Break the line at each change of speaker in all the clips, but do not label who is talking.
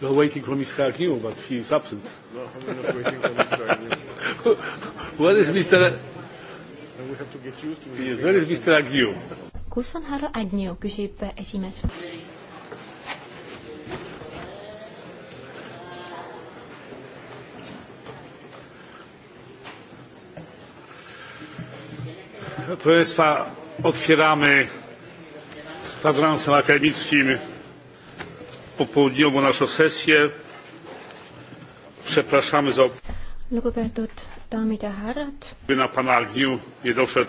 We are waiting for Mr. Agnew, but he is absent.
No, I'm not waiting for Mr. Agnew. Where is Mr. And we have to get used to Mr. Yes, where is Mr.
Agnew?
kus on härra Agnew, küsib esimees.
Proszę Państwa, otwieramy z kwadransem akademickim popołudniową naszą sesję. Przepraszamy za.
Lugupeetud daamid ja härrad.
Mina pana Agniu ei tõusnud.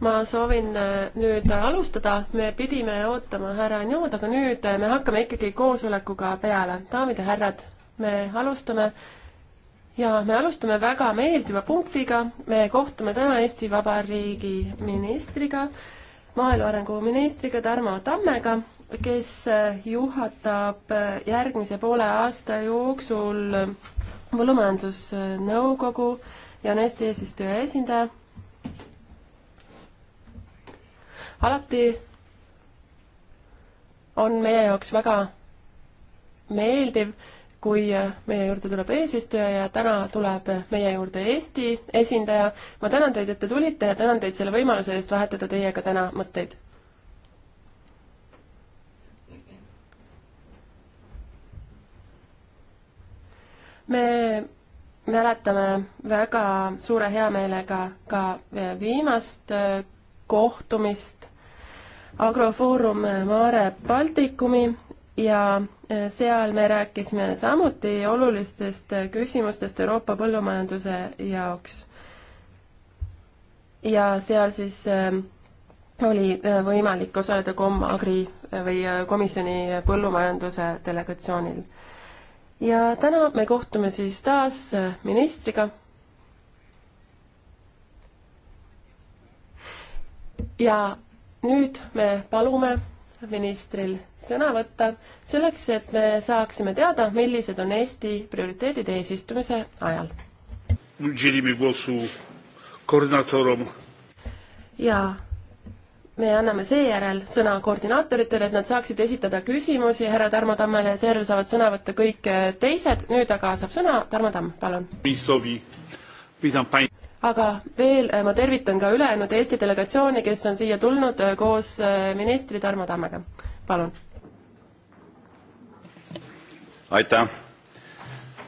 ma
soovin e, nüüd alustada, me pidime ootama härra Agniud, aga nüüd e, me hakkame ikkagi koosolekuga peale. daamid ja härrad, me alustame ja me alustame väga meeldiva punktiga. me kohtume täna Eesti Vabariigi ministriga, maaelu arengu ministriga Tarmo Tammega kes eh, juhatab eh, järgmise poole aasta jooksul Põllumajandusnõukogu ja on Eesti eesistuja esindaja. alati on meie jaoks väga meeldiv, kui eh, meie juurde tuleb eesistuja ja täna tuleb meie juurde Eesti esindaja. ma tänan teid, et te tulite ja tänan teid selle võimaluse eest vahetada teiega täna mõtteid me mäletame väga suure heameelega ka viimast äh, kohtumist Agrofoorum Mare Baltikumi ja äh, seal me rääkisime samuti olulistest äh, küsimustest Euroopa põllumajanduse jaoks. ja seal siis oli võimalik osaleda Comagri või komisjoni põllumajanduse delegatsioonil ja täna me kohtume siis taas äh, ministriga. ja nüüd me palume ministril sõna võtta selleks, et me saaksime teada, millised on Eesti prioriteedid eesistumise ajal. ja me anname seejärel sõna koordinaatoritele, et nad saaksid esitada küsimusi härra Tarmo Tammele ja seejärel saavad sõna võtta kõik eh, teised, nüüd aga saab sõna Tarmo Tamm, palun. aga veel eh, ma tervitan ka ülejäänud Eesti delegatsiooni, kes on siia tulnud eh, koos ministri Tarmo Tammega, palun.
aitäh,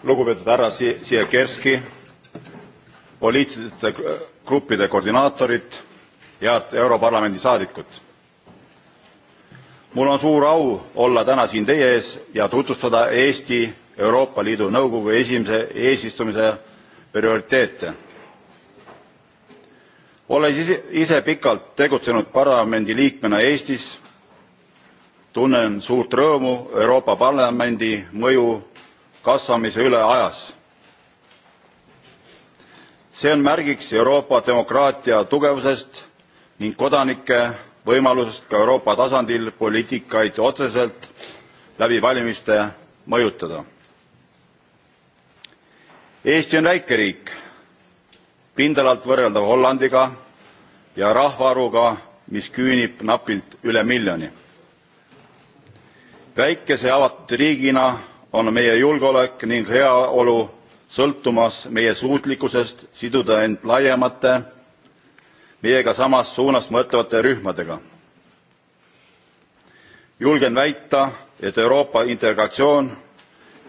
lugupeetud härra Sie-, Siekierski, poliitiliste gruppide koordinaatorid head Europarlamendi saadikud! mul on suur au olla täna siin teie ees ja tutvustada Eesti Euroopa Liidu Nõukogu esimese eesistumise prioriteete. olles ise, ise pikalt tegutsenud parlamendi liikmena Eestis, tunnen suurt rõõmu Euroopa Parlamendi mõju kasvamise üle ajas. see on märgiks Euroopa demokraatia tugevusest ning kodanike võimalusest ka euroopa tasandil poliitikaid otseselt läbi valimiste mõjutada. eesti on väike riik pindalalt võrreldav hollandiga ja rahvaarvuga mis küünib napilt üle miljoni. väikese ja avatud riigina on meie julgeolek ning heaolu sõltumas meie suutlikkusest siduda end laiemate meiega samas suunas mõtlevate rühmadega. julgen väita et euroopa integratsioon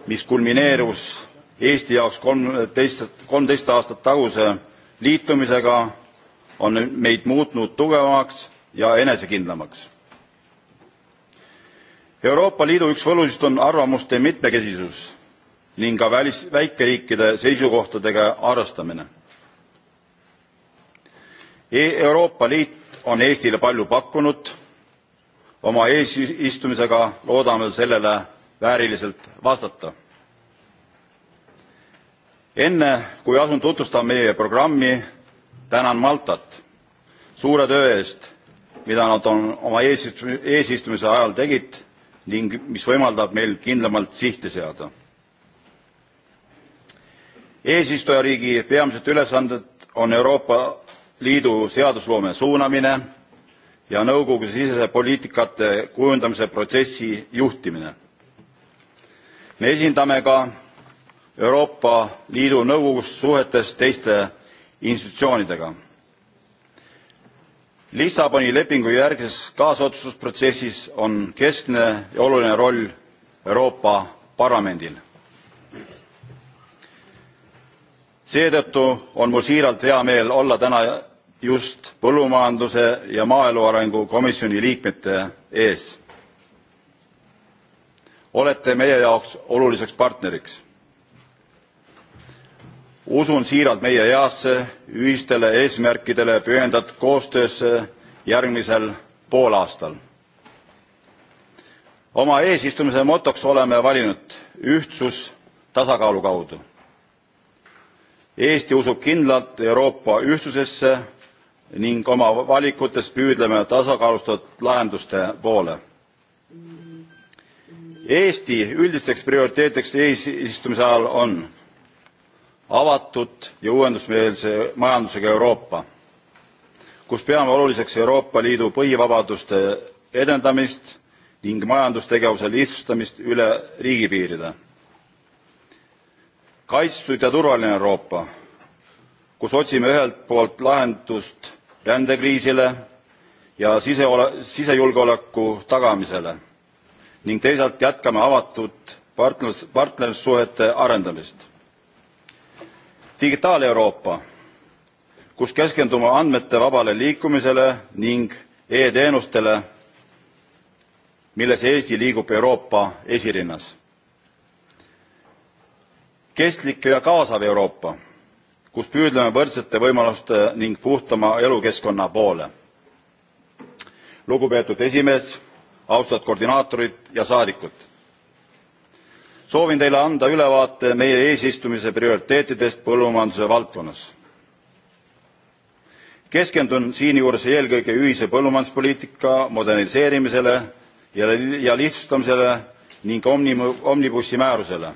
mis kulmineerus eesti jaoks kolmteist aastat taguse liitumisega on meid muutnud tugevamaks ja enesekindlamaks. euroopa liidu üks võlusid on arvamuste mitmekesisus ning ka välis väikeriikide seisukohtadega arvestamine. E euroopa liit on eestile palju pakkunud oma eesistumisega loodame sellele vääriliselt vastata. enne kui asun tutvustama meie programmi tänan maltat suure töö eest mida nad on oma eesistumise ajal tegid ning mis võimaldab meil kindlamalt sihte seada. eesistujariigi peamised ülesanded on euroopa liidu seadusloome suunamine ja nõukogu sisese poliitikate kujundamise protsessi juhtimine. me esindame ka euroopa liidu nõukogus suhetes teiste institutsioonidega. lissaboni lepingu järgses kaasotsustusprotsessis on keskne ja oluline roll euroopa parlamendil. seetõttu on mul siiralt hea meel olla täna just põllumajanduse ja maaelu arengu komisjoni liikmete ees. olete meie jaoks oluliseks partneriks. usun siiralt meie heasse ühistele eesmärkidele pühendatud koostöösse järgmisel poolaastal. oma eesistumise motoks oleme valinud ühtsus tasakaalu kaudu eesti usub kindlalt euroopa ühtsusesse ning oma valikutes püüdleme tasakaalustatud lahenduste poole. eesti üldisteks prioriteetideks eesistumise ajal on avatud ja uuendusmeelse majandusega euroopa kus peame oluliseks euroopa liidu põhivabaduste edendamist ning majandustegevuse lihtsustamist üle riigipiiride kaitstud ja turvaline euroopa kus otsime ühelt poolt lahendust rändekriisile ja sisejulgeoleku tagamisele ning teisalt jätkame avatud partnerlus partnerlussuhete arendamist. digitaaleuroopa kus keskendume andmete vabale liikumisele ning e teenustele milles eesti liigub euroopa esirinnas kestlik ja kaasav euroopa kus püüdleme võrdsete võimaluste ning puhtama elukeskkonna poole. lugupeetud esimees austatud koordinaatorid ja saadikud soovin teile anda ülevaate meie eesistumise prioriteetidest põllumajanduse valdkonnas. keskendun siinjuures eelkõige ühise põllumajanduspoliitika moderniseerimisele ja lihtsustamisele ning omnibussi määrusele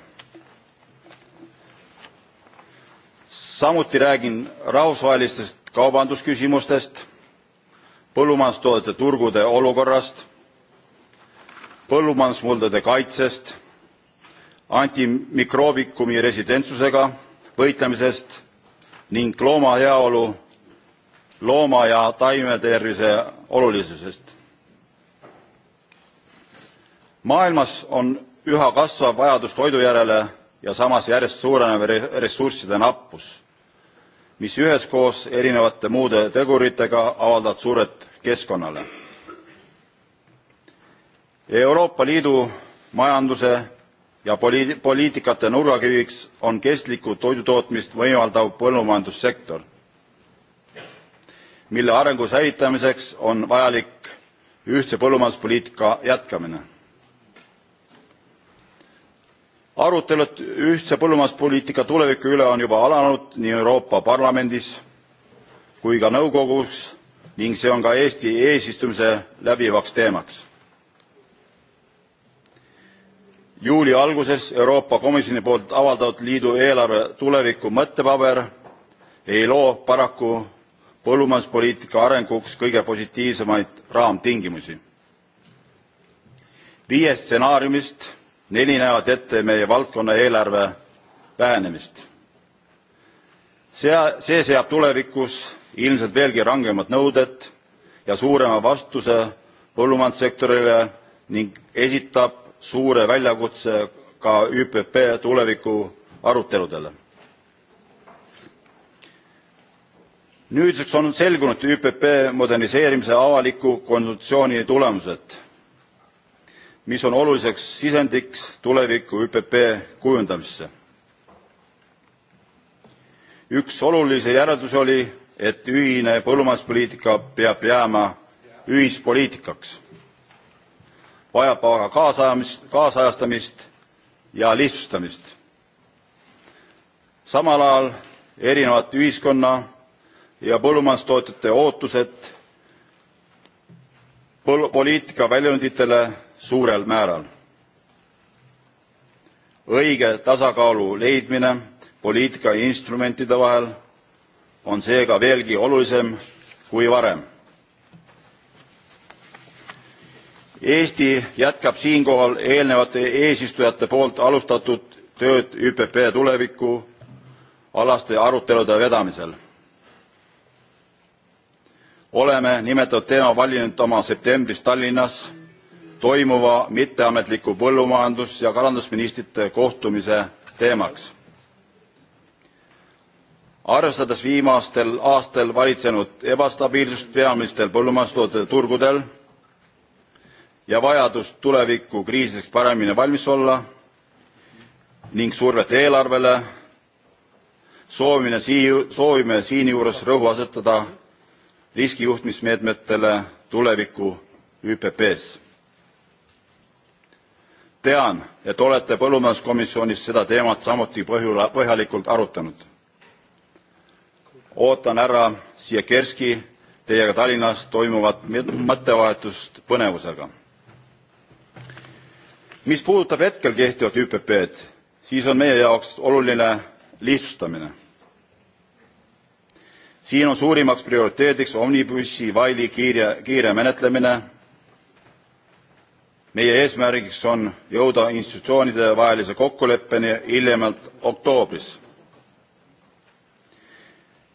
samuti räägin rahvusvahelistest kaubandusküsimustest põllumajandustoodete turgude olukorrast põllumajandusmuldade kaitsest antimikroobikumi resistentsusega võitlemisest ning looma heaolu looma ja taimetervise olulisusest. maailmas on üha kasvav vajadus toidu järele ja samas järjest suurenev ressursside nappus mis üheskoos erinevate muude teguritega avaldavad survet keskkonnale. euroopa liidu majanduse ja poliit poliitikate nurgakiviks on kestlikku toidutootmist võimaldav põllumajandussektor mille arengu säilitamiseks on vajalik ühtse põllumajanduspoliitika jätkamine arutelud ühtse põllumajanduspoliitika tuleviku üle on juba alanud nii euroopa parlamendis kui ka nõukogus ning see on ka eesti eesistumise läbivaks teemaks. juuli alguses euroopa komisjoni poolt avaldatud liidu eelarve tuleviku mõttepaber ei loo paraku põllumajanduspoliitika arenguks kõige positiivsemaid raamtingimusi. viiest stsenaariumist neli näevad ette meie valdkonna eelarve vähenemist. see seab tulevikus ilmselt veelgi rangemad nõuded ja suurema vastutuse põllumajandussektorile ning esitab suure väljakutse ka üpp tuleviku aruteludele. nüüdseks on selgunud üpp moderniseerimise avaliku konsultatsiooni tulemused mis on oluliseks sisendiks tuleviku ÜPP kujundamisse. üks olulisi järeldusi oli, et ühine põllumajanduspoliitika peab jääma ühispoliitikaks, vajab aga kaasajamist, kaasajastamist ja lihtsustamist. samal ajal erinevad ühiskonna ja põllumajandustootjate ootused poliitika väljunditele suurel määral. õige tasakaalu leidmine poliitika instrumentide vahel on seega veelgi olulisem kui varem. Eesti jätkab siinkohal eelnevate eesistujate poolt alustatud tööd ÜPP tuleviku alaste arutelude vedamisel. oleme nimetatud teema valinud oma septembris Tallinnas toimuva mitteametliku põllumajandus ja kalandusministrite kohtumise teemaks. arvestades viimastel aastatel valitsenud ebastabiilsust peamistel põllumajandustoodete turgudel ja vajadust tulevikukriisideks paremini valmis olla ning survet eelarvele soovime sii- soovime siinjuures rõhu asetada riskijuhtimismeetmetele tuleviku ÜPPs tean et olete põllumajanduskomisjonis seda teemat samuti põhjula, põhjalikult arutanud. ootan härra siekierski teiega tallinnas toimuvat mõttevahetust põnevusega. mis puudutab hetkel kehtivat ÜPP-d siis on meie jaoks oluline lihtsustamine. siin on suurimaks prioriteediks omnibussi faili kiire kiire menetlemine meie eesmärgiks on jõuda institutsioonide vahelise kokkuleppeni hiljemalt oktoobris.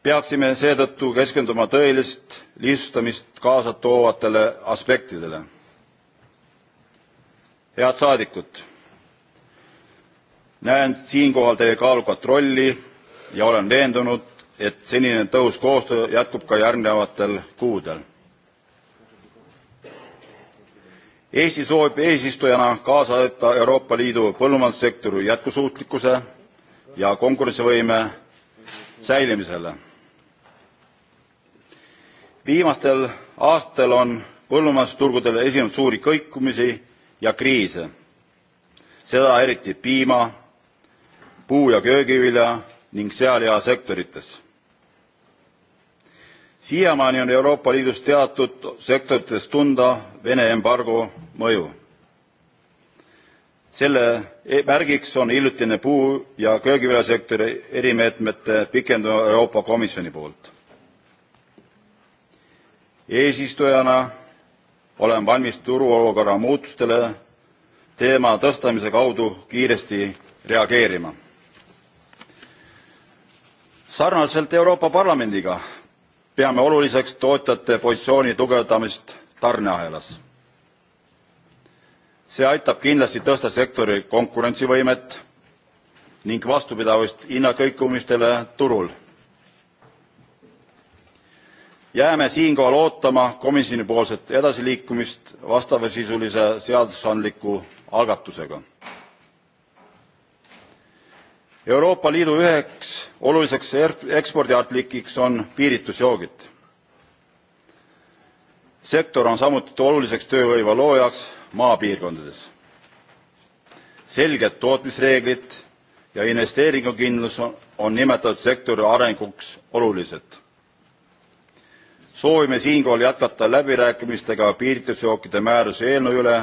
peaksime seetõttu keskenduma tõelist lihtsustamist kaasa toovatele aspektidele. head saadikud näen siinkohal teie kaalukat rolli ja olen veendunud et senine tõhus koostöö jätkub ka järgnevatel kuudel. eesti soovib eesistujana kaasa aidata euroopa liidu põllumajandussektori jätkusuutlikkuse ja konkurentsivõime säilimisele. viimastel aastatel on põllumajandusturgudel esinenud suuri kõikumisi ja kriise seda eriti piima puu ja köögivilja ning sealiha sektorites siiamaani on euroopa liidus teatud sektorites tunda vene embargo mõju selle e-, märgiks on hiljutine puu ja köögiviljasektori erimeetmete pikendamine euroopa komisjoni poolt. eesistujana olen valmis turuolukorra muutustele teema tõstamise kaudu kiiresti reageerima. sarnaselt euroopa parlamendiga peame oluliseks tootjate positsiooni tugevdamist tarneahelas. see aitab kindlasti tõsta sektori konkurentsivõimet ning vastupidavust hinnakõikumistele turul. jääme siinkohal ootama komisjonipoolset edasiliikumist vastavasisulise seadusandliku algatusega euroopa liidu üheks oluliseks er-, ekspordiartikliks on piiritusjoogid. sektor on samuti oluliseks tööhõive loojaks maapiirkondades. selged tootmisreeglid ja investeeringukindlus on nimetatud sektori arenguks olulised. soovime siinkohal jätkata läbirääkimistega piiritusjookide määruse eelnõu üle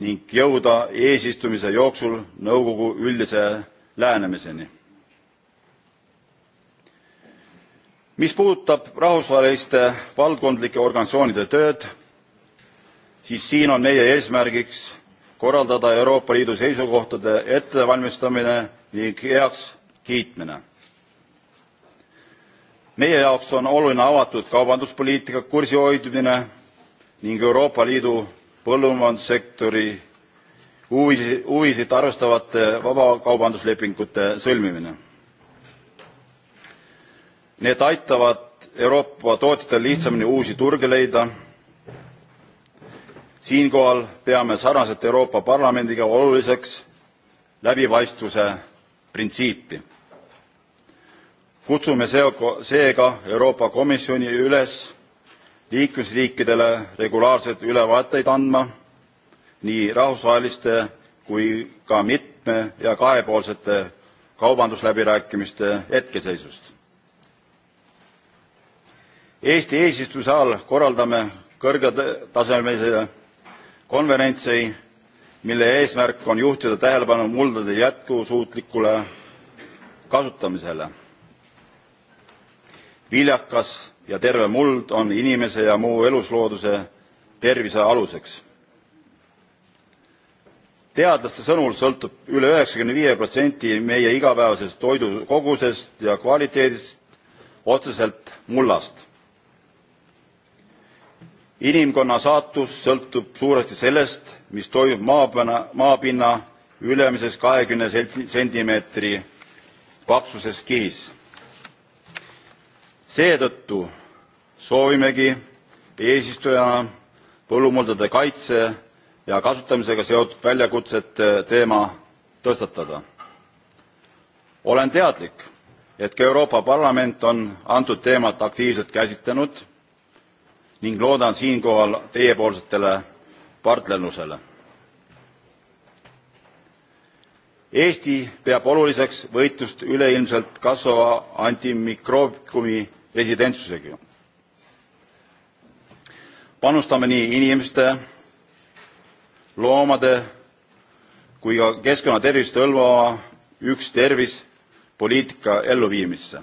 ning jõuda eesistumise jooksul nõukogu üldise lähenemiseni. mis puudutab rahvusvaheliste valdkondlike organisatsioonide tööd siis siin on meie eesmärgiks korraldada euroopa liidu seisukohtade ettevalmistamine ning heakskiitmine. meie jaoks on oluline avatud kaubanduspoliitika kursi hoidmine ning euroopa liidu põllumajandussektori huvisid, huvisid arvestavate vabakaubanduslepingute sõlmimine. Need aitavad Euroopa tootjatel lihtsamini uusi turge leida. siinkohal peame sarnaselt Euroopa Parlamendiga oluliseks läbipaistvuse printsiipi. kutsume seega Euroopa Komisjoni üles liikmesriikidele regulaarselt ülevaateid andma nii rahvusvaheliste kui ka mitme ja kahepoolsete kaubandusläbirääkimiste hetkeseisust. Eesti eesistumise ajal korraldame kõrgetasemelise konverentsi, mille eesmärk on juhtida tähelepanu muldade jätkusuutlikule kasutamisele. viljakas ja terve muld on inimese ja muu eluslooduse tervise aluseks teadlaste sõnul sõltub üle 95 meie igapäevasest toidu kogusest ja kvaliteedist otseselt mullast. inimkonna saatus sõltub suuresti sellest mis toimub maapinna, maapinna ülemises 20 sentimeetri paksuses kihis. seetõttu soovimegi eesistujana põllumuldade kaitse ja kasutamisega seotud väljakutsete teema tõstatada. olen teadlik et ka euroopa parlament on antud teemat aktiivselt käsitlenud ning loodan siinkohal teiepoolsetele partnerlusele. eesti peab oluliseks võitlust üleilmselt kasvava antimikroobikumi residentsusega. panustame nii inimeste loomade kui ka keskkonnatervist hõlmava üks tervis poliitika elluviimisse.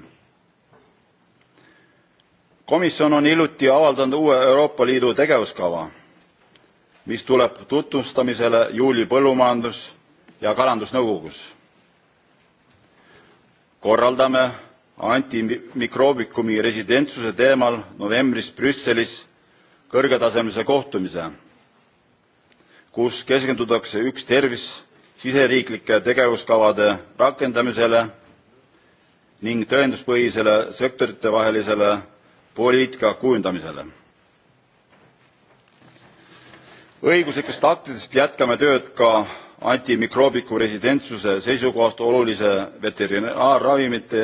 komisjon on hiljuti avaldanud uue euroopa liidu tegevuskava mis tuleb tutvustamisele juuli põllumajandus ja kalandusnõukogus. korraldame antimikroobikumi residentsuse teemal novembris brüsselis kõrgetasemelise kohtumise kus keskendutakse üks tervis siseriiklike tegevuskavade rakendamisele ning tõenduspõhisele sektoritevahelisele poliitika kujundamisele. õiguslikest aktidest jätkame tööd ka antimikroobikute resistentsuse seisukohast olulise veterinaarravimite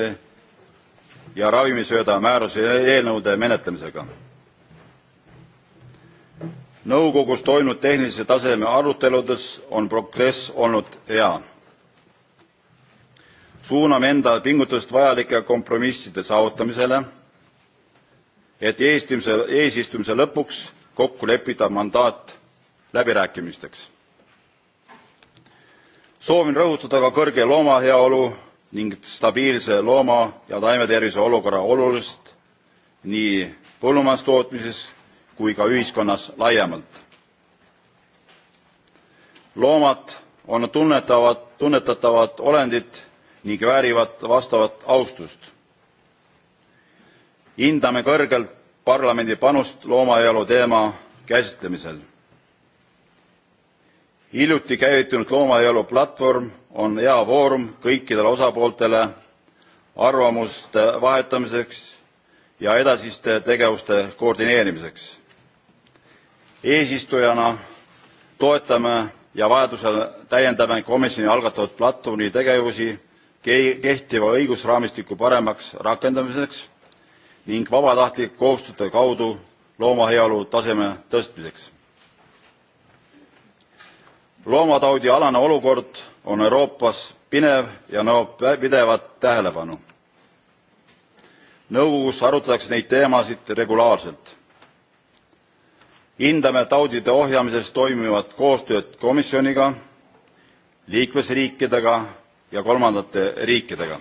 ja ravimisööda määruse eelnõude menetlemisega nõukogus toimunud tehnilise taseme aruteludes on progress olnud hea. suuname enda pingutused vajalike kompromisside saavutamisele et eestimise eesistumise lõpuks kokku leppida mandaat läbirääkimisteks. soovin rõhutada ka kõrge loomaheaolu ning stabiilse looma ja taimetervise olukorra olulisust nii põllumajandustootmises kui ka ühiskonnas laiemalt. loomad on tunnetavad tunnetatavad olendid ning väärivad vastavat austust. hindame kõrgelt parlamendi panust loomaheaolu teema käsitlemisel. hiljuti käivitunud loomaheaolu platvorm on hea foorum kõikidele osapooltele arvamuste vahetamiseks ja edasiste tegevuste koordineerimiseks eesistujana toetame ja vajadusel täiendame komisjoni algatatud platvormi tegevusi kehtiva õigusraamistiku paremaks rakendamiseks ning vabatahtlike kohustuste kaudu looma heaolu taseme tõstmiseks. loomataudialane olukord on euroopas pinev ja nõuab pidevat tähelepanu. nõukogus arutatakse neid teemasid regulaarselt hindame taudide ohjamises toimuvat koostööd komisjoniga liikmesriikidega ja kolmandate riikidega.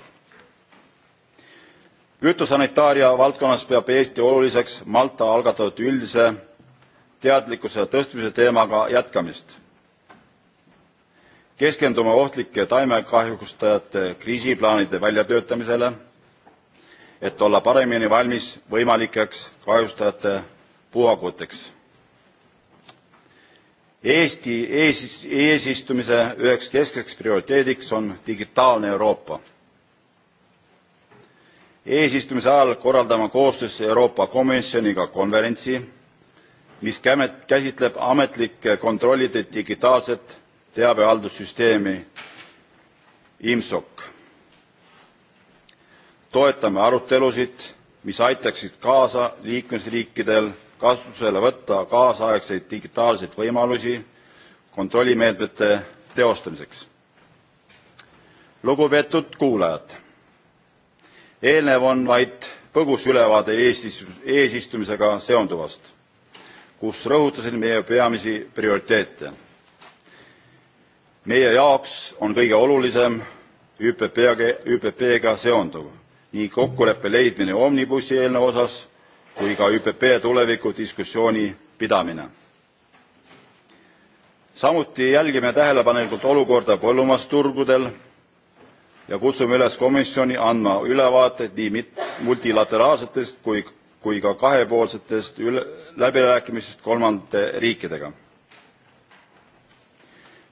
fütosanitaaria valdkonnas peab eesti oluliseks malta algatatud üldise teadlikkuse tõstmise teemaga jätkamist. keskendume ohtlike taimekahjustajate kriisiplaanide väljatöötamisele et olla paremini valmis võimalikeks kahjustajate puhanguteks Eesti eesis, eesistumise üheks keskseks prioriteediks on digitaalne Euroopa. eesistumise ajal korraldame koostöös Euroopa Komisjoniga konverentsi, mis käsitleb ametlike kontrollide digitaalset teabehaldussüsteemi IMSOC. toetame arutelusid, mis aitaksid kaasa liikmesriikidel kasutusele võtta kaasaegseid digitaalseid võimalusi kontrollimeetmete teostamiseks. lugupeetud kuulajad! eelnev on vaid põgus ülevaade Eesti eesistumisega seonduvast, kus rõhutasin meie peamisi prioriteete. meie jaoks on kõige olulisem ÜPP-ga, ÜPP-ga seonduv, nii kokkuleppe leidmine Omnibussi eelnõu osas kui ka ÜPP tuleviku diskussiooni pidamine. samuti jälgime tähelepanelikult olukorda põllumajandusturgudel ja kutsume üles komisjoni andma ülevaateid nii multilateraalsetest kui, kui ka kahepoolsetest läbirääkimistest kolmandate riikidega.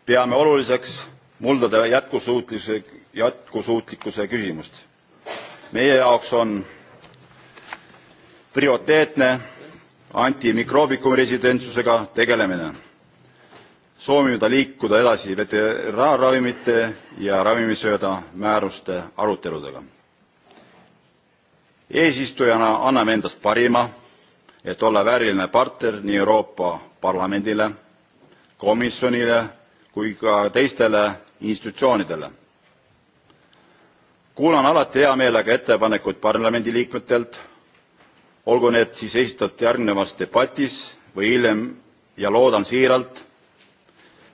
peame oluliseks muldade jätkusuutlikkuse, jätkusuutlikkuse küsimust. meie jaoks on prioriteetne antimikroobikumiresistensusega tegelemine soovime liikuda edasi veterinaarravimite ja ravimsööda määruste aruteludega. eesistujana anname endast parima et olla vääriline partner nii euroopa parlamendile komisjonile kui ka teistele institutsioonidele. kuulan alati hea meelega ettepanekuid parlamendiliikmetelt olgu need siis esitatud järgnevas debatis või hiljem ja loodan siiralt,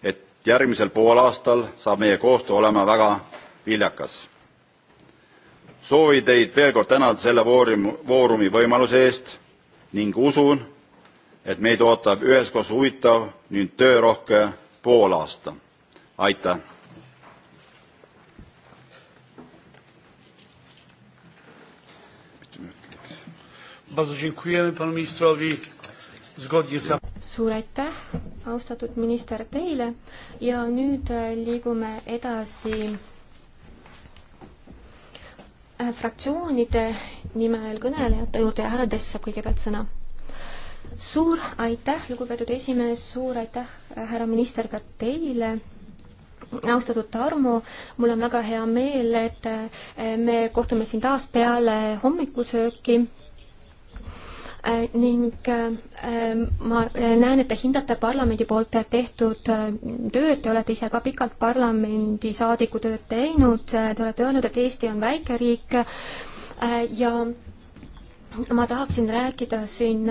et järgmisel poolaastal saab meie koostöö olema väga viljakas. soovin teid veel kord tänada selle foorumi, foorumi võimaluse eest ning usun, et meid ootab üheskoos huvitav ning töörohke poolaasta. aitäh!
suur aitäh, austatud minister, teile ja nüüd äh, liigume edasi äh, fraktsioonide nimel kõnelejate juurde ja härra Tess saab kõigepealt sõna. suur aitäh, lugupeetud esimees, suur aitäh, äh, härra minister, ka teile austatud Tarmo, mul on väga hea meel, et me kohtume siin taas peale hommikusööki Äh, ning äh, ma äh, näen, et te hindate parlamendi poolt tehtud tööd, te olete ise ka pikalt parlamendisaadiku tööd teinud, te olete öelnud, et Eesti on väike riik ja ma tahaksin rääkida siin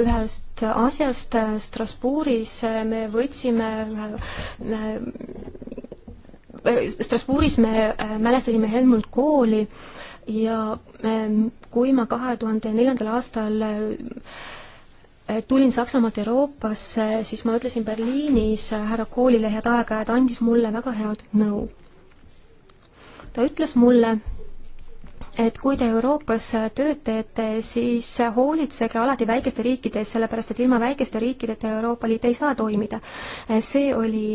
ühest asjast Strasbourgis me võtsime Strasbourgis me mälestasime Helmut Kooli äh, ja ähm, kui ma kahe tuhande neljandal aastal äh, tulin Saksamaalt Euroopasse, siis ma ütlesin Berliinis äh, härra koolile head aega ja ta andis mulle väga head nõu. ta ütles mulle, et kui te Euroopas äh, tööd teete, siis hoolitsege alati väikeste riikide eest, sellepärast et ilma väikeste riikideta Euroopa Liit ei saa toimida. see oli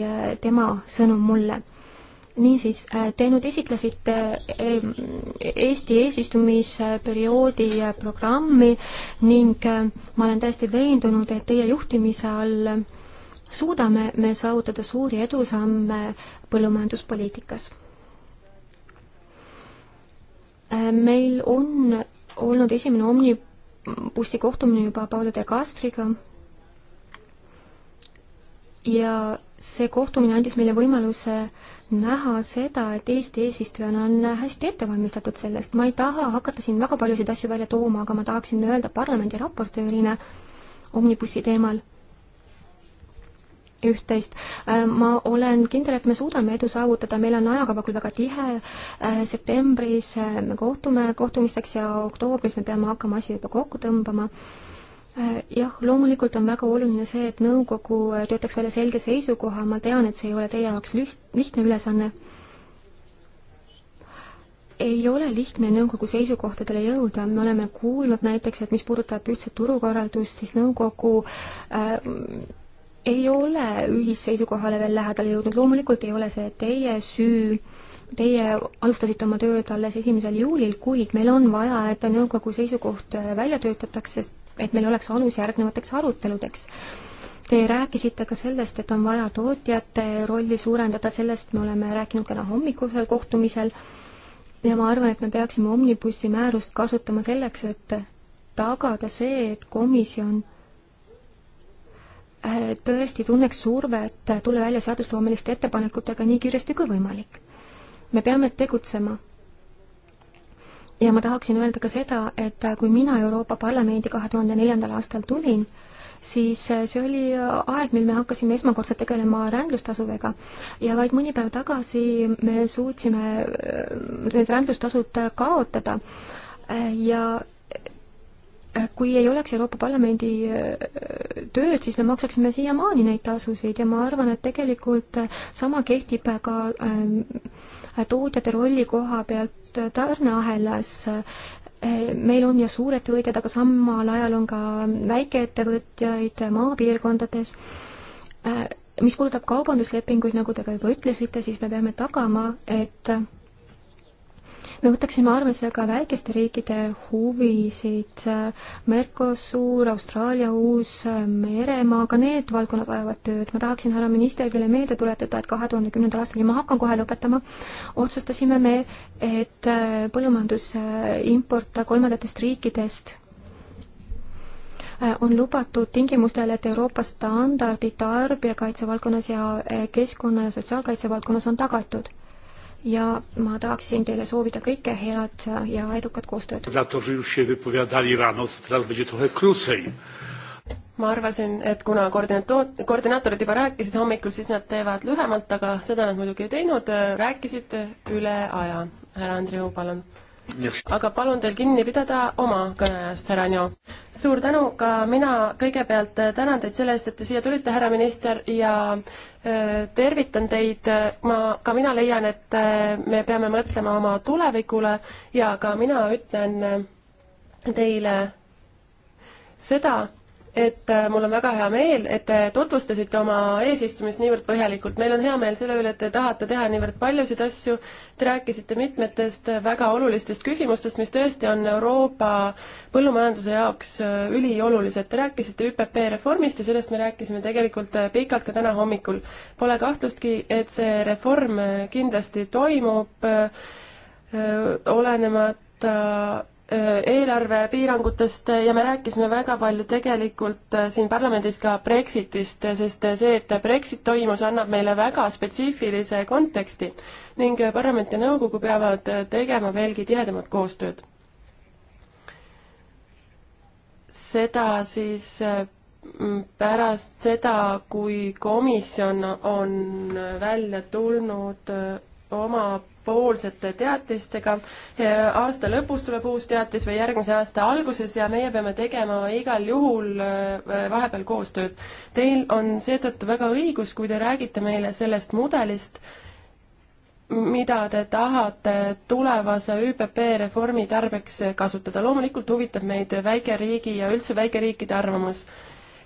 tema sõnum mulle niisiis, äh, te nüüd esitlesite ähm, Eesti eesistumisperioodi äh, programmi ning äh, ma olen täiesti veendunud, et teie juhtimise all suudame me saavutada suuri edusamme põllumajanduspoliitikas. meil on olnud esimene omnibussi kohtumine juba Paolo de Castriga ja see kohtumine andis meile võimaluse näha seda, et Eesti eesistujana on hästi ette valmistatud sellest. ma ei taha hakata siin väga paljusid asju välja tooma, aga ma tahaksin öelda parlamendi raportöörina omnibussi teemal üht-teist. Äh, ma olen kindel, et me suudame edu saavutada, meil on ajakava küll väga tihe, äh, septembris äh, me kohtume kohtumisteks ja oktoobris me peame hakkama asju juba kokku tõmbama Äh, jah, loomulikult on väga oluline see, et nõukogu äh, töötaks välja selge seisukoha, ma tean, et see ei ole teie jaoks lüht-, lihtne ülesanne. ei ole lihtne nõukogu seisukohtadele jõuda, me oleme kuulnud näiteks, et mis puudutab ühtset turukorraldust, siis nõukogu äh, ei ole ühisseisukohale veel lähedale jõudnud, loomulikult ei ole see teie süü Teie alustasite oma tööd alles esimesel juulil, kuid meil on vaja, et nõukogu seisukoht äh, välja töötataks, sest et meil oleks alus järgnevateks aruteludeks. Te rääkisite ka sellest, et on vaja tootjate rolli suurendada, sellest me oleme rääkinud täna hommikusel kohtumisel ja ma arvan, et me peaksime Omnibussi määrust kasutama selleks, et tagada see, et komisjon äh, tõesti tunneks survet tulla välja seadusloomeliste ettepanekutega nii kiiresti kui võimalik. me peame tegutsema ja ma tahaksin öelda ka seda, et äh, kui mina Euroopa Parlamendi kahe tuhande neljandal aastal tulin, siis äh, see oli aeg, mil me hakkasime esmakordselt tegelema rändlustasudega ja vaid mõni päev tagasi me suutsime äh, need rändlustasud kaotada ja kui ei oleks Euroopa Parlamendi tööd, siis me maksaksime siiamaani neid tasusid ja ma arvan, et tegelikult sama kehtib ka äh, tootjate rolli koha pealt tarneahelas meil on ju suurettevõtjad, aga samal ajal on ka väikeettevõtjaid maapiirkondades. mis puudutab kaubanduslepinguid, nagu te ka juba ütlesite, siis me peame tagama, et me võtaksime arvesse ka väikeste riikide huvisid, Mercosur, Austraalia, Uus-Meremaa, ka need valdkonnad vajavad tööd. ma tahaksin härra ministerile meelde tuletada, et kahe tuhande kümnendal aastal, ja ma hakkan kohe lõpetama, otsustasime me, et põllumajandusimport kolmandatest riikidest on lubatud tingimustel, et Euroopa standardid tarbijakaitse valdkonnas ja keskkonna ja sotsiaalkaitse valdkonnas on tagatud ja ma tahaksin teile soovida kõike head ja edukat koostööd.
ma arvasin, et kuna koordinaator, koordinaatorid juba rääkisid hommikul, siis nad teevad lühemalt, aga seda nad muidugi ei teinud, rääkisid üle aja. härra Andrei Uu, palun aga palun teil kinni pidada oma kõneajast, härra Anjo. suur tänu ka mina kõigepealt äh, tänan teid selle eest, et te siia tulite, härra minister, ja äh, tervitan teid, ma, ka mina leian, et äh, me peame mõtlema oma tulevikule ja ka mina ütlen teile seda, et äh, mul on väga hea meel, et te tutvustasite oma eesistumist niivõrd põhjalikult. meil on hea meel selle üle, et te tahate teha niivõrd paljusid asju. Te rääkisite mitmetest äh, väga olulistest küsimustest, mis tõesti on Euroopa põllumajanduse jaoks äh, üliolulised. Te rääkisite ÜPP reformist ja sellest me rääkisime tegelikult pikalt ka täna hommikul. Pole kahtlustki, et see reform kindlasti toimub, olenemata Äh, eelarvepiirangutest ja me rääkisime väga palju tegelikult äh, siin parlamendis ka Brexitist, sest äh, see, et Brexit toimus, annab meile väga spetsiifilise konteksti ning parlament ja nõukogu peavad tegema veelgi tihedamat koostööd. seda siis pärast seda, kui komisjon on välja tulnud oma poolsete teatistega. aasta lõpus tuleb uus teatis või järgmise aasta alguses ja meie peame tegema igal juhul äh, vahepeal koostööd. Teil on seetõttu väga õigus, kui te räägite meile sellest mudelist, mida te tahate tulevase ÜPP reformi tarbeks kasutada. loomulikult huvitab meid väikeriigi ja üldse väikeriikide arvamus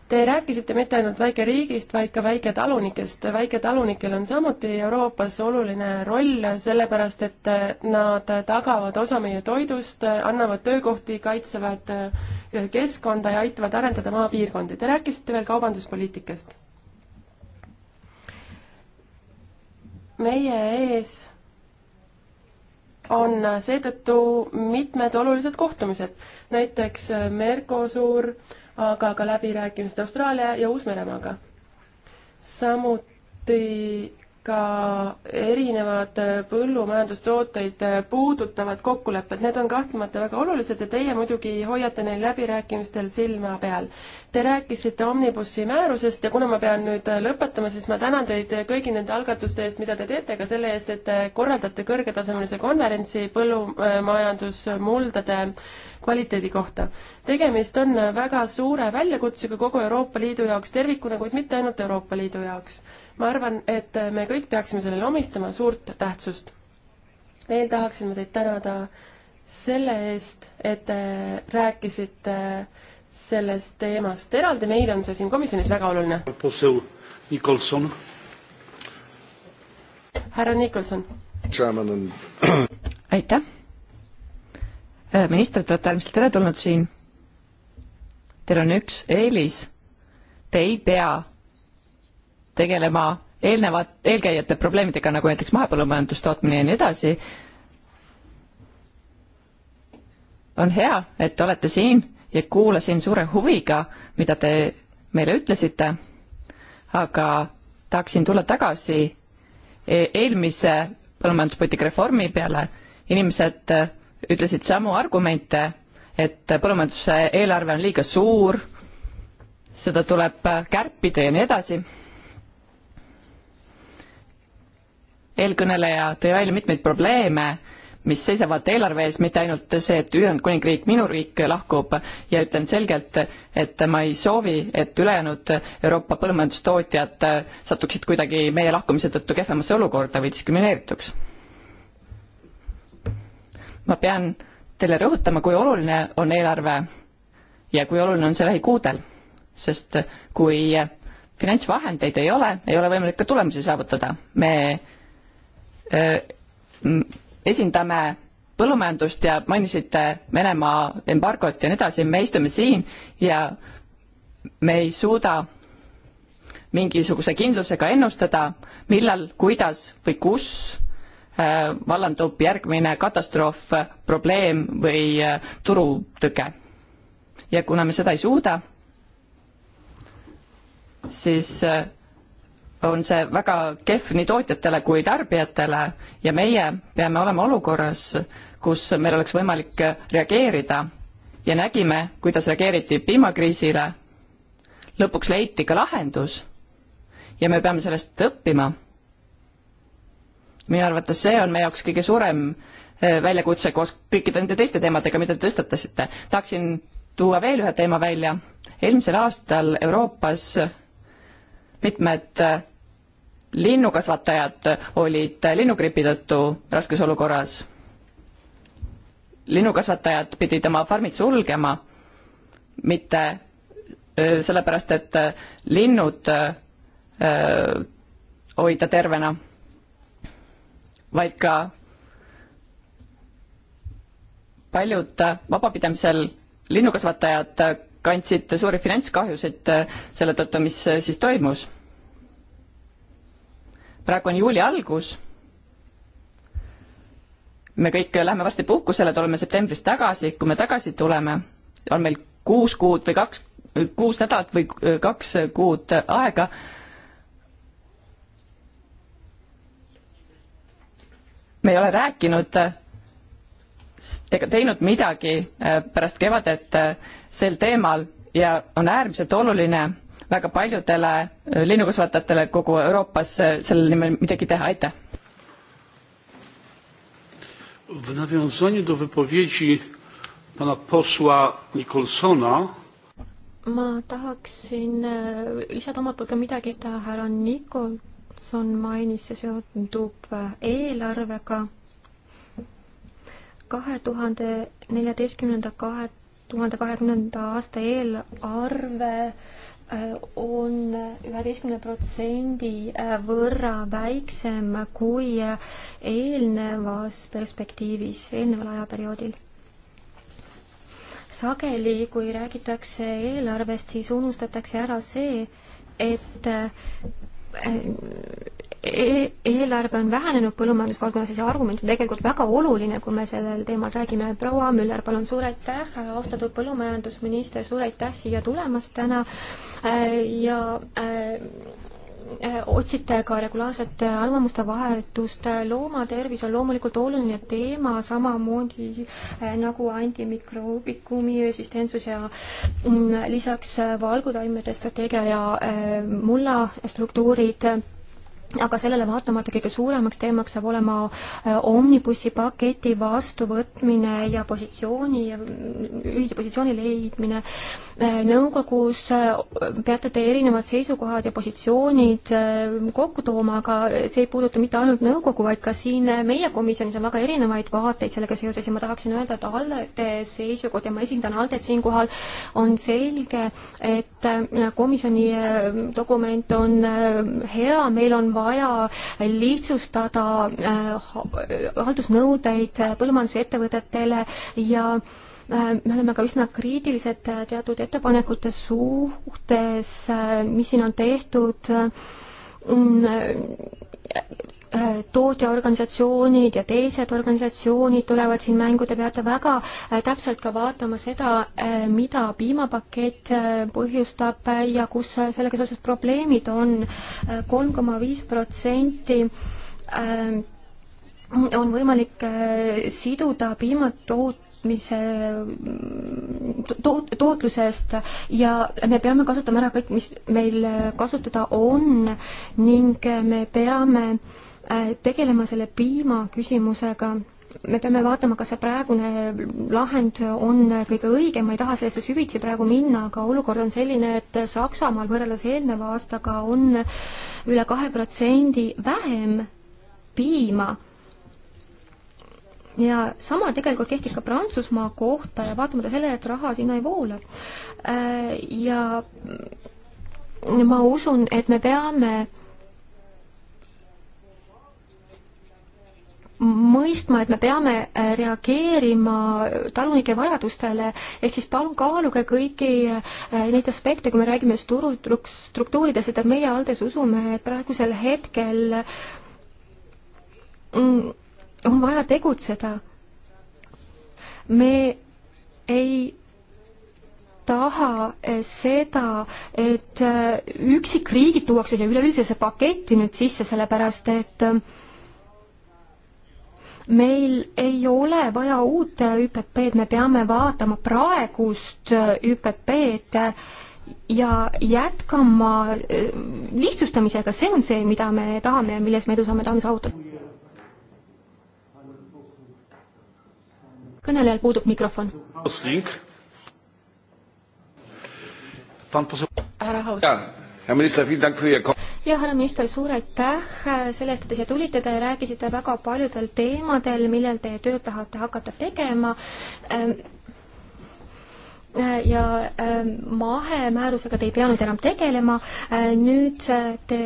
Te rääkisite mitte ainult väikeriigist, vaid ka väiketalunikest. väiketalunikel on samuti Euroopas oluline roll, sellepärast et nad tagavad osa meie toidust, annavad töökohti, kaitsevad äh, keskkonda ja aitavad arendada maapiirkondi. Te rääkisite veel kaubanduspoliitikast. meie ees on seetõttu mitmed olulised kohtumised, näiteks Mercosur äh,, aga ka läbirääkimised Austraalia ja Uus-Meremaaga. samuti ka erinevad põllumajandustooteid puudutavad kokkulepped, need on kahtlemata väga olulised ja teie muidugi hoiate neil läbirääkimistel silma peal. Te rääkisite Omnibussi määrusest ja kuna ma pean nüüd lõpetama, siis ma tänan teid kõigi nende algatuste eest, mida te teete, ka selle eest, et te korraldate kõrgetasemelise konverentsi põllumajandusmuldade kvaliteedi kohta. tegemist on väga suure väljakutsega kogu Euroopa Liidu jaoks tervikuna, kuid mitte ainult Euroopa Liidu jaoks ma arvan, et me kõik peaksime sellele omistama suurt tähtsust. veel tahaksin ma teid tänada selle eest, et te rääkisite sellest teemast eraldi, meil on see siin komisjonis
väga oluline. Nikolson.
härra Nikolson. aitäh. Äh, minister, te olete äärmiselt teretulnud siin. Teil on üks eelis. Te ei pea tegelema eelnevat, eelkäijate probleemidega, nagu näiteks mahepõllumajandustootmine ja nii edasi, on hea, et olete siin ja kuulasin suure huviga, mida te meile ütlesite, aga tahaksin tulla tagasi e-, eelmise põllumajanduspoliitika reformi peale, inimesed ütlesid samu argumente, et põllumajanduse eelarve on liiga suur, seda tuleb kärpida ja nii edasi eelkõneleja tõi välja mitmeid probleeme, mis seisavad eelarve ees, mitte ainult see, et Ühendkuningriik, minu riik lahkub ja ütlen selgelt, et ma ei soovi, et ülejäänud Euroopa põllumajandustootjad satuksid kuidagi meie lahkumise tõttu kehvemasse olukorda või diskrimineerituks. ma pean teile rõhutama, kui oluline on eelarve ja kui oluline on see lähikuudel, sest kui finantsvahendeid ei ole, ei ole võimalik ka tulemusi saavutada. me Äh, esindame põllumajandust ja mainisite Venemaa embargot ja nii edasi, me istume siin ja me ei suuda mingisuguse kindlusega ennustada, millal, kuidas või kus äh, vallandub järgmine katastroof, probleem või äh, turutõke. ja kuna me seda ei suuda, siis on see väga kehv nii tootjatele kui tarbijatele ja meie peame olema olukorras, kus meil oleks võimalik reageerida ja nägime, kuidas reageeriti piimakriisile. lõpuks leiti ka lahendus ja me peame sellest õppima. minu arvates see on meie jaoks kõige suurem eh, väljakutse koos kõikide nende teiste teemadega, mida te tõstatasite. tahaksin tuua veel ühe teema välja. eelmisel aastal Euroopas mitmed äh, linnukasvatajad olid äh, linnugripi tõttu raskes olukorras. linnukasvatajad pidid oma farmid sulgema, mitte äh, sellepärast, et linnud öö, hoida tervena, vaid ka paljud vabapidamisel linnukasvatajad kandsid suuri finantskahjusid äh, selle tõttu, mis äh, siis toimus. praegu on juuli algus. me kõik lähme varsti puhkusele, tuleme septembris tagasi, kui me tagasi tuleme, on meil kuus kuud või kaks, kuus nädalat või äh, kaks kuud aega me ei ole rääkinud teinud midagi äh, pärast kevadet äh, sel teemal ja on äärmiselt oluline väga paljudele äh, linnukasvatajatele kogu Euroopas selle nimel midagi teha, aitäh!
W nawiązaniu do wypowiedzi pana posła Nicholsona
ma
tahaksin lisada omalt poolt ka midagi, mida härra Nicholson mainis ja seondub eelarvega kahe tuhande neljateistkümnenda, kahe tuhande kahekümnenda aasta eelarve äh, on üheteistkümne protsendi äh, võrra väiksem kui eelnevas perspektiivis, eelneval ajaperioodil. sageli, kui räägitakse eelarvest, siis unustatakse ära see, et äh, e eelarve on vähenenud põllumajandusvaldkonnas ja see argument on tegelikult väga oluline, kui me sellel teemal räägime. proua Müller, palun, suur aitäh, austatud põllumajandusminister, suur aitäh siia tulemast täna ja äh, otsite ka regulaarset arvamuste vahetust. loomatervis on loomulikult oluline teema, samamoodi äh, nagu antimikroobikumi resistentsus ja mm, lisaks valgutaimede strateegia ja äh, mulla struktuurid aga sellele vaatamata kõige suuremaks teemaks saab olema äh, omnibussi paketi vastuvõtmine ja positsiooni, mm, ühise positsiooni leidmine. Äh, nõukogus äh, peate te erinevad seisukohad ja positsioonid kokku tooma, aga see ei puuduta mitte ainult nõukogu, vaid ka siin meie komisjonis on väga erinevaid vaateid sellega seoses ja ma tahaksin öelda, et ALDE seisukoht ja ma esindan ALDE-t siinkohal, on selge, et komisjoni dokument on hea, meil on vaja lihtsustada äh, haldusnõudeid põllumajandusettevõtetele ja äh, me oleme ka üsna kriitilised äh, teatud ettepanekute suhtes, mis siin on tehtud mm, Äh, tootjaorganisatsioonid ja teised organisatsioonid tulevad siin mängu, te peate väga äh, täpselt ka vaatama seda, äh, mida piimapakett põhjustab ja kus sellega seoses probleemid on. kolm koma viis protsenti on võimalik siduda piimatoot-, tootmise toot-, tootlusest ja me peame kasutama ära kõik, mis meil kasutada on ning me peame äh, Äh, tegelema selle piimaküsimusega me peame vaatama, kas see praegune lahend on kõige õigem, ma ei taha sellesse süvitsi praegu minna, aga olukord on selline, et Saksamaal võrreldes eelneva aastaga on üle kahe protsendi vähem piima. ja sama tegelikult kehtib ka Prantsusmaa kohta ja vaatamata sellele, et raha sinna ei voola. Äh, ja ma usun, et me peame mõistma, et me peame äh, reageerima talunike vajadustele, ehk siis palun kaaluge kõiki äh, neid aspekte, kui me räägime turustruktuuridest, et meie Aldes usume, et praegusel hetkel mm, on vaja tegutseda. me ei taha äh, seda, et üksikriigid tuuakse siia üleüldisesse paketti nüüd sisse, sellepärast et äh, meil ei ole vaja uut ÜPP-d, me peame vaatama praegust ÜPP-d ja jätkama äh, lihtsustamisega, see on see, mida me tahame ja milles me edusamme tahame saavutada. kõnelejal puudub mikrofon. härra Haus jah, härra minister, suur aitäh selle eest, et te siia tulite, te rääkisite väga paljudel teemadel, millel teie tööd tahate hakata tegema ehm, äh, ja ehm, mahemäärusega te ei pea nüüd enam tegelema, äh, nüüd äh, te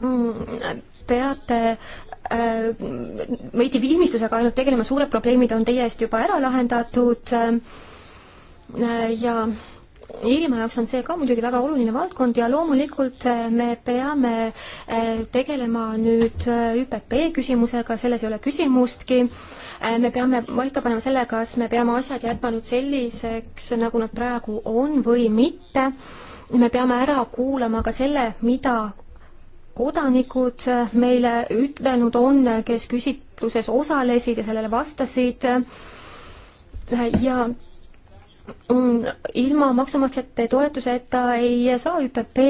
mm, peate
veidi
viimistlusega ainult tegelema, suured probleemid on teie eest juba ära lahendatud ehm, ja Iirimaa jaoks on see ka muidugi väga oluline valdkond ja loomulikult äh, me peame äh, tegelema nüüd äh, ÜPP küsimusega, selles ei ole küsimustki. me peame paika panema selle, kas me peame asjad jätma nüüd selliseks, nagu nad praegu on või mitte. me peame ära kuulama ka selle, mida kodanikud meile ütlenud on, kes küsitluses osalesid ja sellele vastasid ja Mm, ilma maksumaksjate toetuseta ei saa ÜPP äh,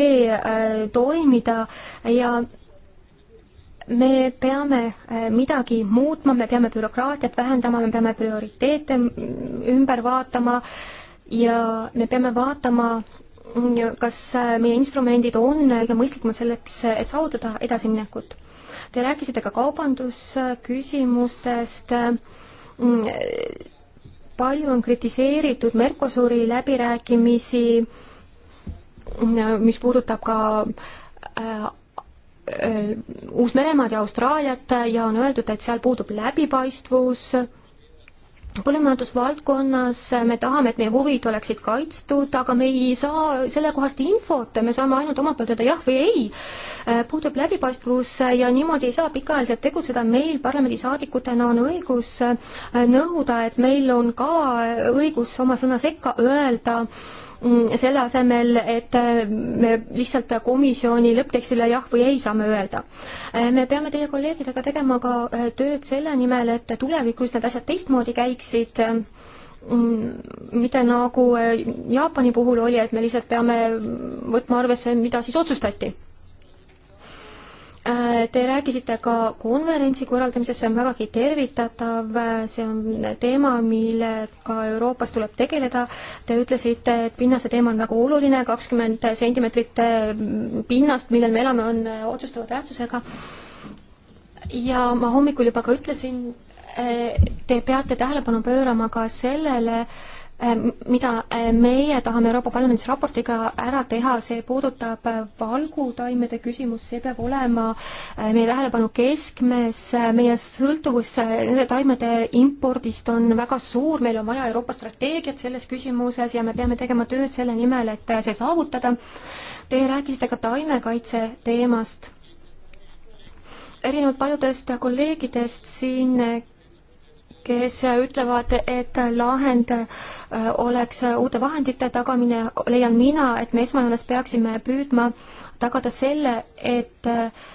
toimida ja me peame äh, midagi muutma, me peame bürokraatiat vähendama, me peame prioriteete mm, ümber vaatama ja me peame vaatama, mm, kas äh, meie instrumendid on kõige mõistlikumad selleks, et saavutada edasiminekut. Te rääkisite ka kaubandusküsimustest palju on kritiseeritud Mercosuri läbirääkimisi, mis puudutab ka äh, äh, Uus-Meremaad ja Austraaliat ja on öeldud, et seal puudub läbipaistvus äh,, põllumajandusvaldkonnas me tahame, et meie huvid oleksid kaitstud, aga me ei saa sellekohast infot, me saame ainult omalt poolt öelda jah või ei. puudub läbipaistvus ja niimoodi ei saa pikaajaliselt tegutseda, meil parlamendisaadikutena on õigus nõuda, et meil on ka õigus oma sõna sekka öelda Mm, selle asemel, et äh, me lihtsalt komisjoni lõpptekstile jah või ei saame öelda. Äh, me peame teie kolleegidega tegema ka äh, tööd selle nimel, et tulevikus need asjad teistmoodi käiksid mm, mitte nagu Jaapani puhul oli, et me lihtsalt peame võtma arvesse, mida siis otsustati Äh, te rääkisite ka konverentsi korraldamisest, see on vägagi tervitatav, äh, see on teema, millega Euroopas tuleb tegeleda. Te ütlesite, et pinnase teema on väga oluline, kakskümmend sentimeetrit äh, pinnast, millel me elame, on otsustava tähtsusega. ja ma hommikul juba ka ütlesin, te peate tähelepanu pöörama ka sellele, Äh, mida äh, meie tahame Euroopa Parlamendis raportiga ära teha, see puudutab äh, valgutaimede küsimust, see peab olema meie tähelepanu keskmes, meie sõltuvus nende taimede impordist on väga suur, meil on vaja Euroopa strateegiat selles küsimuses ja me peame tegema tööd selle nimel, et see saavutada. Te rääkisite ka taimekaitse teemast erinevalt paljudest kolleegidest siin kes ütlevad, et lahend äh, oleks uute vahendite tagamine, leian mina, et me esmajoones peaksime püüdma tagada selle, et äh,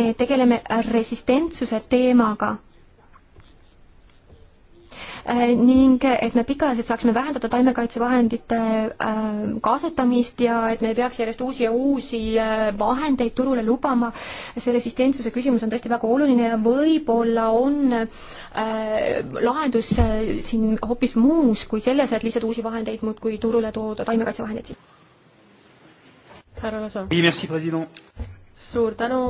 me tegeleme resistentsuse teemaga Äh, ning et me pikaajaliselt saaksime vähendada taimekaitsevahendite äh, kasutamist ja et me ei peaks järjest uusi ja uusi äh, vahendeid turule lubama. see resistentsuse küsimus on tõesti väga oluline ja võib-olla on lahendus siin hoopis muus kui selles, et lihtsalt uusi vahendeid muudkui turule tooda, taimekaitsevahendeid siin.
härra
Laso.
suur tänu,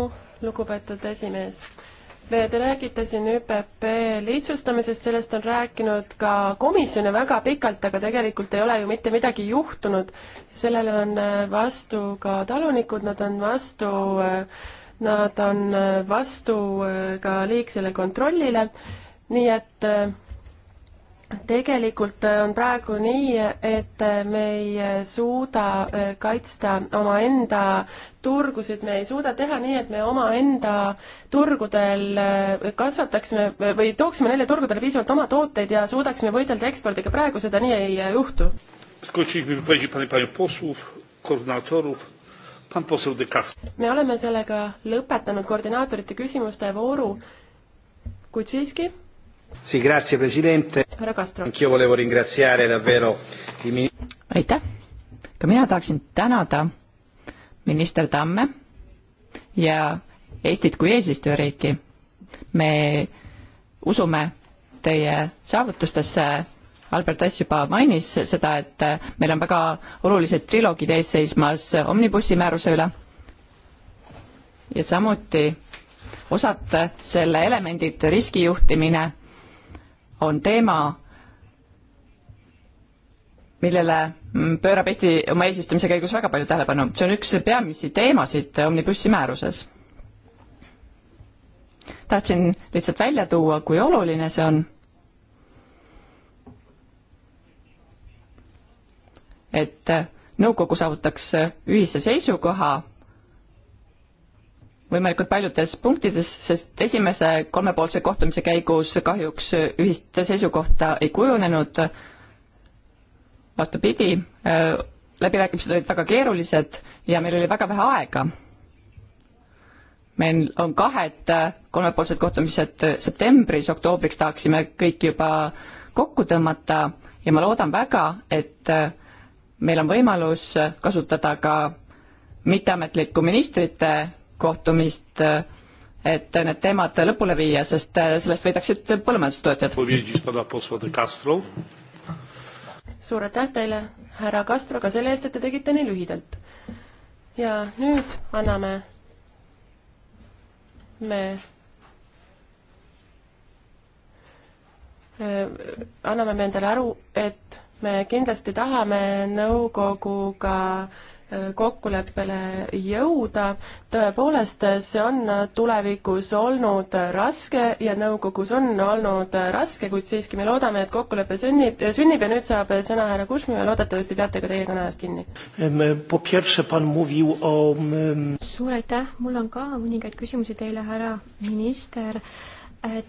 lugupeetud esimees Te räägite siin ÜPP lihtsustamisest, sellest on rääkinud ka komisjon ja väga pikalt, aga tegelikult ei ole ju mitte midagi juhtunud. sellele on äh, vastu ka talunikud, nad on vastu, äh, nad on äh, vastu ka liigsele kontrollile, nii et tegelikult äh, on praegu nii, et äh, me ei äh, suuda kaitsta omaenda turgusid, me ei suuda teha nii, et me omaenda turgudel kasvataksime või tooksime neile turgudele piisavalt oma tooteid ja suudaksime võidelda ekspordiga, praegu seda nii ei juhtu. me oleme sellega lõpetanud koordinaatorite küsimuste vooru, kuid siiski
Sì, grazie Presidente. härra Castro. Anch'io volevo ringraziare davvero i min-. aitäh. ka mina
tahaksin tänada minister Tamme ja Eestit kui eesistujariiki. me usume teie saavutustesse. Albert Ass juba mainis seda, et meil on väga olulised triloogid ees seismas omnibussi määruse üle. ja samuti osad selle elemendid, riskijuhtimine on teema, millele pöörab Eesti oma eesistumise käigus väga palju tähelepanu. see on üks peamisi teemasid Omnibussi määruses. tahtsin lihtsalt välja tuua, kui oluline see on. et nõukogu saavutaks ühise seisukoha võimalikult paljudes punktides, sest esimese kolmepoolse kohtumise käigus kahjuks ühist seisukohta ei kujunenud. vastupidi, äh, läbirääkimised olid väga keerulised ja meil oli väga vähe aega. meil on kahed kolmepoolsed kohtumised septembris, oktoobriks tahaksime kõik juba kokku tõmmata ja ma loodan väga, et meil on võimalus kasutada ka mitteametlikku ministrite kohtumist, et need teemad lõpule viia, sest sellest võidaksid põllumajandustootjad.
suur aitäh teile, härra Castro, ka selle eest, et te tegite nii lühidalt. ja nüüd anname me äh, anname me endale aru, et me kindlasti tahame nõukoguga kokkuleppele jõuda. tõepoolest, see on tulevikus olnud raske ja nõukogus on olnud raske, kuid siiski me loodame, et kokkulepe sünnib, sünnib ja nüüd saab sõna härra Kusmi ja loodetavasti peate ka teie kõneajast kinni.
suur aitäh, mul on ka mõningaid küsimusi teile, härra minister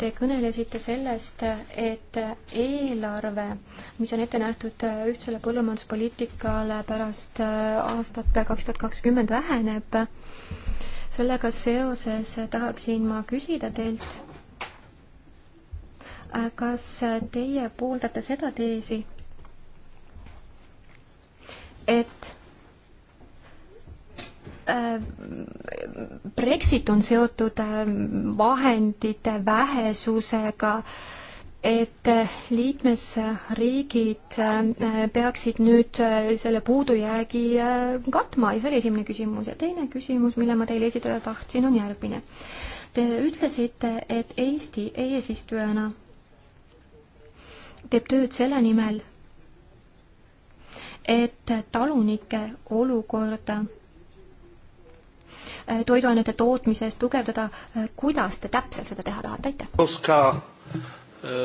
Te kõnelesite sellest, et eelarve, mis on ette nähtud ühtsele põllumajanduspoliitikale pärast äh, aastat kaks tuhat kakskümmend, väheneb. sellega seoses tahaksin ma küsida teilt, äh, kas teie pooldate seda teesi, et Äh, Brexit on seotud äh, vahendite vähesusega, et äh, liikmesriigid peaksid nüüd selle puudujäägi katma ja see oli esimene küsimus. ja teine küsimus, mille ma teile esitada tahtsin, on järgmine. Te ütlesite, et Eesti eesistujana teeb tööd selle nimel, et talunike olukorda Äh, toiduainete tootmises tugevdada, äh, kuidas te täpselt seda teha tahate,
aitäh? E,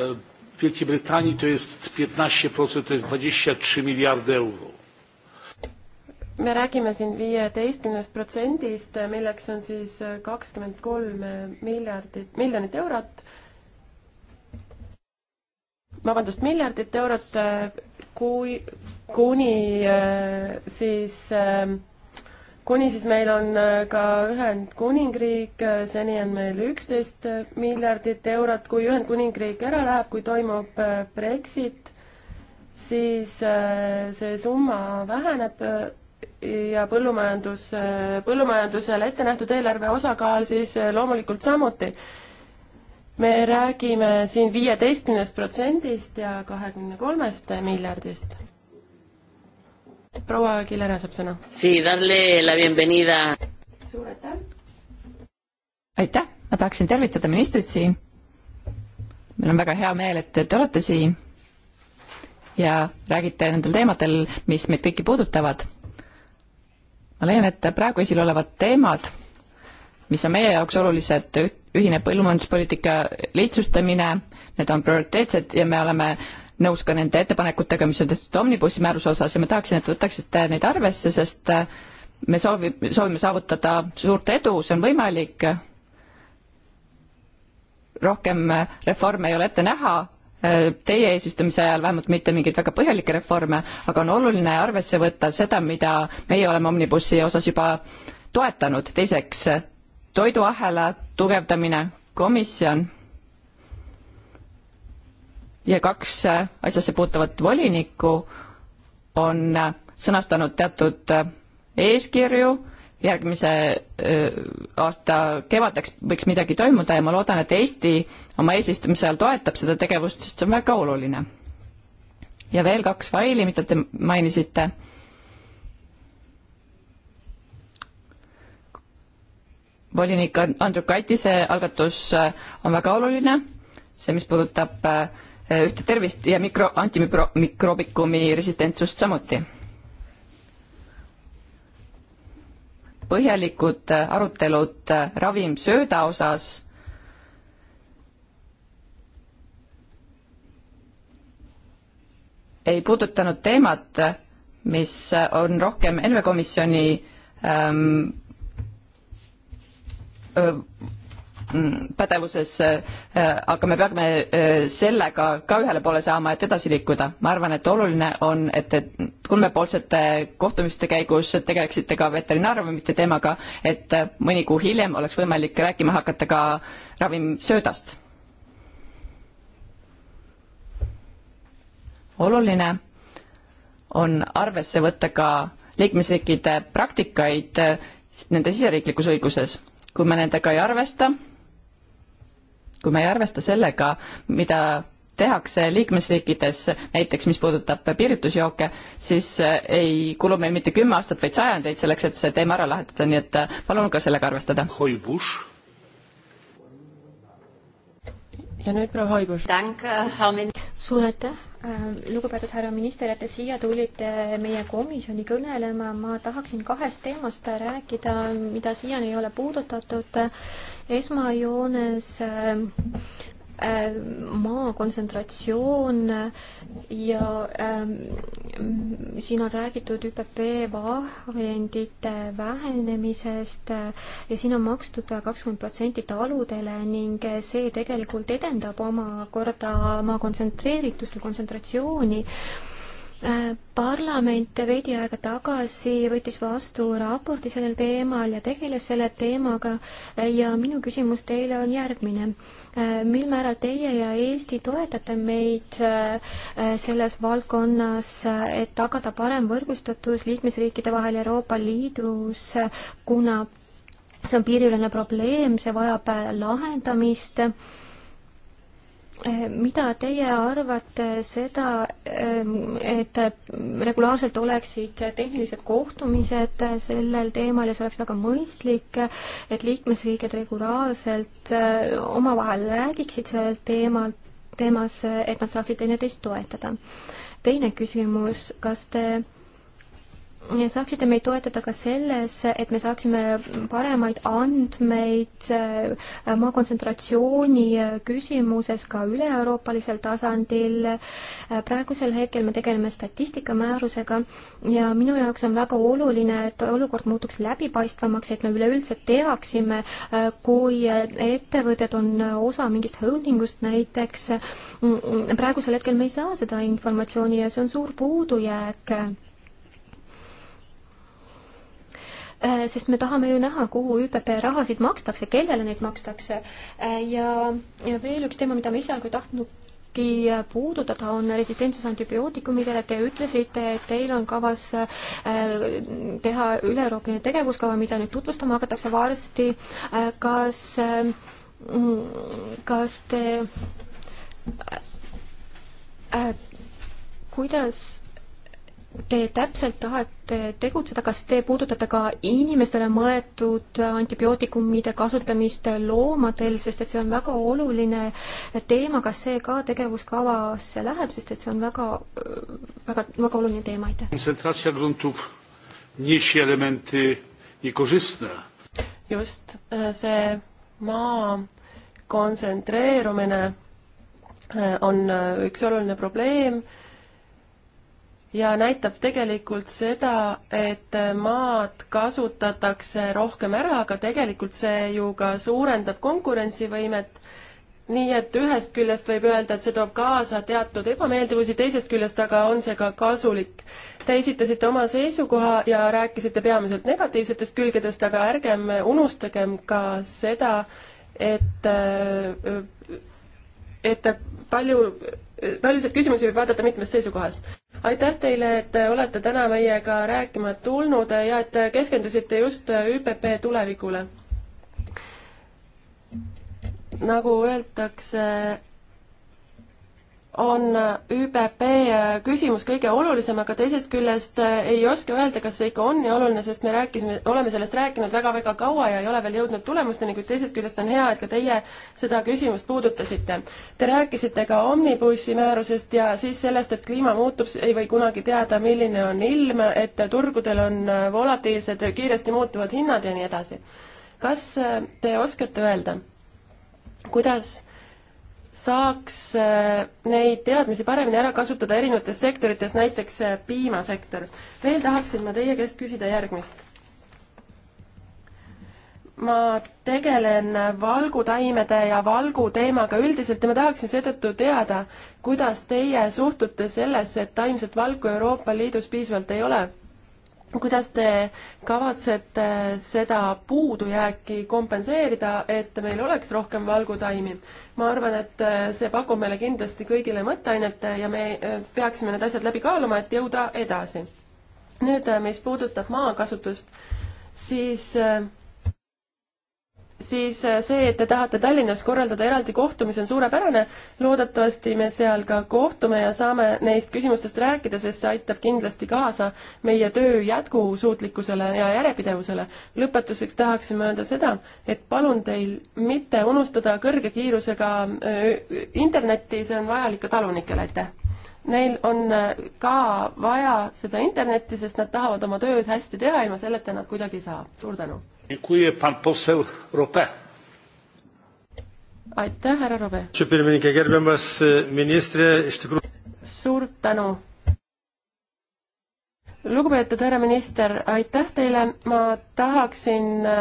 Wielkiej Brytanii to jest 15%, to jest 23 miliardy euro.
me räägime siin viieteistkümnest protsendist, milleks on siis e, kakskümmend kolm miljardit, miljonit eurot. vabandust, miljardit eurot, e, kui, kuni siis äh, kuni siis meil on äh, ka Ühendkuningriik, äh, seni on meil üksteist äh, miljardit eurot, kui Ühendkuningriik ära läheb, kui toimub Brexit, siis see summa väheneb ja põllumajandus, põllumajandusele ette nähtud eelarve osakaal siis loomulikult samuti. me räägime siin viieteistkümnest protsendist ja kahekümne kolmest miljardist proua Aguilera saab
sõna.
Sí, darle la bienvenida.
suur aitäh.
aitäh, ma tahaksin tervitada ministrit siin. meil on väga hea meel, et te olete siin ja räägite nendel teemadel, mis meid kõiki puudutavad. ma leian, et praegu esil olevad teemad, mis on meie jaoks olulised, ühine põllumajanduspoliitika lihtsustamine, need on prioriteetsed ja me oleme nõus ka nende ettepanekutega, mis on tehtud Omnibussi määruse osas ja ma tahaksin, et võtaksite neid arvesse, sest äh, me soovi, soovime saavutada suurt edu, see on võimalik, rohkem äh, reforme ei ole ette näha, äh, teie eesistumise ajal vähemalt mitte mingeid väga põhjalikke reforme, aga on oluline arvesse võtta seda, mida meie oleme Omnibussi osas juba toetanud, teiseks toiduahela tugevdamine, komisjon ja kaks asjasse puutuvat volinikku on sõnastanud teatud äh, eeskirju, järgmise äh, aasta kevadeks võiks midagi toimuda ja ma loodan, et Eesti oma eesistumise ajal toetab seda tegevust, sest see on väga oluline. ja veel kaks faili, mida te mainisite. volinik Andrukatise algatus äh, on väga oluline, see, mis puudutab äh, Äh, ühte tervist ja mikro, antimikrobikumi resistentsust samuti. põhjalikud äh, arutelud äh, ravimsööda osas ei puudutanud teemat, mis on rohkem Enve komisjoni ähm, pädevuses, äh, aga me peame äh, sellega ka ühele poole saama, et edasi liikuda. ma arvan, et oluline on, et te kolmepoolsete kohtumiste käigus tegeleksite ka veterinaarravimite teemaga, et äh, mõni kuu hiljem oleks võimalik rääkima hakata ka ravimsöödast. oluline on arvesse võtta ka liikmesriikide praktikaid nende siseriiklikus õiguses kui me nendega ei arvesta, kui me ei arvesta sellega, mida tehakse liikmesriikides, näiteks mis puudutab piiritusjooke, siis eh, ei kulu meil mitte kümme aastat, vaid sajandeid selleks, et see teema ära lahendada, nii et eh, palun ka sellega arvestada.
ja nüüd proua Hoibus. Eh,
suur aitäh, lugupeetud härra minister, et te siia tulite meie komisjoni kõnelema. ma tahaksin kahest teemast rääkida, mida siiani ei ole puudutatud esmajoones äh, äh, maa kontsentratsioon ja ähm, siin on räägitud ÜPP vahendite vähenemisest äh, ja siin on makstud kakskümmend protsenti taludele ning see tegelikult edendab omakorda maa kontsentreeritust või kontsentratsiooni äh, parlament veidi aega tagasi võttis vastu raporti sellel teemal ja tegeles selle teemaga ja minu küsimus teile on järgmine. mil määral teie ja Eesti toetate meid äh, selles valdkonnas, et tagada parem võrgustatus liikmesriikide vahel Euroopa Liidus, kuna see on piiriülene probleem, see vajab äh, lahendamist mida teie arvate seda, ähm, et regulaarselt oleksid tehnilised kohtumised sellel teemal ja see oleks väga mõistlik, et liikmesriigid regulaarselt äh, omavahel räägiksid sellel teemal, teemas, et nad saaksid teineteist toetada. teine küsimus, kas te saaksite meid toetada ka selles, et me saaksime paremaid andmeid äh, maa kontsentratsiooni äh, küsimuses ka üle-euroopalisel tasandil. Äh, praegusel hetkel me tegeleme statistikamäärusega ja minu jaoks on väga oluline, et olukord muutuks läbipaistvamaks, et me üleüldse teaksime, kui ettevõtted on osa mingist holding ust näiteks. Mm, mm, praegusel hetkel me ei saa seda informatsiooni ja see on suur puudujääk Äh, sest me tahame ju näha, kuhu ÜPP rahasid makstakse, kellele neid makstakse. Äh, ja, ja veel üks teema, mida ma esialgu ei tahtnudki äh, puudutada, on resistentsus antibiootikumidele. Te ütlesite, et teil on kavas teha üle-Euroopaline tegevuskava, mida nüüd tutvustama hakatakse varsti. kas, kas te kuidas te täpselt tahate tegutseda, kas te puudutate ka inimestele mõeldud antibiootikumide kasutamist loomadel, sest et see on väga oluline teema, kas see ka tegevuskavasse läheb, sest et see on väga, väga, väga oluline teema, aitäh. just, e, see maa
kontsentreerumine e, on e, üks oluline probleem ja näitab tegelikult seda, et maad kasutatakse rohkem ära, aga tegelikult see ju ka suurendab konkurentsivõimet. nii et ühest küljest võib öelda, et see toob kaasa teatud ebameeldivusi, teisest küljest aga on see ka kasulik. Te esitasite oma seisukoha ja rääkisite peamiselt negatiivsetest külgedest, aga ärgem unustagem ka seda, et, et palju paljusid küsimusi võib vaadata mitmest seisukohast. aitäh teile, et olete täna meiega rääkima tulnud ja et keskendusite just ÜPP tulevikule. nagu öeldakse on ÜPP küsimus kõige olulisem, aga teisest küljest äh, ei oska öelda, kas see ikka on nii oluline, sest me rääkisime, oleme sellest rääkinud väga-väga kaua ja ei ole veel jõudnud tulemusteni, kuid teisest küljest on hea, et ka teie seda küsimust puudutasite. Te rääkisite ka omnibussi määrusest ja siis sellest, et kliima muutub, ei või kunagi teada, milline on ilm, et turgudel on äh, volatiilsed, kiiresti muutuvad hinnad ja nii edasi. kas äh, te oskate öelda, kuidas saaks äh, neid teadmisi paremini ära kasutada erinevates sektorites, näiteks äh, piimasektor. veel tahaksin ma teie käest küsida järgmist. ma tegelen valgutaimede ja valgu teemaga üldiselt ja ma tahaksin seetõttu teada, kuidas teie suhtute sellesse, et taimset valku Euroopa Liidus piisavalt ei ole kuidas te kavatsete seda puudujääki kompenseerida, et meil oleks rohkem valgutaimi? ma arvan, et see pakub meile kindlasti kõigile mõtteainet ja me äh, peaksime need asjad läbi kaaluma, et jõuda edasi. nüüd, äh, mis puudutab maakasutust, siis äh, siis äh, see, et te tahate Tallinnas korraldada eraldi kohtumise, on suurepärane. loodetavasti me seal ka kohtume ja saame neist küsimustest rääkida, sest see aitab kindlasti kaasa meie töö jätkusuutlikkusele ja järjepidevusele. lõpetuseks tahaksime öelda seda, et palun teil mitte unustada kõrge kiirusega internetti, see on vajalik ka talunikele, aitäh! Neil on äh, ka vaja seda internetti, sest nad tahavad oma tööd hästi teha, ilma selleta nad kuidagi ei saa. suur tänu! aitäh, härra Robe. suur tänu. lugupeetud härra minister, aitäh teile, ma tahaksin e,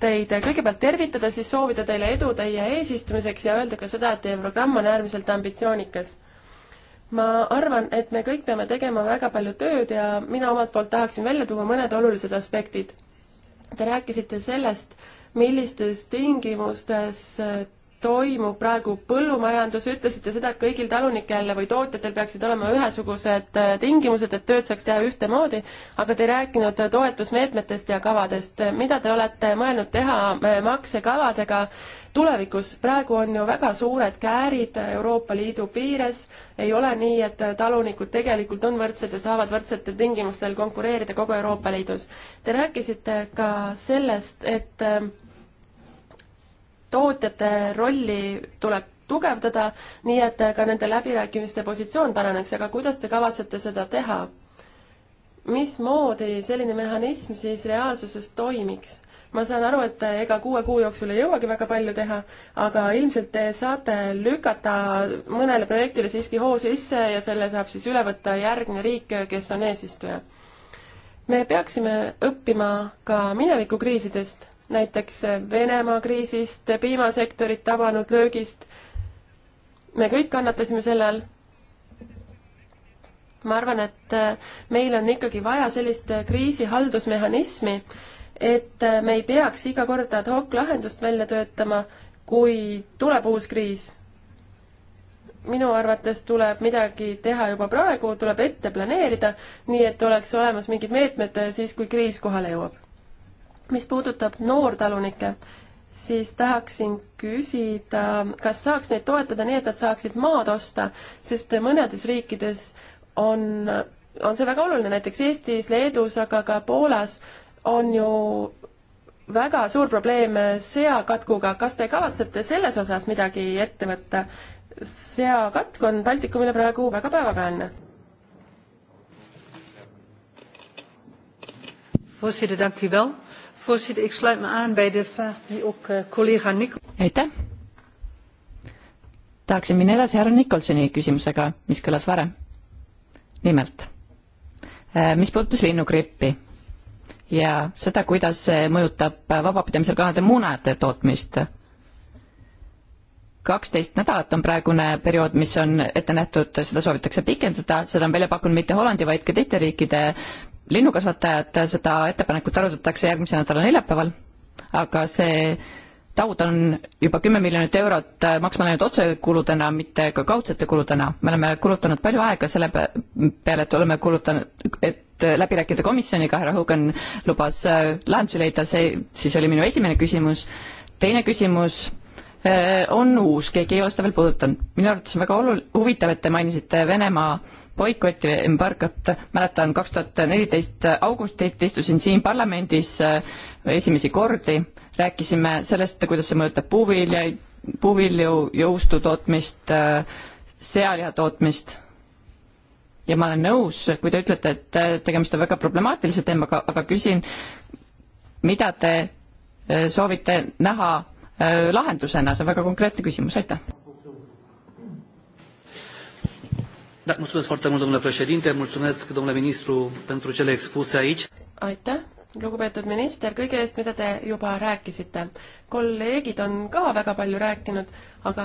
teid kõigepealt tervitada, siis soovida teile edu teie eesistumiseks ja öelda ka seda, et teie programm on äärmiselt ambitsioonikas ma arvan, et me kõik peame tegema väga palju tööd ja mina omalt poolt tahaksin välja tuua mõned olulised aspektid Te rääkisite sellest, millistes tingimustes toimub praegu põllumajandus, ütlesite seda, et kõigil talunikel või tootjatel peaksid olema ühesugused äh, tingimused, et tööd saaks teha ühtemoodi, aga te ei rääkinud toetusmeetmetest ja kavadest. mida te olete mõelnud teha äh, maksekavadega tulevikus? praegu on ju väga suured käärid Euroopa Liidu piires, ei ole nii, et talunikud tegelikult on võrdsed ja saavad võrdsetel tingimustel konkureerida kogu Euroopa Liidus. Te rääkisite ka sellest, et äh, tootjate rolli tuleb tugevdada, nii et ka nende läbirääkimiste positsioon paraneks, aga kuidas te kavatsete seda teha? mismoodi selline mehhanism siis reaalsuses toimiks? ma saan aru, et ega kuue kuu jooksul ei jõuagi väga palju teha, aga ilmselt te saate lükata mõnele projektile siiski hoo sisse ja selle saab siis üle võtta järgmine riik, kes on eesistuja. me peaksime õppima ka minevikukriisidest näiteks Venemaa kriisist, piimasektorit tabanud löögist. me kõik kannatasime selle all. ma arvan, et äh, meil on ikkagi vaja sellist äh, kriisihaldusmehhanismi, et äh, me ei peaks iga kord ad hoc lahendust välja töötama, kui tuleb uus kriis. minu arvates tuleb midagi teha juba praegu, tuleb ette planeerida, nii et oleks olemas mingid meetmed siis, kui kriis kohale jõuab mis puudutab noortalunikke, siis tahaksin küsida, kas saaks neid toetada nii, et nad saaksid maad osta, sest mõnedes riikides on, on see väga oluline, näiteks Eestis, Leedus, aga ka Poolas on ju väga suur probleem seakatkuga, kas te kavatsete selles osas midagi ette võtta? seakatk on Baltikumile praegu väga
päevapealne Voorzitter, dank u wel. Voorzitter, ik sluit me aan bij de vraag die ook uh, collega Nikol...
aitäh! tahaksin minna edasi härra Nikolsoni küsimusega, mis kõlas varem. nimelt, eh, mis puudutas linnugrippi ja seda, kuidas see mõjutab vabapidamisel kanade munade tootmist. kaksteist nädalat on praegune periood, mis on ette nähtud, seda soovitakse pikendada, seda on välja pakkunud mitte Hollandi, vaid ka teiste riikide linnukasvatajad, seda ettepanekut arutatakse järgmise nädala neljapäeval, aga see taud on juba kümme miljonit eurot maksma läinud otsekuludena, mitte ka kaudsete kuludena. me oleme kulutanud palju aega selle peale, et oleme kulutanud, et läbi rääkida komisjoniga, härra Hogan lubas äh, lahendusi leida, see siis oli minu esimene küsimus. teine küsimus äh, on uus, keegi ei ole seda veel puudutanud. minu arvates on väga olul-, huvitav, et te mainisite Venemaa boikotti, embargot, mäletan kaks tuhat neliteist augustit istusin siin parlamendis äh, esimesi kordi, rääkisime sellest, kuidas see mõjutab puuviljaid, puuvilju, juustu tootmist, äh, sealiha tootmist ja ma olen nõus, kui te ütlete, et äh, tegemist on väga problemaatilise teemaga, aga küsin, mida te soovite näha lahendusena, see on väga konkreetne küsimus, aitäh Da,
mulțumesc foarte mult, domnule președinte, mulțumesc, domnule ministru, pentru cele expuse aici.
aitäh
lugupeetud minister, kõige eest, mida te juba rääkisite. kolleegid on ka väga palju rääkinud, aga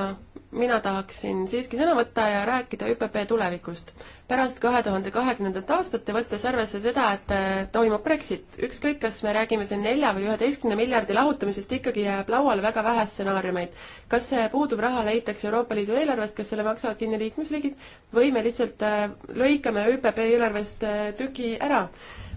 mina tahaksin siiski sõna võtta ja rääkida ÜPP tulevikust. pärast kahe tuhande kahekümnendat aastat ja võttes arvesse seda, et äh, toimub Brexit, ükskõik, kas me räägime siin nelja või üheteistkümne miljardi lahutamisest, ikkagi jääb lauale väga vähe stsenaariumeid. kas see puuduv raha leitakse Euroopa Liidu eelarvest, kas selle maksavad kinni liikmesriigid või me lihtsalt äh, lõikame ÜPP eelarvest äh, tüki ära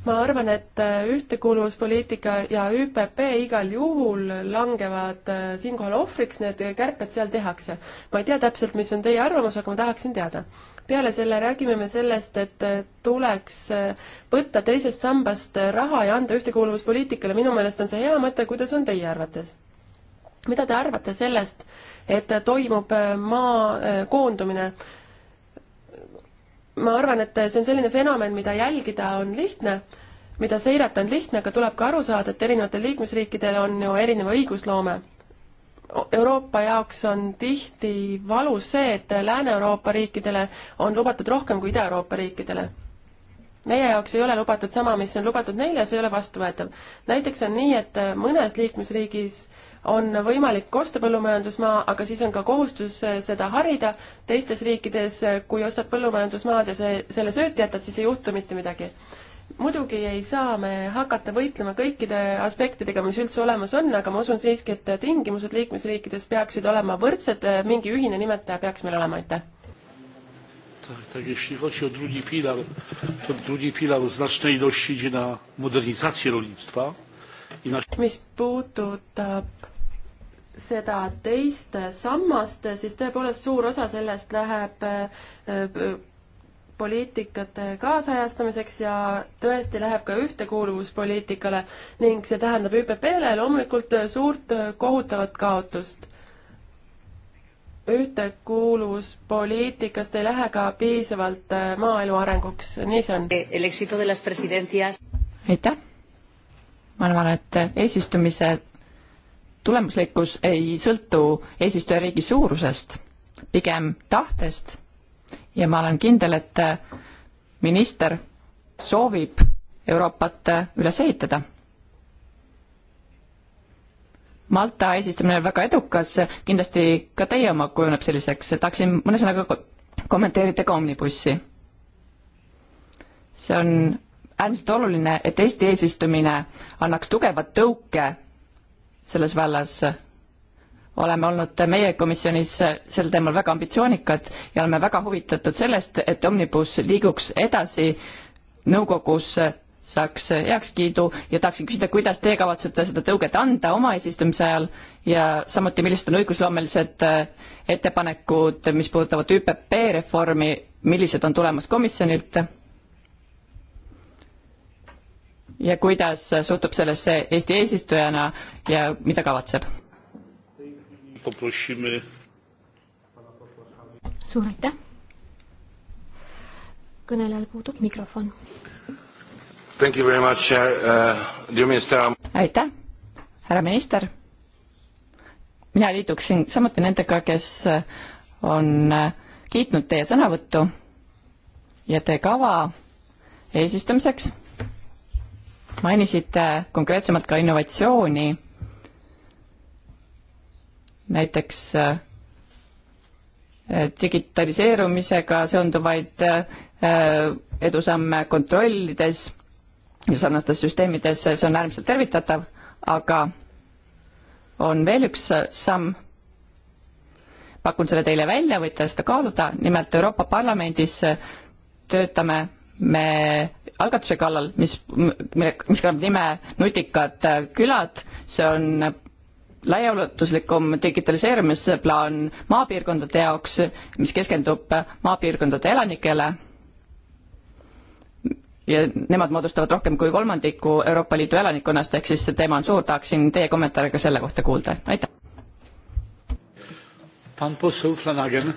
ma arvan, et äh, ühtekuuluvuspoliitika ja ÜPP igal juhul langevad äh, siinkohal ohvriks, need kärped seal tehakse. ma ei tea täpselt, mis on teie arvamus, aga ma tahaksin teada. peale selle räägime me sellest, et äh, tuleks võtta teisest sambast raha ja anda ühtekuuluvuspoliitikale, minu meelest on see hea mõte, kuidas on teie arvates? mida te arvate sellest, et toimub maa koondumine? ma arvan, et see on selline fenomen, mida jälgida on lihtne, mida seirata on lihtne, aga tuleb ka aru saada, et erinevatel liikmesriikidel on ju erineva õigusloome. Euroopa jaoks on tihti valus see, et Lääne-Euroopa riikidele on lubatud rohkem kui Ida-Euroopa riikidele. meie jaoks ei ole lubatud sama, mis on lubatud neile, see ei ole vastuvõetav. näiteks on nii, et mõnes liikmesriigis äh, on võimalik osta põllumajandusmaa, aga siis on ka kohustus eh, seda harida. teistes riikides, eh, kui ostad põllumajandusmaad ja see, selle sööti jätad, siis ei juhtu mitte midagi. muidugi ei saa me hakata võitlema kõikide aspektidega, mis üldse olemas on, aga ma usun siiski, et tingimused liikmesriikides peaksid olema võrdsed, eh, mingi ühine nimetaja peaks meil olema, aitäh.
Tak, tak jeśli chodzi o drugi filar, to drugi filar w znacznej ilości idzie na modernizację rolnictwa mis puudutab
seda teist sammast, siis tõepoolest suur osa sellest läheb äh, äh, poliitikate kaasajastamiseks ja tõesti läheb ka ühtekuuluvuspoliitikale ning see tähendab ÜPP-le loomulikult suurt kohutavat kaotust. ühtekuuluvuspoliitikast ei lähe ka piisavalt äh, maaelu arenguks, nii see on.
aitäh! ma arvan, et eesistumised tulemuslikkus ei sõltu eesistujariigi suurusest, pigem tahtest ja ma olen kindel, et minister soovib Euroopat üles ehitada. Malta eesistumine oli väga edukas, kindlasti ka teie oma kujuneb selliseks, tahaksin mõne sõnaga kommenteerida ka Omnibussi. see on äärmiselt oluline, et Eesti eesistumine annaks tugeva tõuke selles vallas. oleme olnud meie komisjonis sel teemal väga ambitsioonikad ja oleme väga huvitatud sellest, et Omnibus liiguks edasi nõukogus saaks heakskiidu ja tahaksin küsida, kuidas teie kavatsete seda tõuget anda oma eesistumise ajal ja samuti, millised on õigusloomelised ettepanekud, mis puudutavad ÜPP reformi, millised on tulemas komisjonilt? ja kuidas suhtub sellesse Eesti eesistujana ja mida kavatseb? suur aitäh! kõnelejal puudub mikrofon.
Uh, uh
aitäh, härra minister! mina liituksin samuti nendega, kes on kiitnud teie sõnavõttu ja teie kava eesistumiseks mainisite konkreetsemalt ka innovatsiooni, näiteks äh, digitaliseerumisega seonduvaid äh, edusamme kontrollides ja sarnastes süsteemides, see on äärmiselt tervitatav, aga on veel üks äh, samm, pakun selle teile välja, võite seda kaaluda, nimelt Euroopa Parlamendis töötame me algatuse kallal, mis, mille, mis kannab nime Nutikad külad, see on laiaulatuslikum digitaliseerimise plaan maapiirkondade jaoks, mis keskendub maapiirkondade elanikele ja nemad moodustavad rohkem kui kolmandiku Euroopa Liidu elanikkonnast, ehk siis see teema on suur, tahaksin teie kommentaare ka selle kohta kuulda, aitäh. Pan poseł Flanagen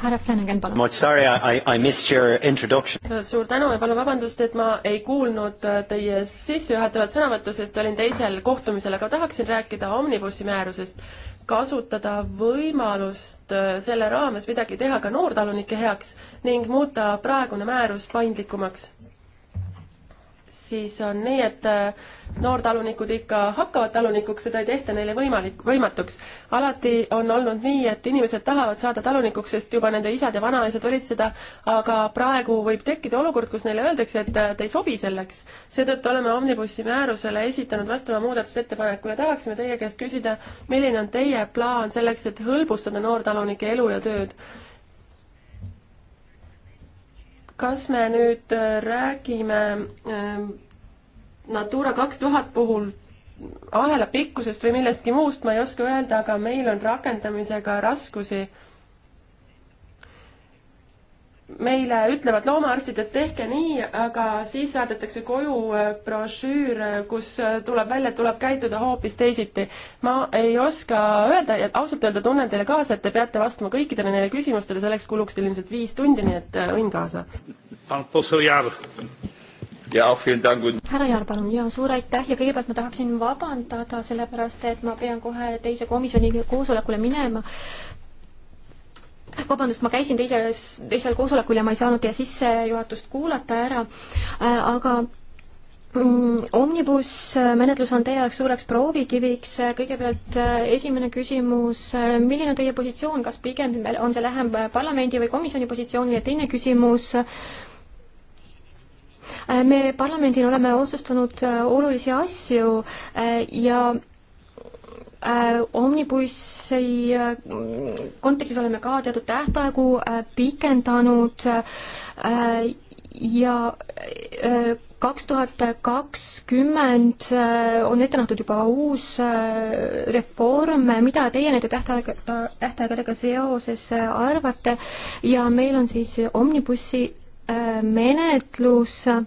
härra
Flanagan, palun.
Sorry, I, I missed your introduction.
suur tänu ja palun vabandust, et ma ei kuulnud äh, teie sissejuhatavat sõnavõttu, sest olin teisel kohtumisel, aga tahaksin rääkida Omnibussi määrusest. kasutada võimalust äh, selle raames midagi teha ka noortalunike heaks ning muuta praegune määrus paindlikumaks siis on nii, et äh, noortalunikud ikka hakkavad talunikuks, seda ei tehta neile võimalik, võimatuks. alati on olnud nii, et inimesed tahavad saada talunikuks, sest juba nende isad ja vanaisad olid seda, aga praegu võib tekkida olukord, kus neile öeldakse, et äh, te ei sobi selleks. seetõttu oleme Omnibussi määrusele esitanud vastava muudatusettepaneku ja tahaksime teie käest küsida, milline on teie plaan selleks, et hõlbustada noortalunike elu ja tööd kas me nüüd äh, räägime ähm, Natura kaks tuhat puhul ahela pikkusest või millestki muust, ma ei oska öelda, aga meil on rakendamisega raskusi meile ütlevad loomaarstid, et tehke nii, aga siis saadetakse koju äh, brošüür, äh, kus äh, tuleb välja, et tuleb käituda hoopis teisiti. ma ei oska öelda ja ausalt öelda tunnen teile kaasa, et te peate vastama kõikidele neile küsimustele, selleks
kuluks teil ilmselt viis tundi, nii et õnn kaasa. härra Jaar, palun, ja suur aitäh ja kõigepealt ma tahaksin vabandada, sellepärast et ma pean kohe teise komisjoni koosolekule minema vabandust, ma käisin teises, teisel koosolekul ja ma ei saanud teie sissejuhatust kuulata ära, äh, aga mm, Omnibus menetlus on teie jaoks suureks proovikiviks, kõigepealt äh, esimene küsimus, äh, milline on teie positsioon, kas pigem on see lähem parlamendi või komisjoni positsioonile, teine küsimus, me parlamendina oleme otsustanud olulisi asju ja Äh, Omnibussi äh, kontekstis oleme ka teatud tähtaegu äh, pikendanud ja kaks tuhat kakskümmend on ette nähtud juba uus reform, mida teie nende tähtaega, tähtaegadega seoses arvate ja meil on siis Omnibussi menetlus äh,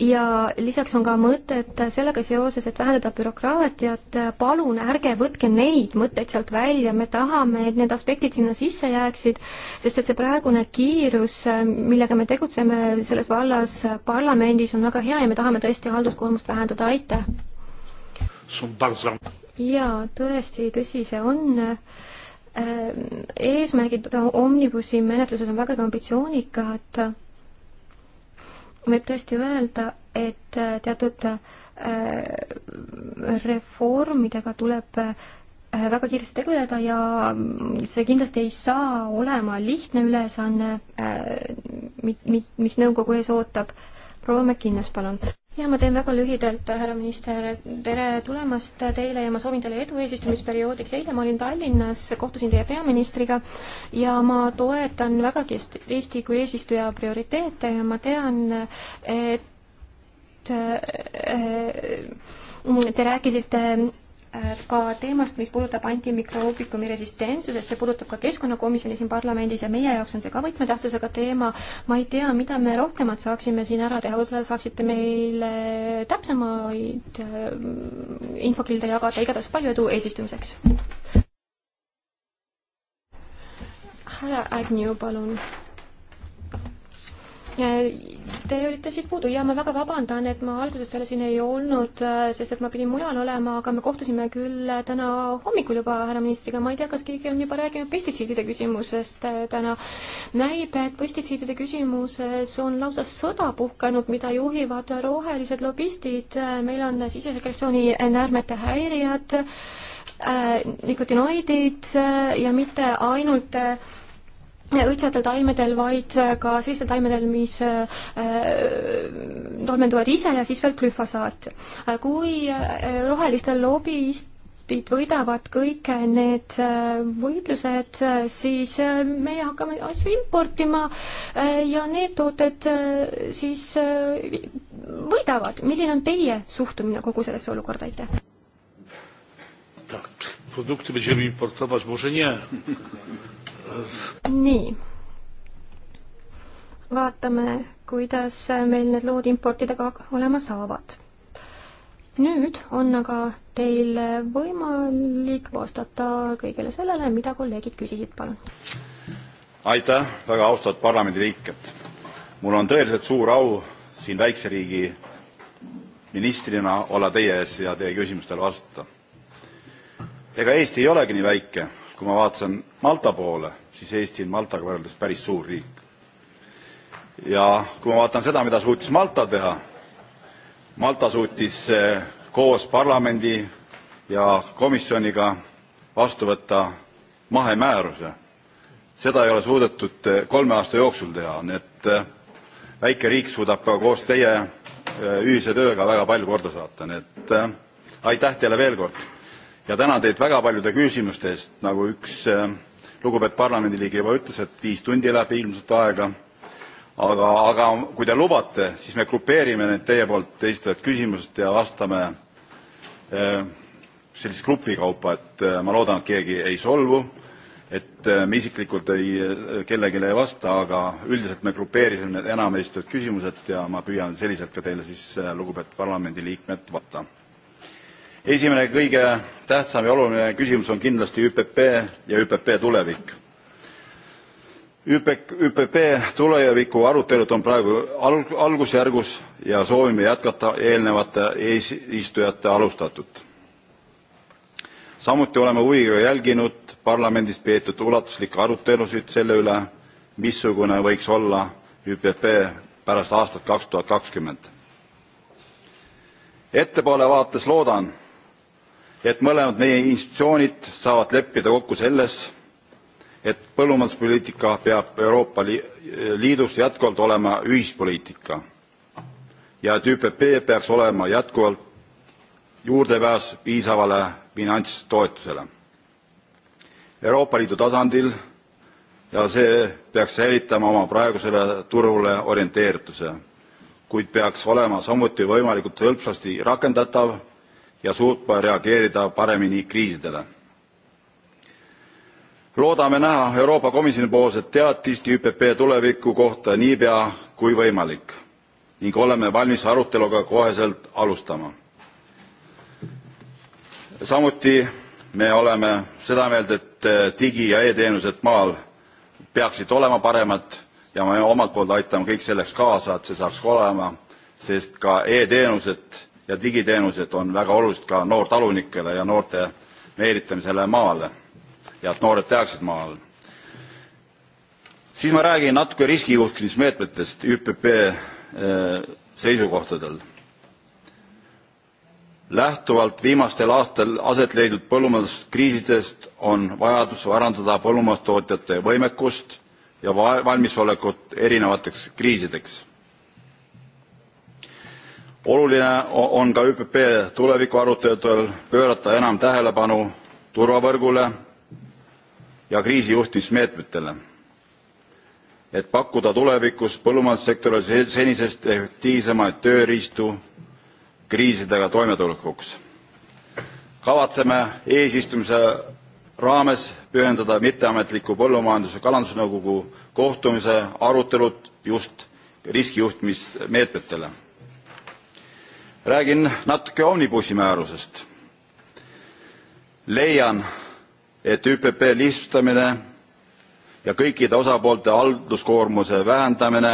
ja lisaks on ka mõtted sellega seoses, et vähendada bürokraatiat, palun ärge võtke neid mõtteid sealt välja, me tahame, et need aspektid sinna sisse jääksid, sest et see praegune kiirus, millega me tegutseme selles vallas parlamendis, on väga hea ja me tahame tõesti halduskoormust vähendada, aitäh! jaa, tõesti, tõsi see on ehm, eesmärgid omnibusi menetluses on vägagi ambitsioonikad võib tõesti öelda, et äh, teatud äh, reformidega tuleb äh, väga kiiresti tegeleda ja mm, see kindlasti ei saa olema lihtne ülesanne, mis nõukogu ees ootab. proua Mäkinnas, palun ja ma teen väga lühidalt, härra minister, tere tulemast teile ja ma soovin teile edu eesistumisperioodiks. eile ma olin Tallinnas, kohtusin teie peaministriga ja ma toetan vägagi Eesti kui eesistuja prioriteete ja ma tean, et äh, äh, Te rääkisite Äh, ka teemast, mis puudutab antimikroobikumi resistentsusest, see puudutab ka keskkonnakomisjoni siin parlamendis ja meie jaoks on see ka võtmetähtsusega teema. ma ei tea, mida me rohkemat saaksime siin ära teha, võib-olla saaksite meile täpsemaid äh, infokilde jagada, igatahes palju edu eesistumiseks. härra Agnew, palun Te olite siit puudu ja ma väga vabandan, et ma algusest peale siin ei olnud, äh, sest et ma pidin mujal olema, aga me kohtusime küll äh, täna hommikul juba härra ministriga, ma ei tea, kas keegi on juba rääkinud pestitsiidide küsimusest äh, täna. näib, et pestitsiidide küsimuses on lausa sõda puhkenud, mida juhivad rohelised lobistid, meil on sisesekretsiooni näärmete häirijad, nikotinoidid ja mitte ainult õitsetel taimedel, vaid äh, ka sellistel taimedel, mis äh, äh, tolmenduvad ise ja siis veel glüfosaat. kui rohelistel lobist partid võidavad kõik need võitlused, siis meie hakkame asju importima ja need tooted siis võidavad. milline on teie suhtumine kogu sellesse olukorda, aitäh?
Tak, produkty będziemy importować, może nie,
nii. vaatame, kuidas meil need lood importidega olema saavad. nüüd on aga teil võimalik vastata kõigele sellele, mida kolleegid küsisid, palun.
aitäh, väga austatud parlamendiliikmed. mul on tõeliselt suur au siin väikse riigi ministrina olla teie ees ja teie küsimustele vastata. ega Eesti ei olegi nii väike kui ma vaatasin Malta poole, siis Eesti on Maltaga võrreldes päris suur riik. ja kui ma vaatan seda, mida suutis Malta teha, Malta suutis eh, koos parlamendi ja komisjoniga vastu võtta mahemääruse. seda ei ole suudetud eh, kolme aasta jooksul teha, nii et eh, väike riik suudab ka koos teie ühise tööga väga palju korda saata, nii et aitäh teile veel kord ja tänan teid väga paljude küsimuste eest, nagu üks äh, lugupeetud parlamendiliige juba ütles, et viis tundi läheb ilmselt aega. aga, aga kui te lubate, siis me grupeerime need teie poolt esitatud küsimused ja vastame äh, sellise grupi kaupa, et äh, ma loodan, et keegi ei solvu, et me isiklikult ei, kellelegi ei vasta, aga üldiselt me grupeerisime need enam esitatud küsimused ja ma püüan selliselt ka teile siis, lugupeetud parlamendiliikmed, vastata esimene kõige tähtsam ja oluline küsimus on kindlasti ÜPP ja ÜPP tulevik. ÜPP, ÜPP tuleviku arutelud on praegu alg-, algusjärgus ja soovime jätkata eelnevate eesistujate alustatut. samuti oleme huviga jälginud parlamendis peetud ulatuslikke arutelusid selle üle, missugune võiks olla ÜPP pärast aastat kaks tuhat kakskümmend. ettepoole vaates loodan, et mõlemad meie institutsioonid saavad leppida kokku selles et põllumajanduspoliitika peab euroopa liidus jätkuvalt olema ühispoliitika ja et üpp peaks olema jätkuvalt juurdepääs piisavale finantstoetusele euroopa liidu tasandil ja see peaks säilitama oma praegusele turule orienteerituse kuid peaks olema samuti võimalikult hõlpsasti rakendatav ja suutma reageerida paremini kriisidele. loodame näha euroopa komisjoni poolset teatist üpp tuleviku kohta niipea kui võimalik ning oleme valmis aruteluga koheselt alustama. samuti me oleme seda meelt et digi ja e teenused maal peaksid olema paremad ja me omalt poolt aitame kõik selleks kaasa et see saaks olema sest ka e teenused ja digiteenused on väga olulised ka noortalunikele ja noorte meelitamisele maale ja et noored teaksid maal. siis ma räägin natuke riskijuhtimismeetmetest ÜPP eh, seisukohtadel. lähtuvalt viimastel aastatel aset leidnud põllumajanduskriisidest on vajadus parandada põllumajandustootjate võimekust ja valmisolekut erinevateks kriisideks oluline on ka ÜPP tulevikuaruteludel pöörata enam tähelepanu turvavõrgule ja kriisijuhtimismeetmetele et pakkuda tulevikus põllumajandussektorile senisest efektiivsemaid tööriistu kriisidega toimetulekuks. kavatseme eesistumise raames pühendada mitteametliku põllumajandus ja kalandusnõukogu kohtumise arutelud just riskijuhtimismeetmetele räägin natuke omnibussi määrusest. leian et üpp lihtsustamine ja kõikide osapoolte halduskoormuse vähendamine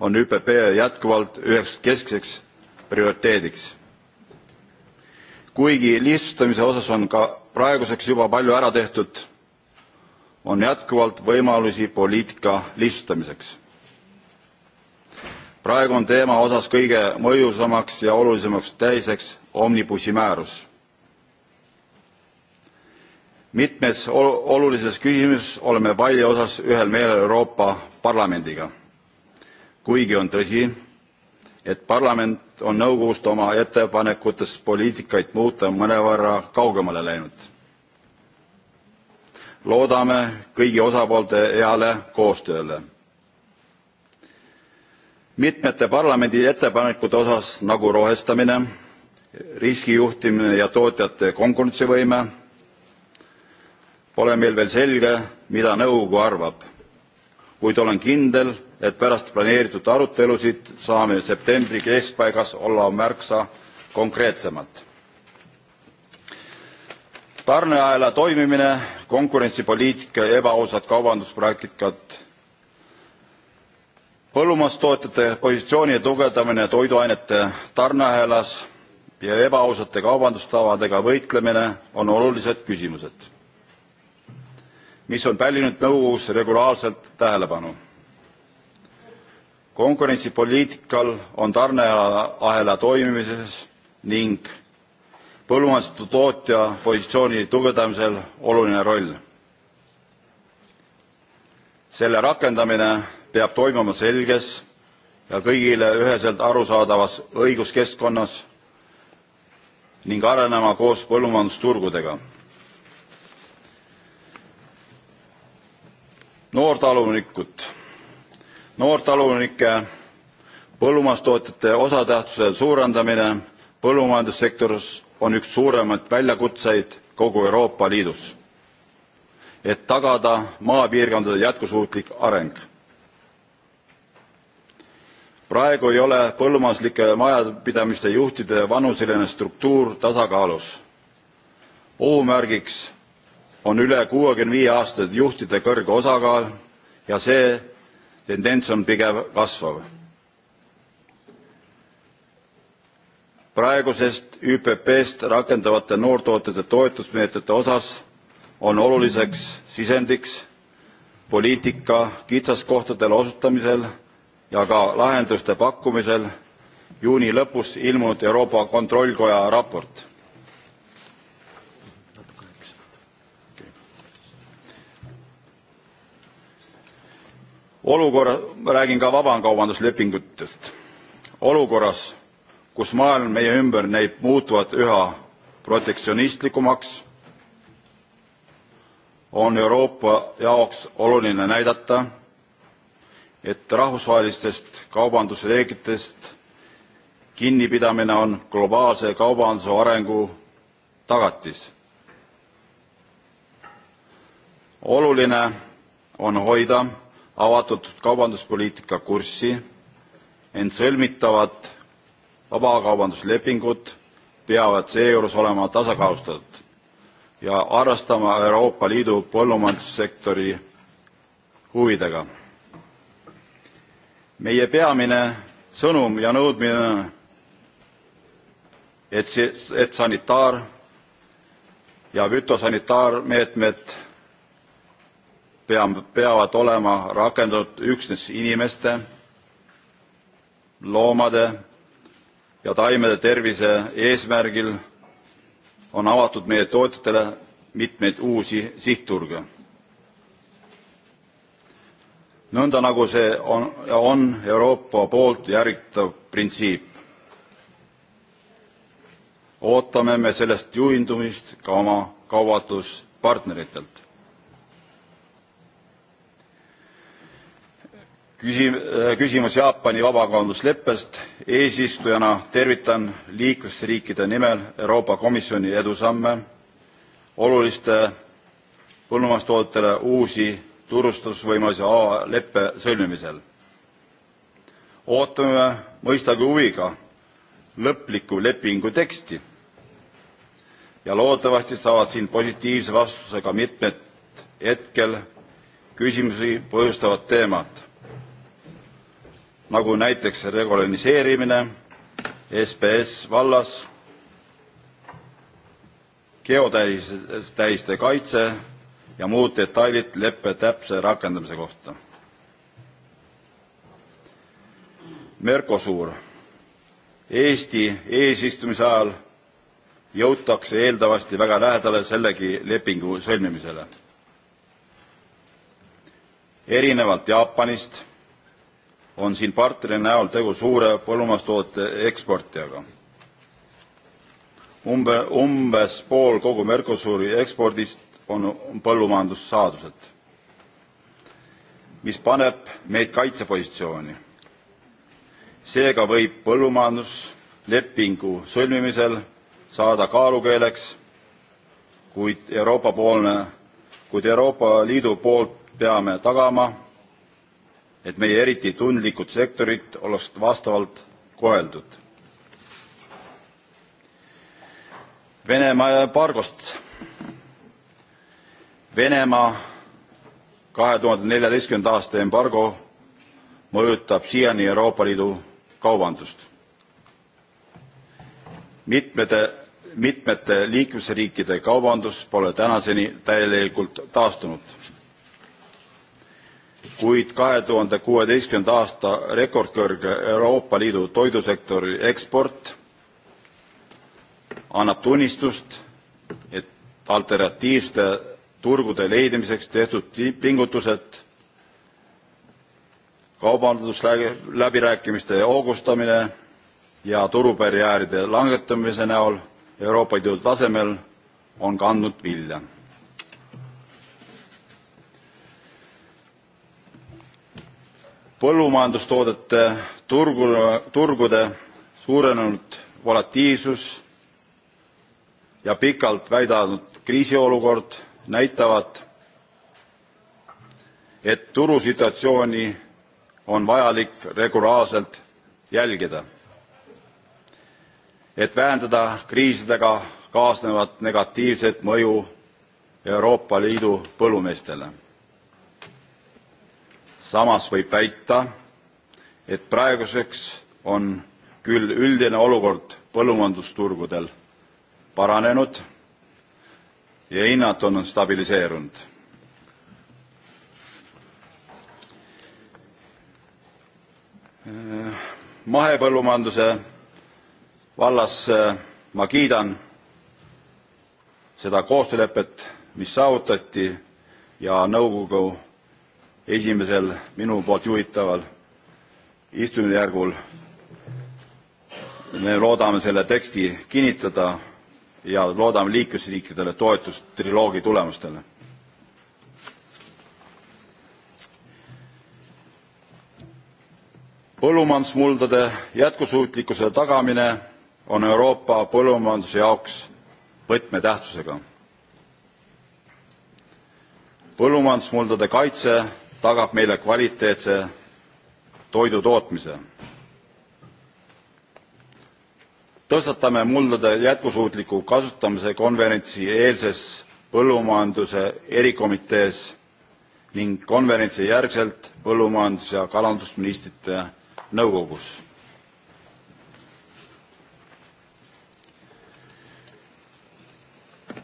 on üpp jätkuvalt üheks keskseks prioriteediks. kuigi lihtsustamise osas on ka praeguseks juba palju ära tehtud on jätkuvalt võimalusi poliitika lihtsustamiseks praegu on teema osas kõige mõjusamaks ja olulisemaks tähiseks omnibussi määrus. mitmes olulises küsimuses oleme palli osas ühel meelel euroopa parlamendiga kuigi on tõsi et parlament on nõukogust oma ettepanekutes poliitikaid muuta mõnevõrra kaugemale läinud. loodame kõigi osapoolte heale koostööle mitmete parlamendi ettepanekute osas nagu rohestamine riskijuhtimine ja tootjate konkurentsivõime pole meil veel selge mida nõukogu arvab kuid olen kindel et pärast planeeritud arutelusid saame septembri keskpaigas olla märksa konkreetsemad. tarneahela toimimine konkurentsipoliitika ja ebaausad kaubanduspraktikad põllumajandustootjate positsiooni tugevdamine toiduainete tarneahelas ja ebaausate kaubandustavadega võitlemine on olulised küsimused mis on pälvinud nõukogus regulaarselt tähelepanu. konkurentsipoliitikal on tarneahela toimimises ning põllumajandustootja positsiooni tugevdamisel oluline roll. selle rakendamine peab toimuma selges ja kõigile üheselt arusaadavas õiguskeskkonnas ning arenema koos põllumajandusturgudega. noortalunikud, noortalunike põllumajandustootjate osatähtsuse suurendamine põllumajandussektoris on üks suuremaid väljakutseid kogu Euroopa Liidus, et tagada maapiirkondade jätkusuutlik areng praegu ei ole põllumajanduslike majapidamiste juhtide vanuseline struktuur tasakaalus. ohumärgiks on üle 65 aastased juhtide kõrge osakaal ja see tendents on pigem kasvav. praegusest ÜPP-st rakendavate noortootjate toetusmeetmete osas on oluliseks sisendiks poliitika kitsaskohtadele osutamisel ja ka lahenduste pakkumisel juuni lõpus ilmunud euroopa kontrollikoja raport. olukorra ma räägin ka vabakaubanduslepingutest olukorras kus maailm meie ümber näib muutuvat üha protektsionistlikumaks on euroopa jaoks oluline näidata et rahvusvahelistest kaubandusreeglitest kinnipidamine on globaalse kaubanduse arengu tagatis. oluline on hoida avatud kaubanduspoliitika kurssi ent sõlmitavad vabakaubanduslepingud peavad seejuures olema tasakaalustatud ja arvestama euroopa liidu põllumajandussektori huvidega meie peamine sõnum ja nõudmine on et see et sanitaar ja fütosanitaarmeetmed pea- peavad olema rakendatud üksnes inimeste loomade ja taimede tervise eesmärgil on avatud meie tootjatele mitmeid uusi sihtturge nõnda nagu see on, on Euroopa poolt järgitav printsiip. ootame me sellest juhindumist ka oma kaubanduspartneritelt. küsi-, küsimus Jaapani vabakaubandusleppest. eesistujana tervitan liikmesriikide nimel Euroopa Komisjoni edusamme oluliste põllumajandustoodetele uusi turustusvõimalise A-leppe sõlmimisel. ootame mõistagi huviga lõplikku lepingu teksti ja loodetavasti saavad siin positiivse vastuse ka mitmed hetkel küsimusi põhjustavad teemad, nagu näiteks regulariseerimine SBS vallas, geotähiste kaitse ja muud detailid leppe täpse rakendamise kohta. Mercosur. Eesti eesistumise ajal jõutakse eeldavasti väga lähedale sellegi lepingu sõlmimisele. erinevalt Jaapanist on siin partneri näol tegu suure põllumajandustoote eksportijaga. umbe, umbes pool kogu Mercosuri ekspordist on põllumajandussaadused, mis paneb meid kaitsepositsiooni. seega võib põllumajanduslepingu sõlmimisel saada kaalukeeleks, kuid Euroopa poolne, kuid Euroopa Liidu poolt peame tagama, et meie eriti tundlikud sektorid oleks vastavalt koheldud. Venemaa embargost venemaa 2014. aasta embargo mõjutab siiani euroopa liidu kaubandust. mitmete mitmete liikmesriikide kaubandus pole tänaseni täielikult taastunud kuid 2016. aasta rekordkõrge euroopa liidu toidusektori eksport annab tunnistust et alternatiivsete turgude leidmiseks tehtud pingutused, kaubandusläbirääkimiste hoogustamine ja turubarjääride langetamise näol Euroopa Liidu tasemel on kandnud vilja. põllumajandustoodete turgu, turgude suurenenud volatiilsus ja pikalt väidanud kriisiolukord näitavad et turusituatsiooni on vajalik regulaarselt jälgida et vähendada kriisidega kaasnevat negatiivset mõju euroopa liidu põllumeestele. samas võib väita et praeguseks on küll üldine olukord põllumajandusturgudel paranenud ja hinnad on stabiliseerunud. mahepõllumajanduse vallas eh, ma kiidan seda koostöölepet, mis saavutati ja nõukogu esimesel minu poolt juhitaval istungjärgul me loodame selle teksti kinnitada ja loodame liikmesriikidele toetust triloogi tulemustele. põllumajandusmuldade jätkusuutlikkuse tagamine on Euroopa põllumajanduse jaoks võtmetähtsusega. põllumajandusmuldade kaitse tagab meile kvaliteetse toidu tootmise tõstatame muldade jätkusuutliku kasutamise konverentsi eelses põllumajanduse erikomitees ning konverentsi järgselt põllumajandus ja kalandusministrite nõukogus.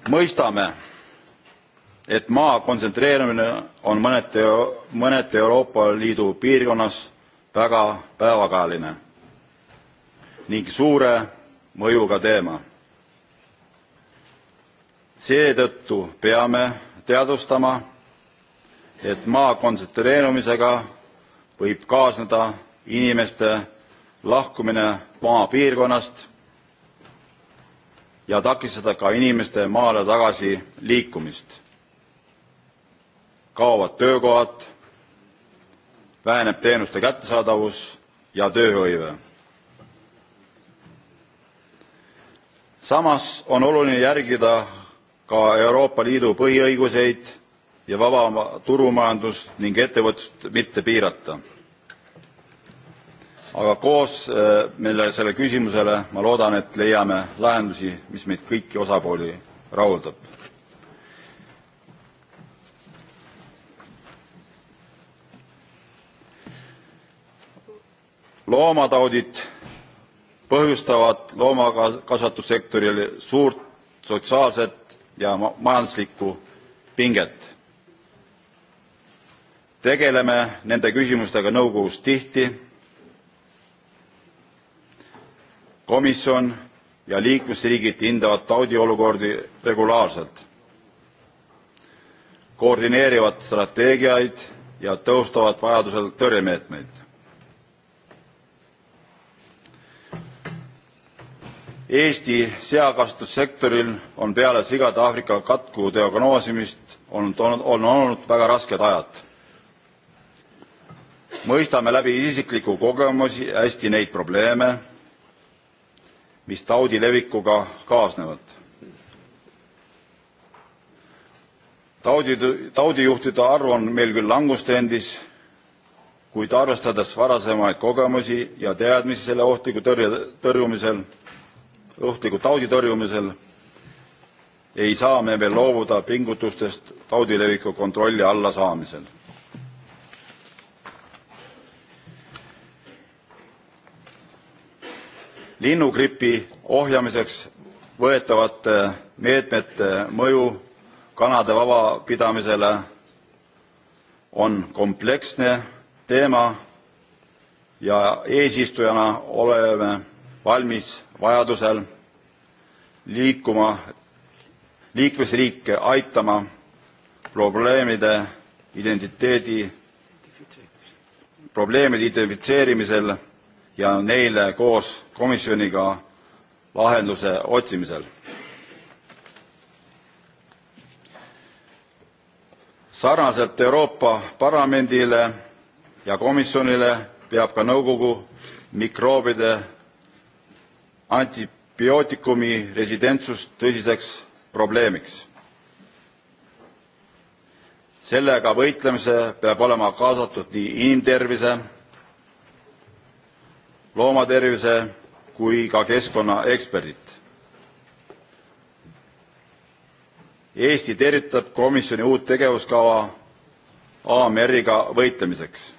mõistame et maa kontsentreerumine on mõneti mõneti euroopa liidu piirkonnas väga päevakajaline ning suure mõjuga teema. seetõttu peame teadvustama, et maa kontsentreerumisega võib kaasneda inimeste lahkumine maapiirkonnast ja takistada ka inimeste maale tagasi liikumist. kaovad töökohad, väheneb teenuste kättesaadavus ja tööhõive samas on oluline järgida ka euroopa liidu põhiõiguseid ja vaba turumajandust ning ettevõtlust mitte piirata. aga koos eh, meile sellele küsimusele ma loodan et leiame lahendusi mis meid kõiki osapooli rahuldab. loomataudid põhjustavad loomakasvatussektorile suurt sotsiaalset ja majanduslikku pinget. tegeleme nende küsimustega nõukogus tihti. komisjon ja liikmesriigid hindavad taudiolukordi regulaarselt koordineerivad strateegiaid ja tõhustavad vajadusel tõrjemeetmeid Eesti seakasvatussektoril on peale sigade Aafrika katku diagnoosimist olnud, on, on olnud väga rasked ajad. mõistame läbi isikliku kogemusi hästi neid probleeme, mis taudi levikuga kaasnevad. taudi, taudijuhtude arv on meil küll langustrendis, kuid arvestades varasemaid kogemusi ja teadmisi selle ohtliku tõrje, tõrjumisel, ohtliku taudi tõrjumisel ei saa me veel loobuda pingutustest taudi leviku kontrolli alla saamisel. linnugripi ohjamiseks võetavate meetmete mõju kanade vabapidamisele on kompleksne teema ja eesistujana oleme valmis vajadusel liikuma, liikmesriike aitama probleemide identiteedi, probleemide identifitseerimisel ja neile koos komisjoniga lahenduse otsimisel. sarnaselt Euroopa Parlamendile ja komisjonile peab ka nõukogu mikroobide antibiootikumi residentsust tõsiseks probleemiks. sellega võitlemisse peab olema kaasatud nii inimtervise loomatervise kui ka keskkonnaeksperdid. eesti tervitab komisjoni uut tegevuskava amr-iga võitlemiseks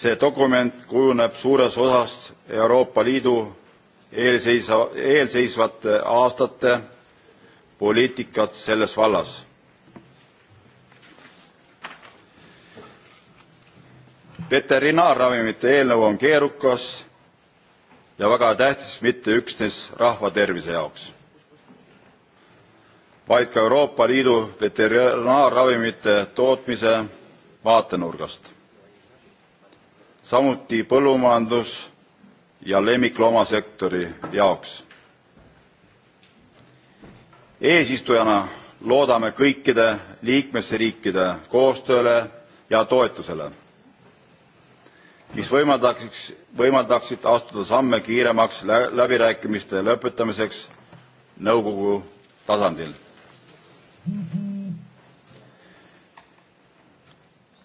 see dokument kujuneb suures osas euroopa liidu eelseisva eelseisvate aastate poliitikat selles vallas. veterinaarravimite eelnõu on keerukas ja väga tähtis mitte üksnes rahva tervise jaoks vaid ka euroopa liidu veterinaarravimite tootmise vaatenurgast samuti põllumajandus ja lemmikloomasektori jaoks. eesistujana loodame kõikide liikmesriikide koostööle ja toetusele mis võimaldaks võimaldaksid astuda samme kiiremaks läbirääkimiste lõpetamiseks nõukogu tasandil.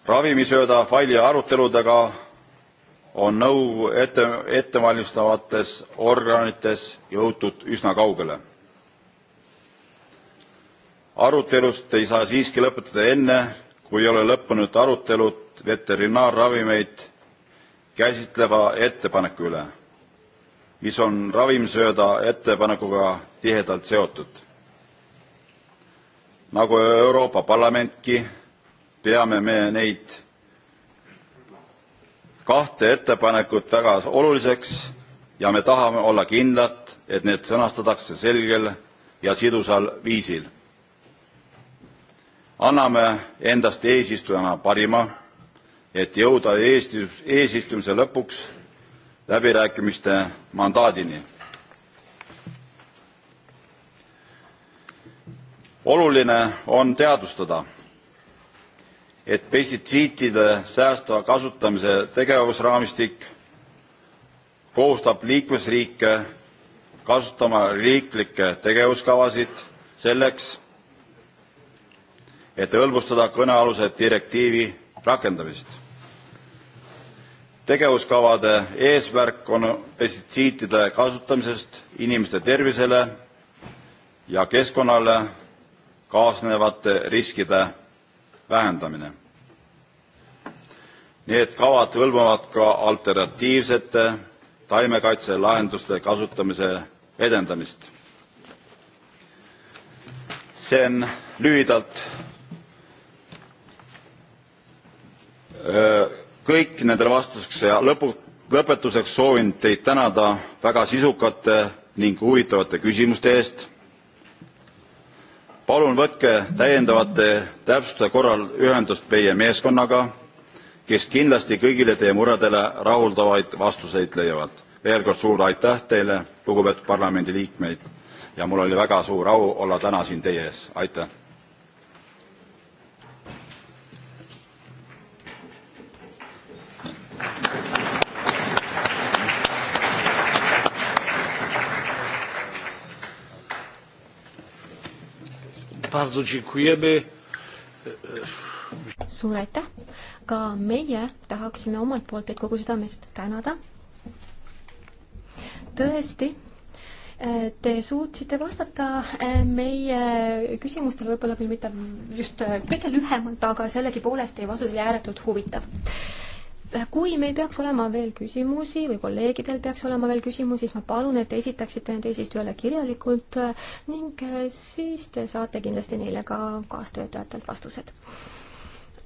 ravimisööda faili aruteludega on nõukogu ette, ettevalmistavates organites jõutud üsna kaugele. arutelust ei saa siiski lõpetada enne, kui ei ole lõppenud arutelud veterinaarravimeid käsitleva ettepaneku üle, mis on ravimsööda ettepanekuga tihedalt seotud. nagu Euroopa Parlamentki, peame me neid kahte ettepanekut väga oluliseks ja me tahame olla kindlad et need sõnastatakse selgel ja sidusal viisil. anname endast eesistujana parima et jõuda eesti eesistumise lõpuks läbirääkimiste mandaadini. oluline on teadvustada et pestitsiidide säästva kasutamise tegevusraamistik kohustab liikmesriike kasutama riiklikke tegevuskavasid selleks et hõlbustada kõnealuse direktiivi rakendamist. tegevuskavade eesmärk on pestitsiidide kasutamisest inimeste tervisele ja keskkonnale kaasnevate riskide vähendamine. Need kavad hõlmavad ka alternatiivsete taimekaitselahenduste kasutamise edendamist. see on lühidalt kõik nendele vastuseks ja lõpu, lõpetuseks soovin teid tänada väga sisukate ning huvitavate küsimuste eest palun võtke täiendavate täpsustuste korral ühendust meie meeskonnaga kes kindlasti kõigile teie muredele rahuldavaid vastuseid leiavad. veel kord suur aitäh teile lugupeetud parlamendiliikmed ja mul oli väga suur au olla täna siin teie ees aitäh!
suur aitäh! ka meie tahaksime omalt poolt teid kogu südamest tänada. tõesti eh, Te suutsite vastata eh, meie küsimustele võib-olla küll mitte just eh, kõige lühemalt, aga sellegipoolest teie vastus oli ääretult huvitav kui meil peaks olema veel küsimusi või kolleegidel peaks olema veel küsimusi, siis ma palun, et te esitaksite need eesistujale kirjalikult äh, ning äh, siis te saate kindlasti neile ka kaastöötajatelt vastused.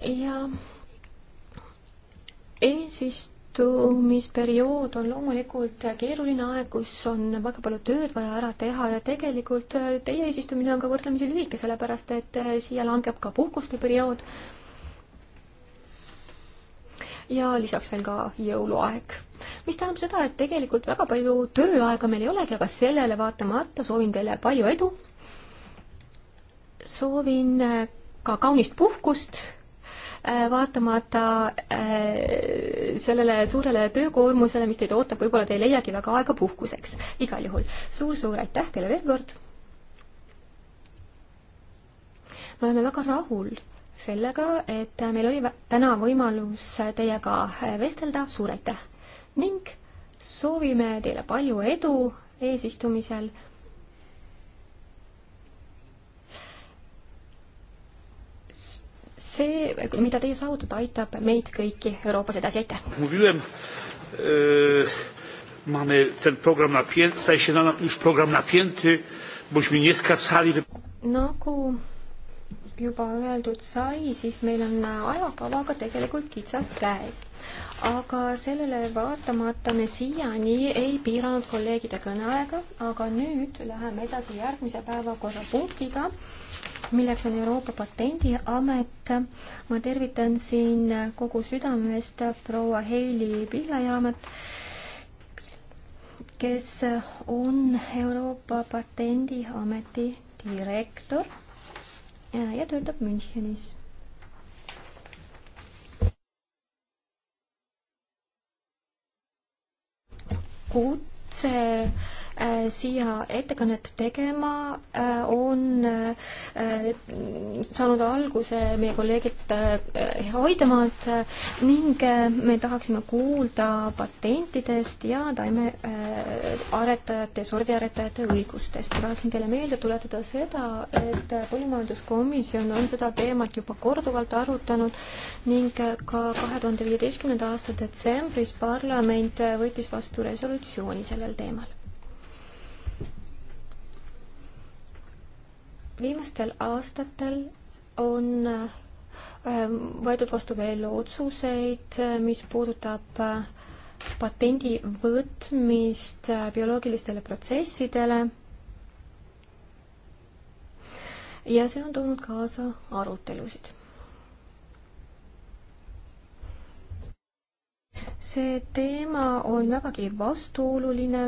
ja eesistumisperiood on loomulikult keeruline aeg, kus on väga palju tööd vaja ära teha ja tegelikult äh, teie eesistumine on ka võrdlemisi lühike, sellepärast et siia langeb ka puhkusteperiood ja lisaks veel ka jõuluaeg. mis tähendab seda, et tegelikult väga palju tööaega meil ei olegi, aga sellele vaatamata soovin teile palju edu. soovin eh, ka kaunist puhkust eh, vaatamata äh, sellele suurele töökoormusele, mis teid ootab, võib-olla te ei leiagi väga aega puhkuseks. igal juhul suur-suur aitäh teile veel kord. me oleme väga rahul sellega, et meil oli täna võimalus teiega vestelda, suur aitäh! ning soovime teile palju edu eesistumisel. see, mida teie saavutada, aitab meid kõiki Euroopas edasi, aitäh!
E, mamy ten program napięty, staje się na, już program napięty, bośmy nie skacali.
No, ku... Nagu juba öeldud sai, siis meil on ajakavaga tegelikult kitsas käes. aga sellele vaatamata me siiani ei piiranud kolleegide kõneaega, aga nüüd läheme edasi järgmise päevakorrapunktiga, milleks on Euroopa Patendiamet. ma tervitan siin kogu südamest proua Heili Pihlajaamet kes on Euroopa Patendiameti direktor ja töötab Münchenis. kutse Äh, siia ettekannet tegema, äh, on äh, saanud alguse meie kolleegilt Hoidemaalt ning me tahaksime kuulda patentidest ja taimearetajate, sordiaretajate õigustest. tahaksin teile meelde tuletada seda, et põllumajanduskomisjon on seda teemat juba korduvalt arutanud ning ka kahe tuhande viieteistkümnenda aasta detsembris parlament võttis vastu resolutsiooni sellel teemal. viimastel aastatel on ähm, võetud vastu veel otsuseid, äh, mis puudutab äh, patendi võtmist äh, bioloogilistele protsessidele. ja see on toonud kaasa arutelusid. see teema on vägagi vastuoluline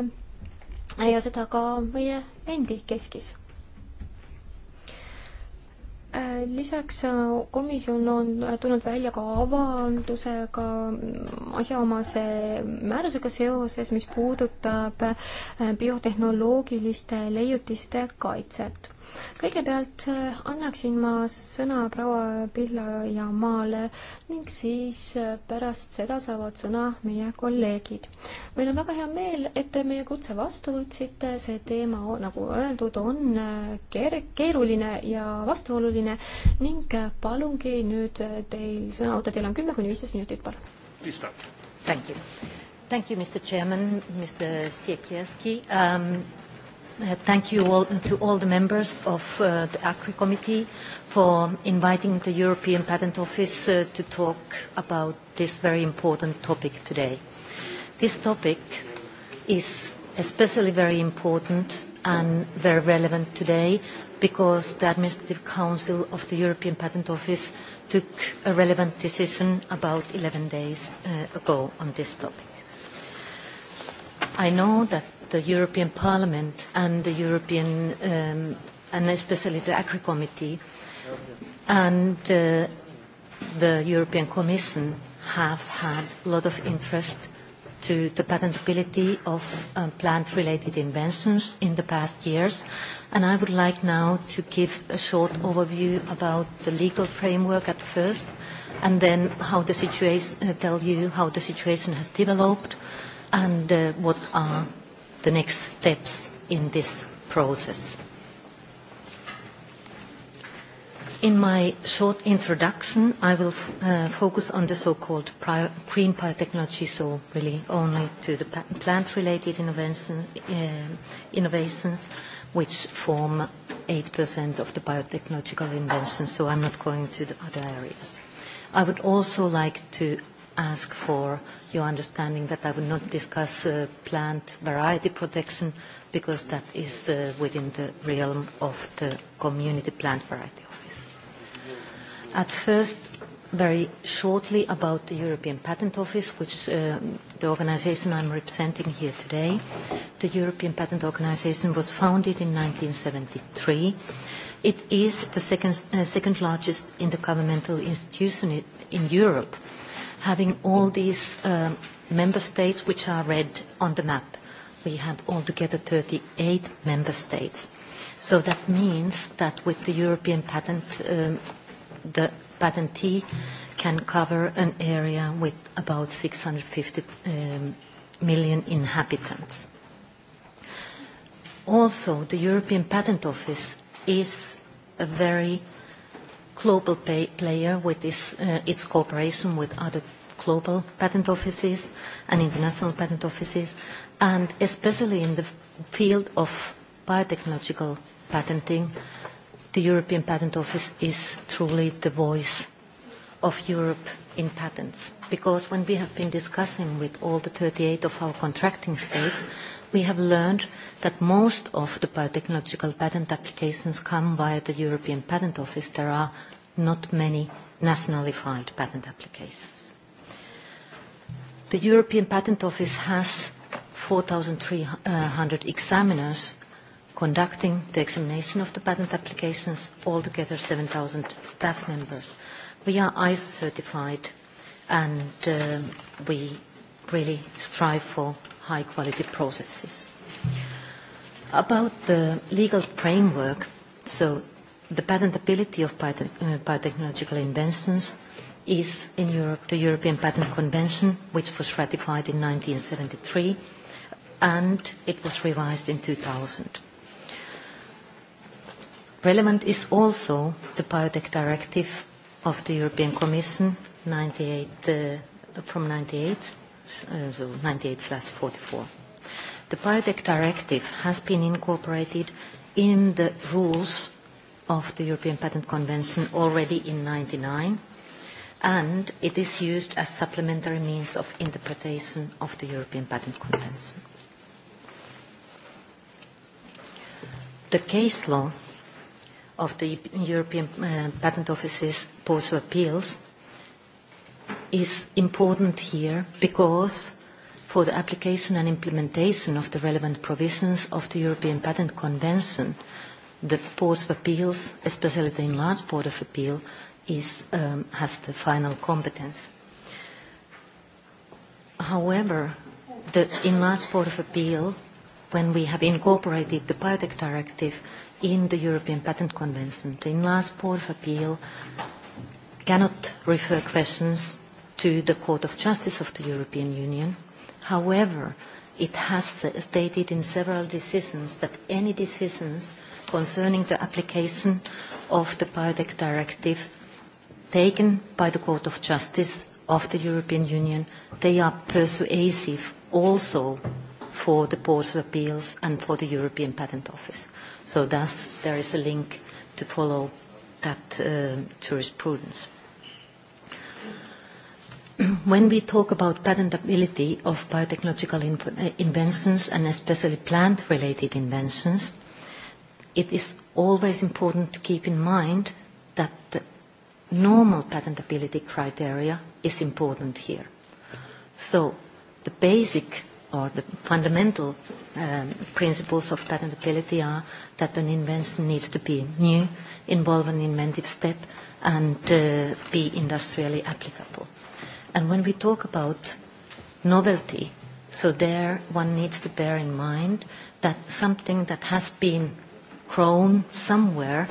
ja seda ka meie endi keskis lisaks äh, komisjon on tulnud välja ka avaldusega asjaomase määrusega seoses, mis puudutab äh, biotehnoloogiliste leiutiste kaitset kõigepealt äh, annaksin ma sõna proua Pilla-Jamaale ning siis äh, pärast seda saavad sõna meie kolleegid. meil on väga hea meel, et te meie kutse vastu võtsite, see teema, nagu öeldud, on äh, keer-, keeruline ja vastuoluline ning palungi nüüd teil sõna võtta, teil on
kümme kuni viisteist minutit, palun. Thank you. Thank you, Mr Chairman, Mr Siekierski um,. Uh, thank you all, uh, to all the members of uh, the ACRI committee for inviting the European Patent Office uh, to talk about this very important topic today. This topic is especially very important and very relevant today because the Administrative Council of the European Patent Office took a relevant decision about 11 days uh, ago on this topic. I know that the European Parliament and the European, um, and especially the ACRI Committee and uh, the European Commission have had a lot of interest to the patentability of um, plant-related inventions in the past years. And I would like now to give a short overview about the legal framework at first, and then how the situation, uh, tell you how the situation has developed and uh, what are the next steps in this process. In my short introduction, I will uh, focus on the so-called green biotechnology, so really only to the plant-related innovation, uh, innovations, which form 8% of the biotechnological inventions, so I'm not going to the other areas. I would also like to ask for your understanding that I will not discuss uh, plant variety protection because that is uh, within the realm of the Community Plant Variety Office. At first, very shortly about the European Patent Office, which um, the organization I'm representing here today. The European Patent Organization was founded in 1973. It is the second, uh, second largest intergovernmental institution in Europe, uh, having all these um, member states which are red on the map. We have altogether 38 member states. So that means that with the European patent, um, the patentee can cover an area with about 650 um, million inhabitants. Also, the European Patent Office is a very global pay player with this, uh, its cooperation with other global patent offices and international patent offices, and especially in the field of biotechnological patenting, the European Patent Office is truly the voice of Europe in patents. Because when we have been discussing with all the 38 of our contracting states, we have learned that most of the biotechnological patent applications come via the European Patent Office. There are not many nationally filed patent applications. The European Patent Office has 4,300 examiners conducting the examination of the patent applications, altogether 7,000 staff members. We are ISO certified and uh, we really strive for high-quality processes. About the legal framework, so the patentability of biotech uh, biotechnological inventions is in Europe the European Patent Convention, which was ratified in 1973, and it was revised in 2000. Relevant is also the Biotech Directive of the European Commission 98, uh, from 98, so 98/44. The Biotech Directive has been incorporated in the rules of the European Patent Convention already in 1999, and it is used as supplementary means of interpretation of the European Patent Convention. The case law of the European uh, Patent Office's Court of Appeals is important here because for the application and implementation of the relevant provisions of the European Patent Convention, the Court of Appeals, especially the Enlarged Court of Appeal, is, um, has the final competence. However, the Enlarged Court of Appeal, when we have incorporated the Biotech Directive in the European Patent Convention, the Enlarged Court of Appeal cannot refer questions to the Court of Justice of the European Union. However, it has stated in several decisions that any decisions concerning the application of the Biotech Directive taken by the Court of Justice of the European Union, they are persuasive also for the Boards of Appeals and for the European Patent Office. So thus, there is a link to follow that uh, jurisprudence. when we talk about patentability of biotechnological in uh, inventions and especially plant-related inventions, it is always important to keep in mind that the normal patentability criteria is important here. So the basic or the fundamental um, principles of patentability are that an invention needs to be new, involve an inventive step, and uh, be industrially applicable. And when we talk about novelty, so there one needs to bear in mind that something that has been grown somewhere,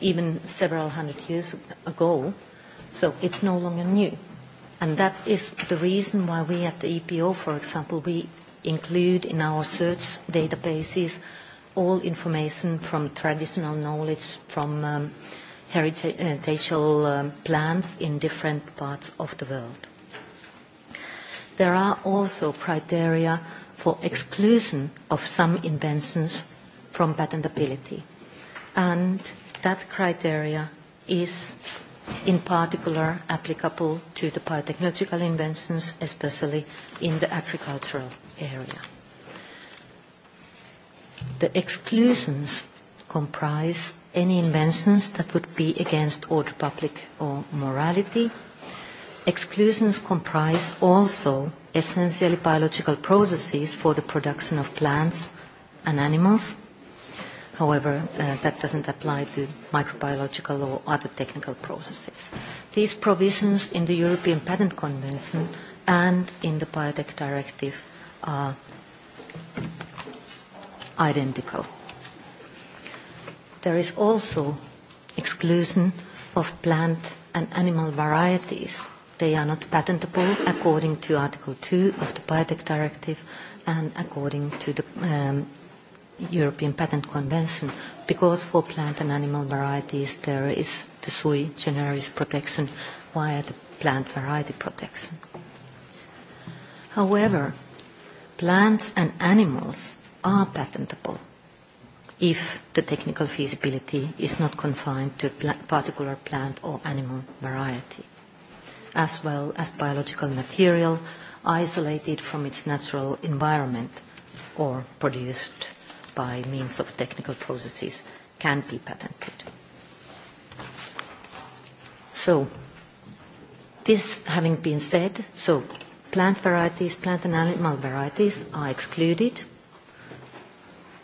even several hundred years ago, so it's no longer new. And that is the reason why we at the EPO, for example, we include in our search databases all information from traditional knowledge, from um, Uh, heritage um, plants in different parts of the world. There are also criteria for exclusion of some inventions from patentability. And that criteria is in particular applicable to the biotechnological inventions, especially in the agricultural area. The exclusions comprise any inventions that would be against order public or morality. Exclusions comprise also essentially biological processes for the production of plants and animals. However, uh, that doesn't apply to microbiological or other technical processes. These provisions in the European Patent Convention and in the Biotech Directive are identical there is also exclusion of plant and animal varieties. They are not patentable according to Article 2 of the Biotech Directive and according to the um, European Patent Convention because for plant and animal varieties there is the sui generis protection via the plant variety protection. However, plants and animals are patentable if the technical feasibility is not confined to a particular plant or animal variety, as well as biological material isolated from its natural environment or produced by means of technical processes can be patented. So this having been said, so plant varieties, plant and animal varieties are excluded.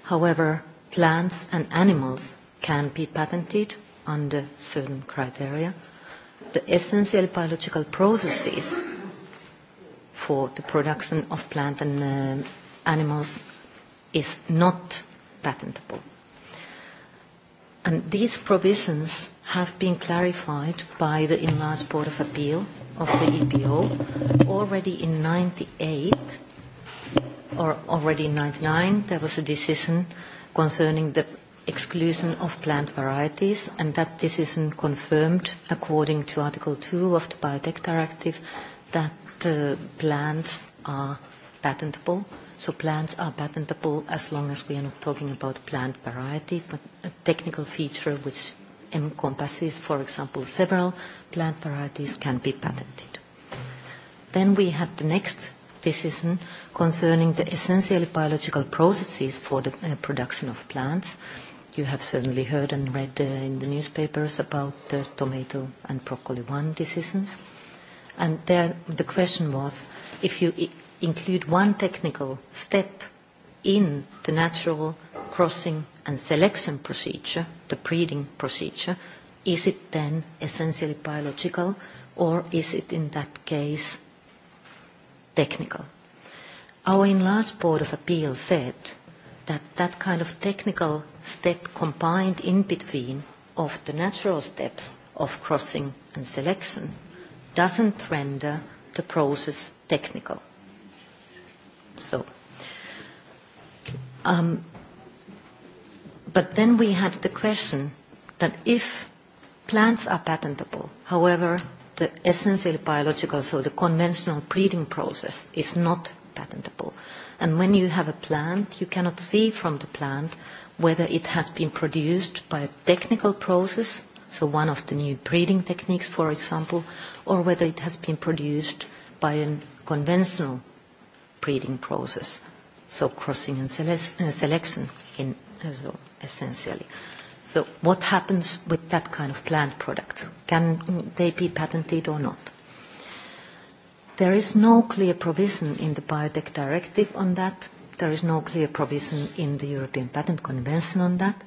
However, plants and animals can be patented under certain criteria. The essential biological processes for the production of plant and uh, animals is not patentable. And these provisions have been clarified by the Enlarged Board of Appeal of the EPO already in 98 or already in 99 there was a decision uh, concerning the exclusion of plant varieties and that this isn't confirmed according to Article 2 of the Biotech Directive that uh, plants are patentable. So plants are patentable as long as we are not talking about plant variety, but a technical feature which encompasses, for example, several plant varieties can be patented. Then we had the next decision concerning the essential biological processes for the uh, production of plants. You have certainly heard and read uh, in the newspapers about the tomato and broccoli 1 decisions. And there, the question was, if you I include one technical step in the natural crossing and selection procedure, the breeding procedure, is it then essentially biological, or is it in that case technical. Our enlarged Board of Appeal said that that kind of technical step combined in between of the natural steps of crossing and selection doesn't render the process technical. So, um, but then we had the question that if plants are patentable, however the essential biological, so the conventional breeding process is not patentable. And when you have a plant, you cannot see from the plant whether it has been produced by a technical process, so one of the new breeding techniques, for example, or whether it has been produced by a conventional breeding process, so crossing and sele- uh, selection in, uh, so essentially. Uh, So what happens with that kind of plant product? Can they be patented or not? There is no clear provision in the Biotech Directive on that. There is no clear provision in the European Patent Convention on that.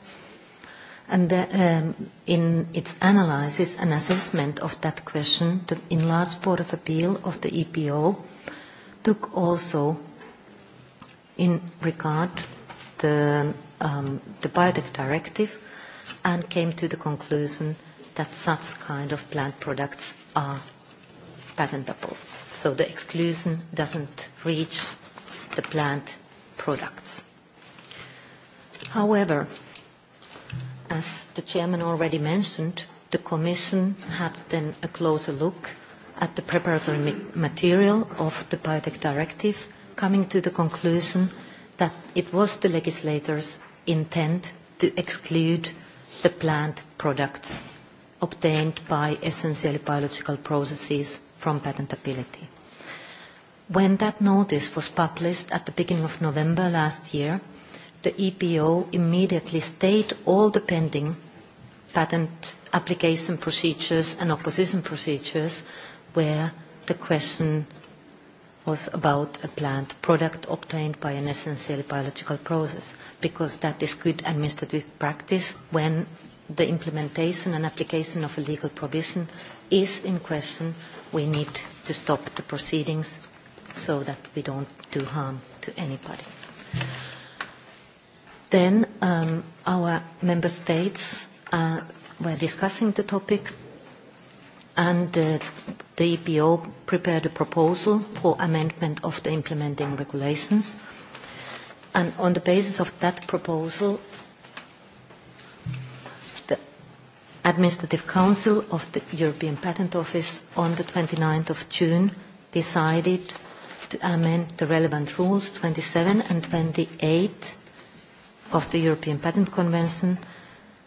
And the, um, in its analysis and assessment of that question, the enlarged Board of Appeal of the EPO took also in regard the, um, the Biotech Directive and came to the conclusion that such kind of plant products are patentable. So the exclusion doesn't reach the plant products. However, as the chairman already mentioned, the Commission had then a closer look at the preparatory material of the Biotech Directive, coming to the conclusion that it was the legislator's intent to exclude the plant products obtained by essentially biological processes from patentability. When that notice was published at the beginning of November last year, the EPO immediately stayed all the pending patent application procedures and opposition procedures where the question was about a plant product obtained by an essentially biological process because that is good administrative practice when the implementation and application of a legal provision is in question, we need to stop the proceedings so that we don't do harm to anybody. Then um, our member states uh, were discussing the topic and uh, the EPO prepared a proposal for amendment of the implementing regulations. Uh, And on the basis of that proposal, the Administrative Council of the European Patent Office on the 29th of June decided to amend the relevant rules 27 and 28 of the European Patent Convention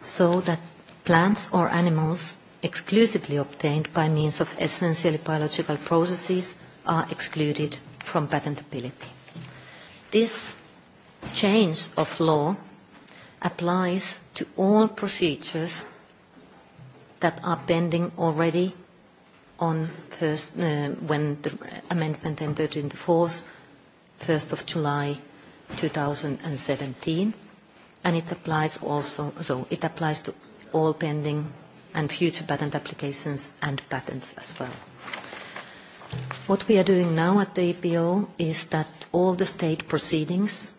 so that plants or animals exclusively obtained by means of essentially biological processes are excluded from patentability. This change of law applies to all procedures that are pending already on first, uh, when the amendment entered into force, 1st of July 2017, and it applies also, so it applies to all pending and future patent applications and patents as well. What we are doing now at the EPO is that all the state proceedings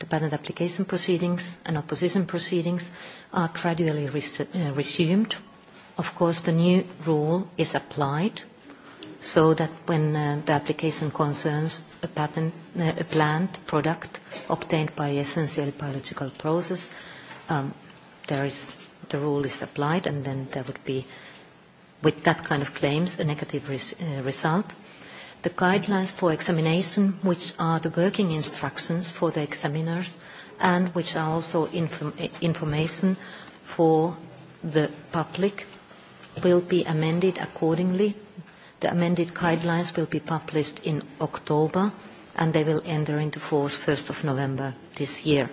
The patent application proceedings and opposition proceedings are gradually res uh, resumed. Of course, the new rule is applied so that when uh, the application concerns a patent, uh, a plant product obtained by essential biological process, um, there is, the rule is applied and then there would be, with that kind of claims, a negative res uh, result the guidelines for examination, which are the working instructions for the examiners, and which are also inform information for the public, will be amended accordingly. The amended guidelines will be published in October, and they will enter into force 1st of November this year.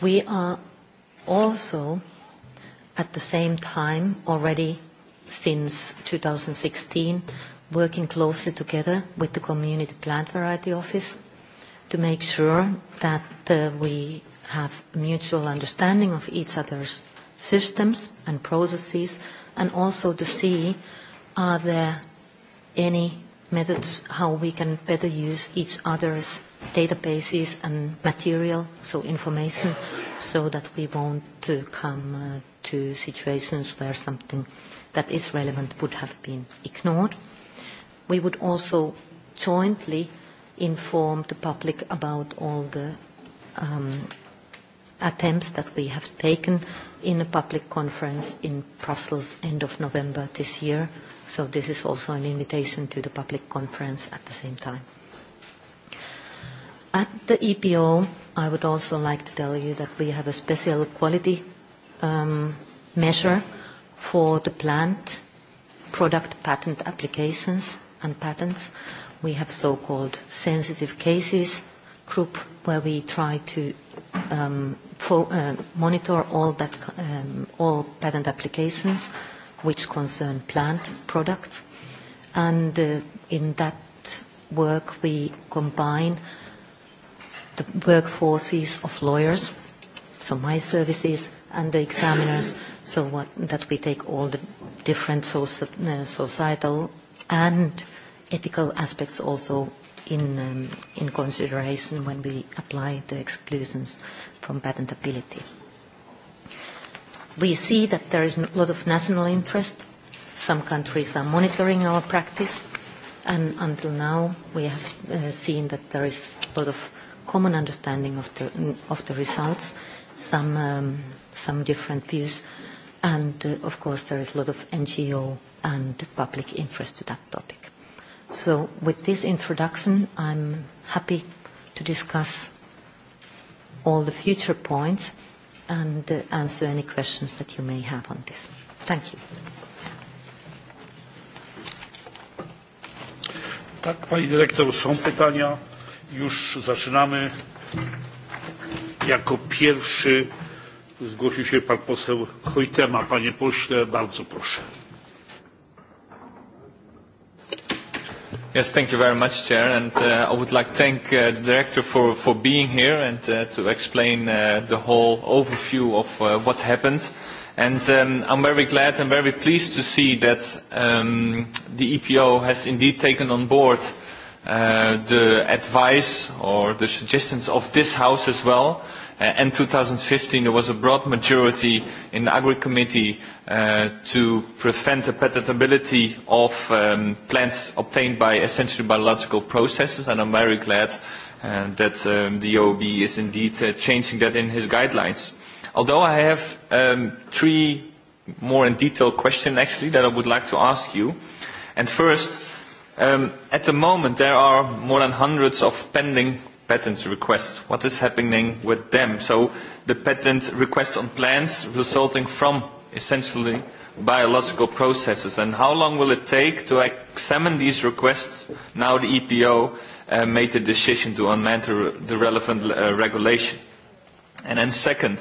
We are also, at the same time, already since 2016, working closely together with the Community Plant Variety Office to make sure that uh, we have mutual understanding of each other's systems and processes, and also to see are there any methods how we can better use each other's databases and material, so information, so that we won't uh, come uh, to situations where something uh, that is relevant would have been ignored. We would also jointly inform the public about all the um, attempts that we have taken in a public conference in Brussels end of November this year. So this is also an invitation to the public conference at the same time. At the EPO, I would also like to tell you that we have a special quality um, measure uh, for the plant product patent applications and patents. We have so-called sensitive cases group where we try to um, fo uh, monitor all, that, um, all patent applications which concern plant products. And uh, in that work, we combine the workforces of lawyers, so my services, and the examiners, so what, that we take all the different soci, uh, societal and ethical aspects also in, um, in consideration when we apply the exclusions from patentability. We see that there is a lot of national interest. Some countries are monitoring our practice, and until now, we have uh, seen that there is a lot of common understanding of the, of the results. Some um, some different views. And uh, of course, there is a lot of NGO and public interest to that topic. So with this introduction, I'm happy to discuss all the future points and uh, answer any questions that you may have on this. Thank you.
Tak, pani dyrektor, są pytania. Już zaczynamy. Jako pierwszy Zgłosił się pan poseł Hojtema. Panie pośle, bardzo proszę.
Yes, thank you very much, Chair, and uh, I would like to thank uh, the Director for, for being here and uh, to explain uh, the whole overview of uh, what happened. And um, I'm very glad and very pleased to see that um, the EPO has indeed taken on board uh, the advice or the suggestions of this House as well, Uh, and 2015, there was a broad majority in the Agri Committee uh, to prevent the patentability of um, plants obtained by essentially biological processes, and I'm very glad uh, that um, the OEB is indeed uh, changing that in his guidelines. Although I have um, three more in detail question actually that I would like to ask you. And first, um, at the moment there are more than hundreds of pending patent requests. What is happening with them? So the patent requests on plants resulting from essentially biological processes and how long will it take to examine these requests now the EPO uh, made the decision to amend the, re the relevant uh, regulation? And then second,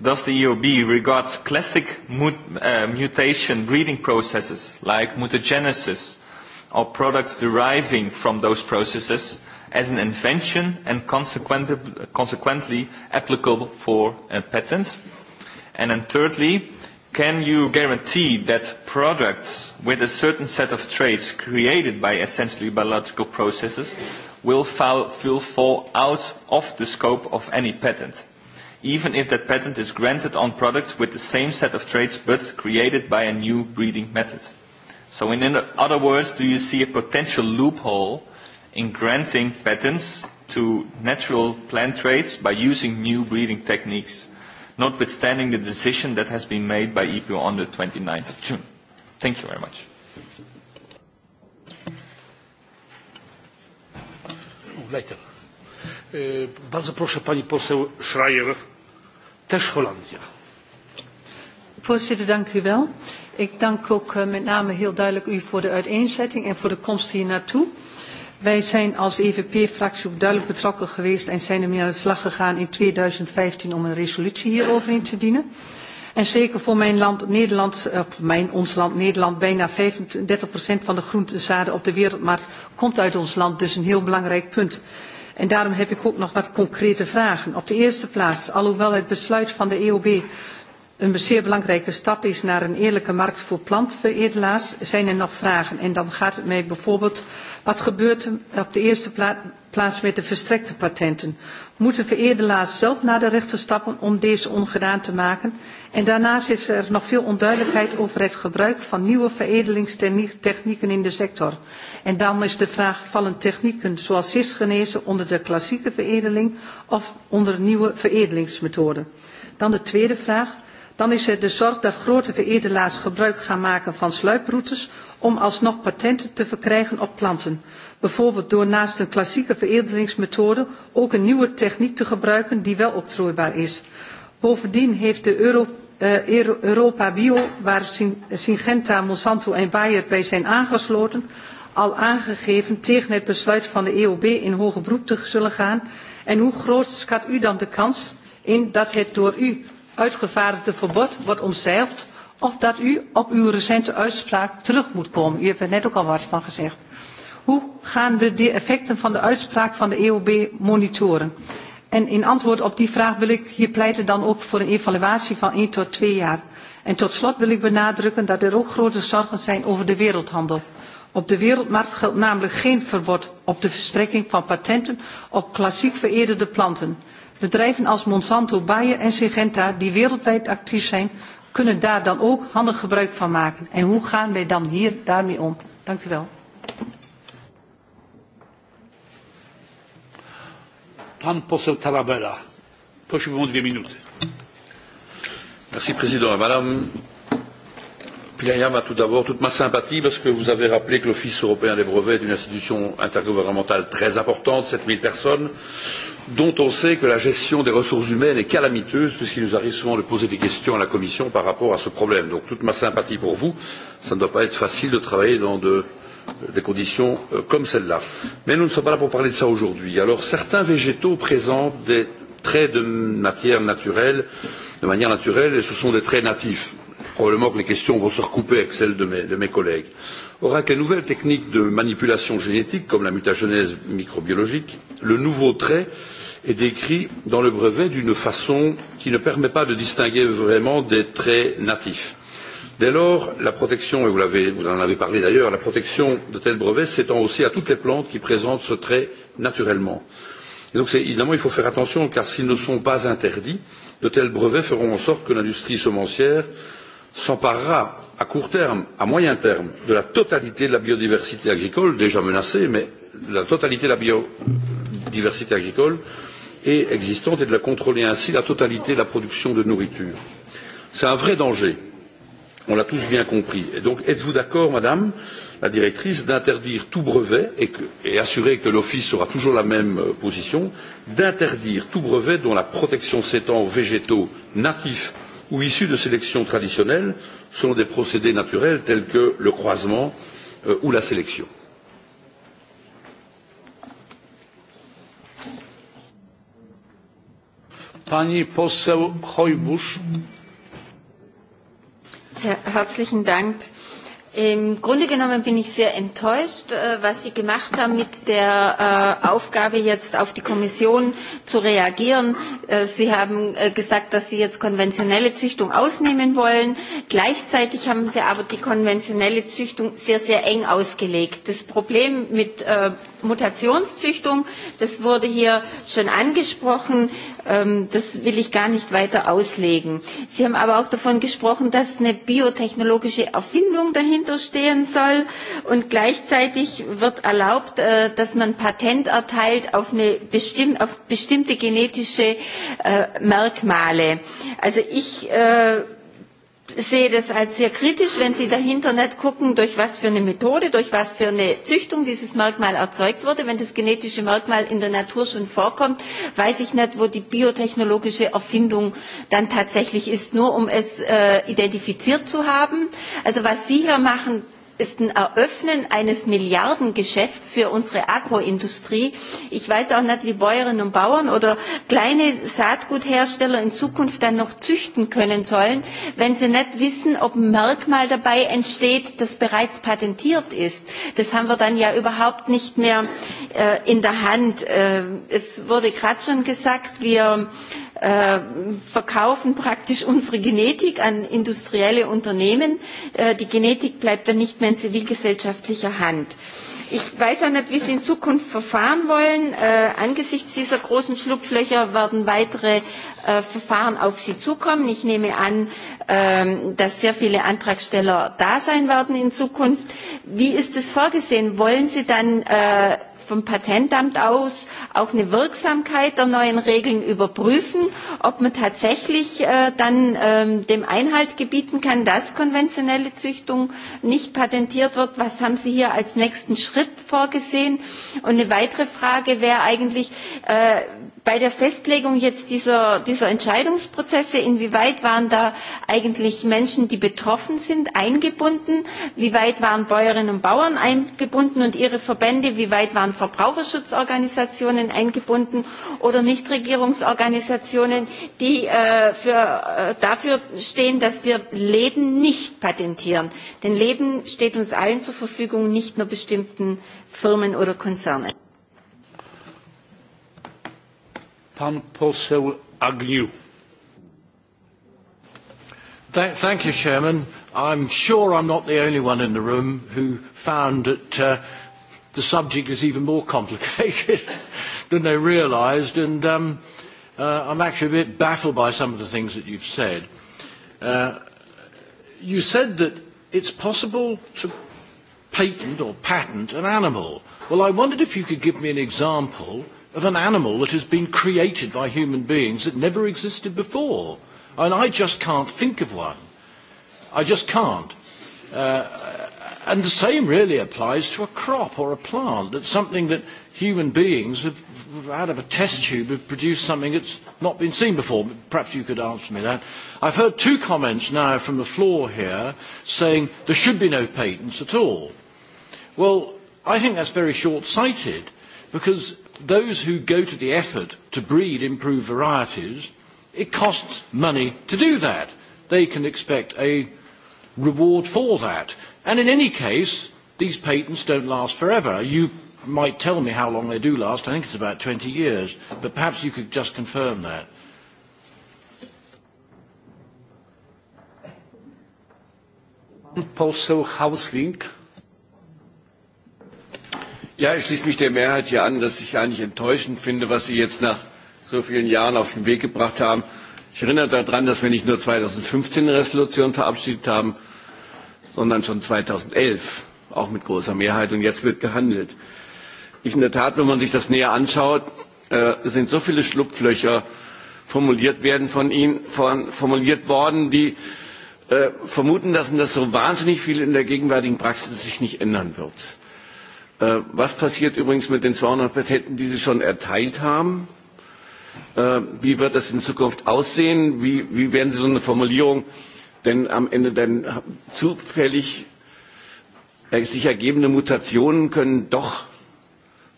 does the EOB regards classic mut uh, mutation breeding processes like mutagenesis or products deriving from those processes uh, as an invention and consequent, consequently applicable for a patent? And then thirdly, can you guarantee that products with a certain set of traits created by essentially biological processes will, foul, will fall out of the scope of any patent, even if that patent is granted on products with the same set of traits but created by a new breeding method? So in other words, do you see a potential loophole in granting patents to natural plant traits by using new breeding techniques, notwithstanding the decision that has been made by EPO on the 29th of June. Thank you very much.
Later. Bardzo proszę pani poseł Schreier, też Hollandia.
Voorzitter, dank u wel. Ik dank ook eh, met name heel duidelijk u voor de uiteenzetting en voor de komst hier naartoe. Uh, Wij zijn als EVP-fractie ook duidelijk betrokken geweest en zijn ermee aan de slag gegaan in 2015 om een resolutie hierover in te dienen. En zeker voor mijn land Nederland, eh, op mijn, ons land Nederland, bijna 35% van de groentezaden op de wereldmarkt komt uit ons land. Dus een heel belangrijk punt. En daarom heb ik ook nog wat concrete vragen. Op de eerste plaats, alhoewel het besluit van de EOB een zeer belangrijke stap is naar een eerlijke markt voor plantenveredelaars. Zijn er nog vragen? En dan gaat het mij bijvoorbeeld, wat gebeurt er op de eerste pla plaats met de verstrekte patenten? Moeten veredelaars zelf naar de rechter stappen om deze ongedaan te maken? En daarnaast is er nog veel onduidelijkheid over het gebruik van nieuwe veredelingstechnieken in de sector. En dan is de vraag, vallen technieken zoals cisgenezen onder de klassieke veredeling of onder nieuwe veredelingsmethoden? Dan de tweede vraag. Dan is er de zorg dat grote veredelaars gebruik gaan maken van sluiproutes om alsnog patenten te verkrijgen op planten. Bijvoorbeeld door naast een klassieke veredelingsmethode ook een nieuwe techniek te gebruiken die wel octrooibaar is. Bovendien heeft de Euro, uh, Europa Bio, waar Syngenta, Monsanto en Bayer bij zijn aangesloten, al aangegeven tegen het besluit van de EOB in hoger beroep te zullen gaan. En hoe groot schat u dan de kans in dat het door u uitgevaardigde verbod wordt omzeild of dat u op uw recente uitspraak terug moet komen. U hebt er net ook al wat van gezegd. Hoe gaan we de effecten van de uitspraak van de EOB monitoren? En in antwoord op die vraag wil ik hier pleiten dan ook voor een evaluatie van 1 tot 2 jaar. En tot slot wil ik benadrukken dat er ook grote zorgen zijn over de wereldhandel. Op de wereldmarkt geldt namelijk geen verbod op de verstrekking van patenten op klassiek veredelde planten. Bedrijven als Monsanto, Bayer en Syngenta, die wereldwijd actief zijn, kunnen daar dan ook handig gebruik van maken. En hoe gaan wij dan hier daarmee om? Dank u wel.
Pan poseł Tarabella.
Prosiłbym o dwie minuty. Merci, Président. Madame Pilayam a tout d'abord toute ma sympathie parce que vous avez rappelé que l'Office européen des brevets est une institution intergouvernementale très importante, 7000 personnes dont on sait que la gestion des ressources humaines est calamiteuse, puisqu'il nous arrive souvent de poser des questions à la Commission par rapport à ce problème. Donc toute ma sympathie pour vous, ça ne doit pas être facile de travailler dans de, des conditions euh, comme celle-là. Mais nous ne sommes pas là pour parler de ça aujourd'hui. Alors certains végétaux présentent des traits de matière naturelle, de manière naturelle, et ce sont des traits natifs. Probablement que les questions vont se recouper avec celles de mes, de mes collègues. Or, avec les nouvelles techniques de manipulation génétique, comme la mutagénèse microbiologique, le nouveau trait est décrit dans le brevet d'une façon qui ne permet pas de distinguer vraiment des traits natifs. Dès lors, la protection, et vous, avez, vous en avez parlé d'ailleurs, la protection de tels brevets s'étend aussi à toutes les plantes qui présentent ce trait naturellement. Et donc, évidemment, il faut faire attention, car s'ils ne sont pas interdits, de tels brevets feront en sorte que l'industrie semencière s'emparera à court terme, à moyen terme, de la totalité de la biodiversité agricole, déjà menacée, mais de la totalité de la biodiversité agricole et existante, et de la contrôler ainsi la totalité de la production de nourriture. C'est un vrai danger. On l'a tous bien compris. Et donc, êtes-vous d'accord, Madame la directrice, d'interdire tout brevet et, que, et assurer que l'Office aura toujours la même euh, position, d'interdire tout brevet dont la protection s'étend aux végétaux natifs ou issus de sélections traditionnelles selon des procédés naturels tels que le croisement euh, ou la sélection.
Pani poseł Hojbusz.
Ja, herzlichen Dank. Im Grunde genommen bin ich sehr enttäuscht, äh, was Sie gemacht haben mit der äh, Aufgabe, jetzt auf die Kommission zu reagieren. Äh, Sie haben gesagt, dass Sie jetzt konventionelle Züchtung ausnehmen wollen. Gleichzeitig haben Sie aber die konventionelle Züchtung sehr, sehr eng ausgelegt. Das Problem mit Mutationszüchtung, das wurde hier schon angesprochen, Ähm, das will ich gar nicht weiter auslegen. Sie haben aber auch davon gesprochen, dass eine biotechnologische Erfindung dahinter stehen soll und gleichzeitig wird erlaubt, äh, dass man Patent erteilt auf, eine bestimm auf bestimmte genetische äh, Merkmale. Also ich äh, sehe das als sehr kritisch, wenn Sie dahinter nicht gucken, durch was für eine Methode, durch was für eine Züchtung dieses Merkmal erzeugt wurde. Wenn das genetische Merkmal in der Natur schon vorkommt, weiß ich nicht, wo die biotechnologische Erfindung dann tatsächlich ist, nur um es äh, identifiziert zu haben. Also was Sie hier machen, ist ein Eröffnen eines Milliardengeschäfts für unsere Agroindustrie. Ich weiß auch nicht, wie Bäuerinnen und Bauern oder kleine Saatguthersteller in Zukunft dann noch züchten können sollen, wenn sie nicht wissen, ob ein Merkmal dabei entsteht, das bereits patentiert ist. Das haben wir dann ja überhaupt nicht mehr äh, in der Hand. Äh, es wurde gerade schon gesagt, wir äh, äh, verkaufen praktisch unsere Genetik an industrielle Unternehmen. Äh, die Genetik bleibt dann nicht mehr in zivilgesellschaftlicher Hand. Ich weiß auch nicht, wie Sie in Zukunft verfahren wollen. Äh, angesichts dieser großen Schlupflöcher werden weitere äh, Verfahren auf Sie zukommen. Ich nehme an, äh, dass sehr viele Antragsteller da sein werden in Zukunft. Wie ist es vorgesehen? Wollen Sie dann äh, vom Patentamt aus auch eine Wirksamkeit der neuen Regeln überprüfen, ob man tatsächlich äh, dann ähm, dem Einhalt gebieten kann, dass konventionelle Züchtung nicht patentiert wird. Was haben Sie hier als nächsten Schritt vorgesehen? Und eine weitere Frage wäre eigentlich, äh, bei der Festlegung jetzt dieser, dieser Entscheidungsprozesse, inwieweit waren da eigentlich Menschen, die betroffen sind, eingebunden? Wie weit waren Bäuerinnen und Bauern eingebunden und ihre Verbände? Wie weit waren haben Verbraucherschutzorganisationen eingebunden oder Nichtregierungsorganisationen, die äh, für, äh, dafür stehen, dass wir Leben nicht patentieren. Denn Leben steht uns allen zur Verfügung, nicht nur bestimmten Firmen oder Konzernen.
Pan poseł Agnew. Th thank you, Chairman. I'm sure I'm not the only one in the room who found that uh, the subject is even more complicated than they realised, and um, uh, I'm actually a bit baffled by some of the things that you've said. Uh, you said that it's possible to patent or patent an animal. Well, I wondered if you could give me an example of an animal that has been created by human beings that never existed before. And I just can't think of one. I just can't. Uh, And the same really applies to a crop or a plant. That's something that human beings have, out of a test tube, have produced something that's not been seen before. Perhaps you could answer me that. I've heard two comments now from the floor here saying there should be no patents at all. Well, I think that's very short-sighted because those who go to the effort to breed improved varieties, it costs money to do that. They can expect a reward for that. And in any case, these patents don't last forever. You might tell me how long they do last. I think it's about 20 years, but perhaps you could just confirm that. Poseł Hausling.
Ja, ich schließe mich der Mehrheit hier an, dass ich eigentlich enttäuschend finde, was Sie jetzt nach so vielen Jahren auf den Weg gebracht haben. Ich erinnere daran, dass wir nicht nur 2015 eine Resolution verabschiedet haben, sondern schon 2011, auch mit großer Mehrheit. Und jetzt wird gehandelt. Ich in der Tat, wenn man sich das näher anschaut, äh, sind so viele Schlupflöcher formuliert werden von Ihnen, von, formuliert worden, die äh, vermuten lassen, dass so wahnsinnig viel in der gegenwärtigen Praxis sich nicht ändern wird. Äh, was passiert übrigens mit den 200 Patenten, die Sie schon erteilt haben? Äh, wie wird das in Zukunft aussehen? Wie, wie werden Sie so eine Formulierung äh, denn am Ende dann zufällig äh, sich ergebende Mutationen können doch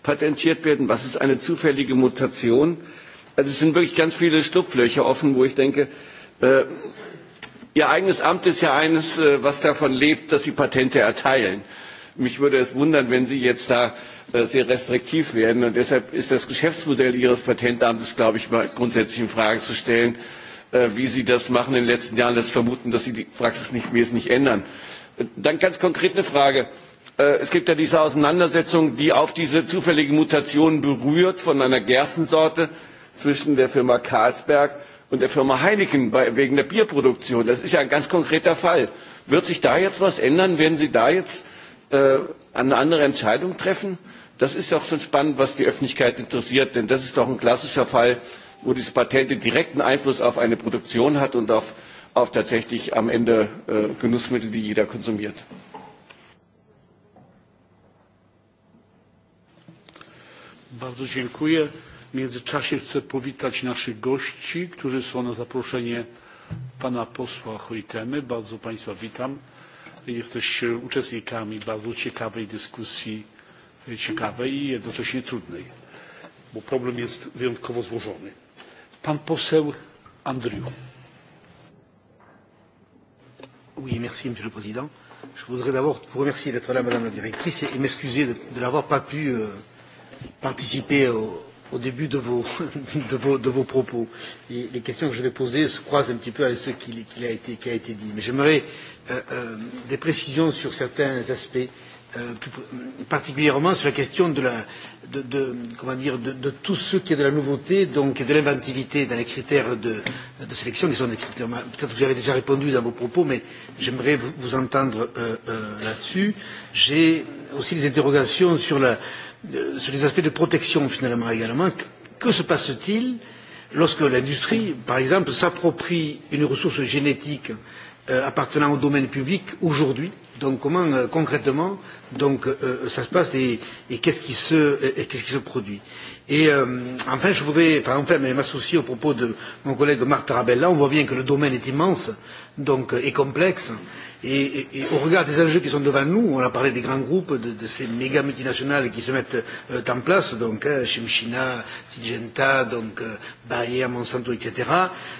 patentiert werden. Was ist eine zufällige Mutation? Also es sind wirklich ganz viele Schlupflöcher offen, wo ich denke, äh, Ihr eigenes Amt ist ja eines, äh, was davon lebt, dass Sie Patente erteilen. Mich würde es wundern, wenn Sie jetzt da äh, sehr restriktiv werden. Und deshalb ist das Geschäftsmodell Ihres Patentamtes, glaube ich, mal grundsätzlich in Frage zu stellen. Äh, Äh, wie Sie das machen in den letzten Jahren, lässt vermuten, dass Sie die Praxis nicht wesentlich ändern. Äh, dann ganz konkret eine Frage. Äh, es gibt ja diese Auseinandersetzung, die auf diese zufällige Mutation berührt von einer Gerstensorte zwischen der Firma Carlsberg und der Firma Heineken bei, wegen der Bierproduktion. Das ist ja ein ganz konkreter Fall. Wird sich da jetzt was ändern? Werden Sie da jetzt äh, eine andere Entscheidung treffen? Das ist doch schon spannend, was die Öffentlichkeit interessiert, denn das ist doch ein klassischer Fall, äh, wo dieses Patent den direkten Einfluss auf eine Produktion hat und auf, auf tatsächlich am Ende äh, Genussmittel, die jeder konsumiert.
Bardzo dziękuję. W międzyczasie chcę powitać naszych gości, którzy są na zaproszenie pana posła Hojtemy. Bardzo państwa witam. Jesteście uczestnikami bardzo ciekawej dyskusji, ciekawej i jednocześnie trudnej, bo problem jest
wyjątkowo złożony Pan poseł Andrieu. Oui, merci, Monsieur le Président. Je voudrais d'abord vous remercier d'être là, Madame la Directrice, et, et m'excuser de, de n'avoir pas pu euh, participer au, au début de vos, de vos, de vos propos. Et les questions que je vais poser se croisent un petit peu avec ce qui, qui, a, été, qui a été dit. Mais j'aimerais euh, euh, des précisions sur certains aspects, euh, plus, particulièrement sur la question de la, de, de, comment dire, de, de tout ce qui est de la nouveauté, donc de l'inventivité dans les critères de, de sélection, qui sont des critères. Peut-être que vous y avez déjà répondu dans vos propos, mais j'aimerais vous, vous entendre euh, euh, là-dessus. J'ai aussi des interrogations sur, la, euh, sur les aspects de protection, finalement, également. Que, que se passe-t-il lorsque l'industrie, par exemple, s'approprie une ressource génétique euh, appartenant au domaine public aujourd'hui euh, Donc comment euh, concrètement donc, euh, ça se passe et, et qu'est-ce qui, se, et, et qu qui se produit Et euh, enfin, je voudrais, par exemple, m'associer au propos de mon collègue Marc Tarabella. On voit bien que le domaine est immense donc, et complexe. Et, et, et au regard des enjeux qui sont devant nous, on a parlé des grands groupes, de, de ces méga multinationales qui se mettent euh, en place, donc hein, Chemchina, Syngenta, donc euh, Bayer, Monsanto, etc.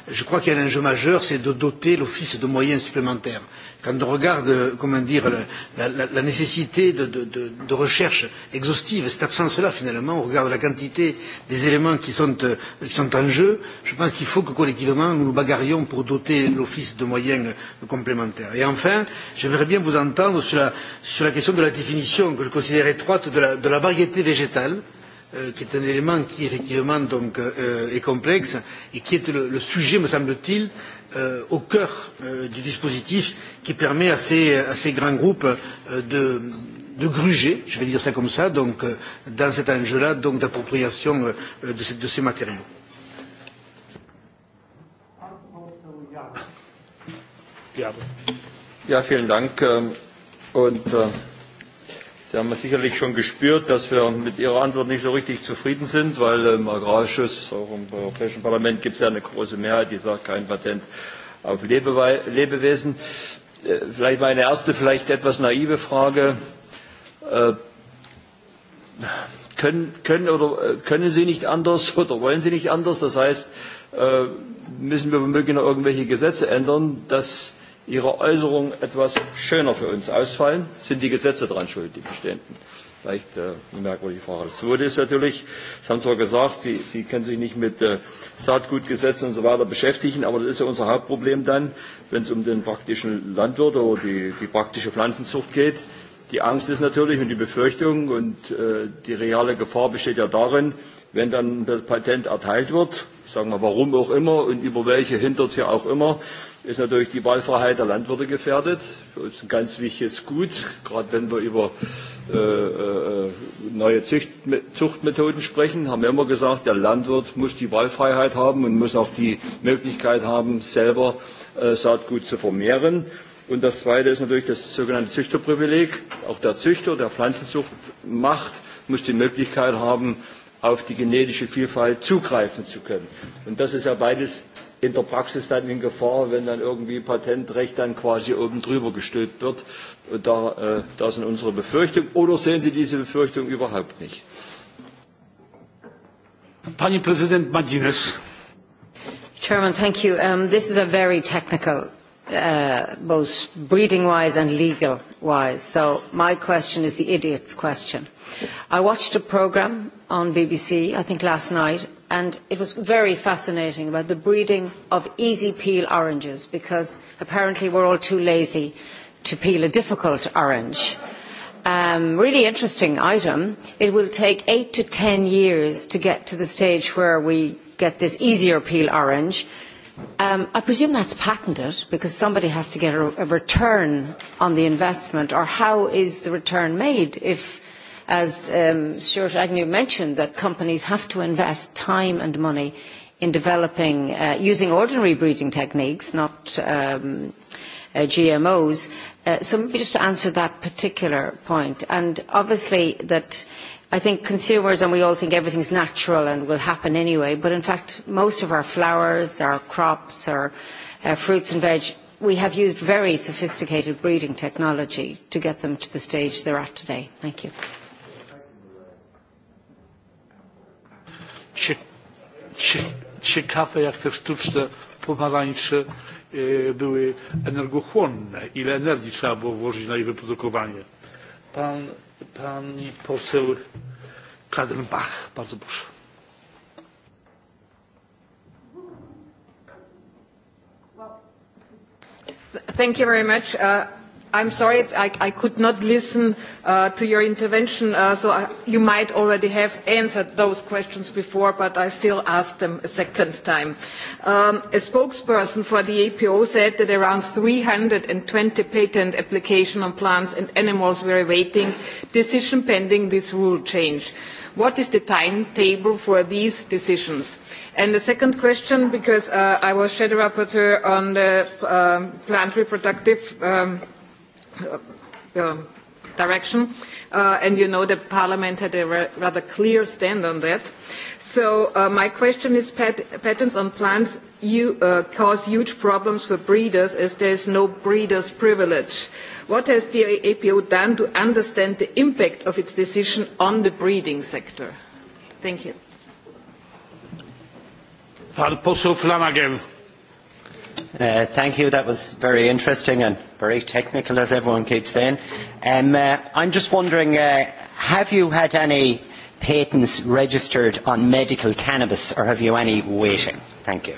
Je crois qu'il y a un enjeu majeur, c'est de doter l'Office de moyens supplémentaires quand on regarde euh, comment dire, la, la, la nécessité de, de, de, de recherche exhaustive, cette absence-là finalement, on regarde la quantité des éléments qui sont, euh, qui sont en jeu, je pense qu'il faut que collectivement nous nous bagarrions pour doter l'Office de moyens complémentaires. Et enfin, j'aimerais bien vous entendre sur la, sur la question de la définition que je considère étroite de la, de la variété végétale. Euh, euh, qui est un élément qui effectivement donc, euh, est complexe et qui est le, le sujet, me semble-t-il, euh, au cœur euh, du dispositif qui permet à ces, à ces grands groupes euh, de, de gruger, je vais dire ça comme ça, donc, euh, dans cet enjeu-là donc d'appropriation euh, de, ces, de ces matériaux.
Ja, vielen Dank. Ähm, und äh, Sie haben es sicherlich schon gespürt, dass wir mit Ihrer Antwort nicht so richtig zufrieden sind, weil ähm, im Agrarausschuss, auch im Europäischen Parlament, gibt es ja eine große Mehrheit, die sagt, kein Patent auf Lebewe Lebewesen. Äh, vielleicht meine erste, vielleicht etwas naive Frage. Äh, können, können, oder, äh, können Sie nicht anders oder wollen Sie nicht anders? Das heißt, müssen wir womöglich noch irgendwelche Gesetze ändern, dass äh, Ihre Äußerungen etwas schöner für uns ausfallen, sind die Gesetze daran schuld, die bestehenden. Vielleicht äh, eine merkwürdige Frage. Das Zweite ist natürlich, das haben Sie ja gesagt, Sie, Sie können sich nicht mit äh, Saatgutgesetzen und so weiter beschäftigen, aber das ist ja unser Hauptproblem dann, wenn es um den praktischen Landwirt oder die, die praktische Pflanzenzucht geht. Die Angst ist natürlich und die Befürchtung und äh, die reale Gefahr besteht ja darin, wenn dann das Patent erteilt wird, sagen wir warum auch immer und über welche Hindert ja auch immer, ist natürlich die Wahlfreiheit der Landwirte gefährdet. Für uns ein ganz wichtiges Gut, gerade wenn wir über äh, äh, neue Zucht, Zuchtmethoden sprechen, haben wir immer gesagt, der Landwirt muss die Wahlfreiheit haben und muss auch die Möglichkeit haben, selber äh, Saatgut zu vermehren. Und das Zweite ist natürlich das sogenannte Züchterprivileg. Auch der Züchter, der Pflanzenzucht macht, muss die Möglichkeit haben, auf die genetische Vielfalt zugreifen zu können. Und das ist ja beides in der Praxis dann in Gefahr, wenn dann irgendwie Patentrecht dann quasi oben drüber gestülpt wird. Und da, äh, da sind unsere Befürchtungen. Oder sehen Sie diese Befürchtung überhaupt nicht? Pani
Präsident Madines.
Chairman, thank you. Um, this is a very technical uh, both breeding-wise and legal-wise. So my question is the idiot's question. I watched a programme on BBC, I think last night, and it was very fascinating about the breeding of easy peel oranges because apparently we're all too lazy to peel a difficult orange. Um, really interesting item. It will take eight to ten years to get to the stage where we get this easier peel orange Um, I presume that's patented because somebody has to get a, a return on the investment, or how is the return made if, as um, Stuart Agnew mentioned, that companies have to invest time and money in developing, uh, using ordinary breeding techniques, not um, uh, GMOs. Uh, so maybe just to answer that particular point. And obviously that uh, I think consumers and we all think everything's natural and will happen anyway, but in fact, most of our flowers, our crops, our uh, fruits and veg, we have used very sophisticated breeding technology to get them to the stage they're at today. Thank you.
Cie, cie, ciekawe, jak te sztuczne pomarańcze y, e, były energochłonne. Ile energii trzeba było włożyć na ich wyprodukowanie. Pan pani poseł Kadenbach. Bardzo proszę.
Thank you very much. Uh, I'm sorry, I, I could not listen uh, to your intervention, uh, so I, you might already have answered those questions before, but I still ask them a second time. Um, a spokesperson for the APO said that around 320 patent applications on plants and animals were awaiting
decision pending this rule change. What is the timetable for these
decisions? And the second question, because uh, I was shadow rapporteur on the um, plant reproductive um, uh, um, direction. Uh, and you know that Parliament had a ra rather clear stand on that. So uh, my question is pat patents on plants you, uh, cause huge problems for breeders as there is no breeder's privilege. What has the APO done to understand the impact of its decision on the breeding sector? Thank you.
Pan poseł Flanagan. Uh, thank you. That
was very interesting and very technical, as everyone keeps saying. Um, uh, I'm just wondering,
uh, have you had any patents registered on medical cannabis, or have you any waiting? Thank you.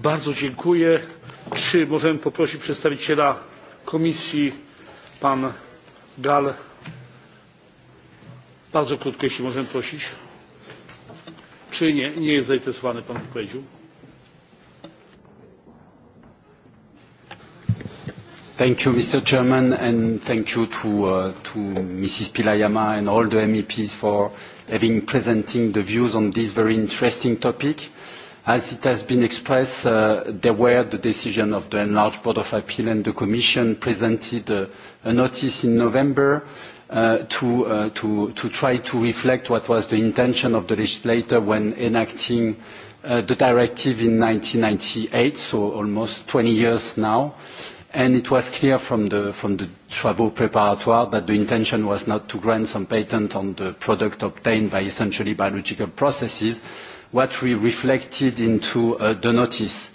Bardzo
dziękuję. Czy możemy poprosić przedstawiciela komisji, pan Gal Bardzo krótko, jeśli możemy prosić. Czy nie, nie jest zainteresowany Pan odpowiedzią?
Thank you, Mr. Chairman, and thank you to, uh, to Mrs. Pilayama and all the MEPs for having presenting the views on this very interesting topic. As it has been expressed, uh, there were the decision of the enlarged Board of Appeal and the Commission presented uh, a notice in November uh, to, uh, to, to try to reflect what was the intention of the legislator when enacting uh, the directive in 1998, so almost 20 years now. And it was clear from the, from the travaux préparatoires that the intention was not to grant some patent on the product obtained by essentially biological processes, what we reflected into uh, the notice.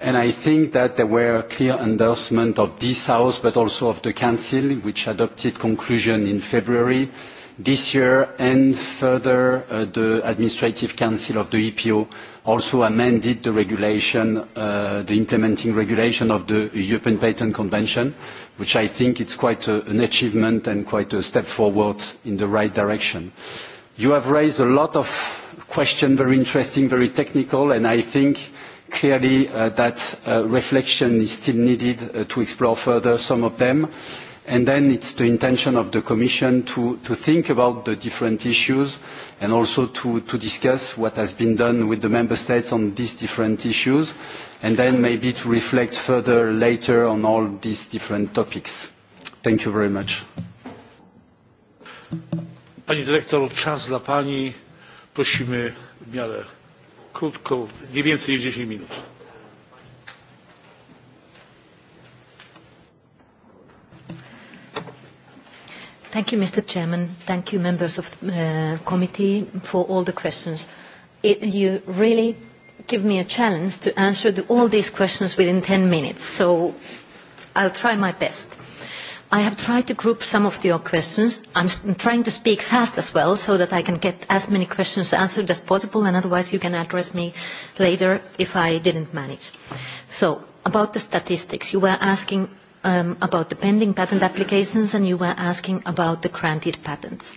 And I think that there were clear endorsement of this House, but also of the Council, which adopted conclusion in February this year, and further, uh, the Administrative Council of the EPO also amended the regulation, uh, the implementing regulation of the European Patent Convention, which I think it's quite a, an achievement and quite a step forward in the right direction. You have raised a lot of question, very interesting, very technical, and I think clearly uh, that uh, reflection is still needed uh, to explore further some of them. And then it's the intention of the Commission to, to think about the different issues and also to, to discuss what has been done with the Member States on these different issues, and then maybe to reflect further later on all these different topics. Thank you very much.
Pani dyrektor, czas dla pani prosimy w miarę krótko, nie więcej niż 10 minut.
Thank you, Mr. Chairman. Thank you, members of the uh, committee, for all the questions. It, you really give me a challenge to answer the, all these questions within 10 minutes, so I'll try my best. I have tried to group some of your questions. I'm trying to speak fast as well so that I can get as many questions answered as possible, and otherwise you can address me later if I didn't manage. So about the statistics, you were asking um, about the pending patent applications, and you were asking about the granted patents.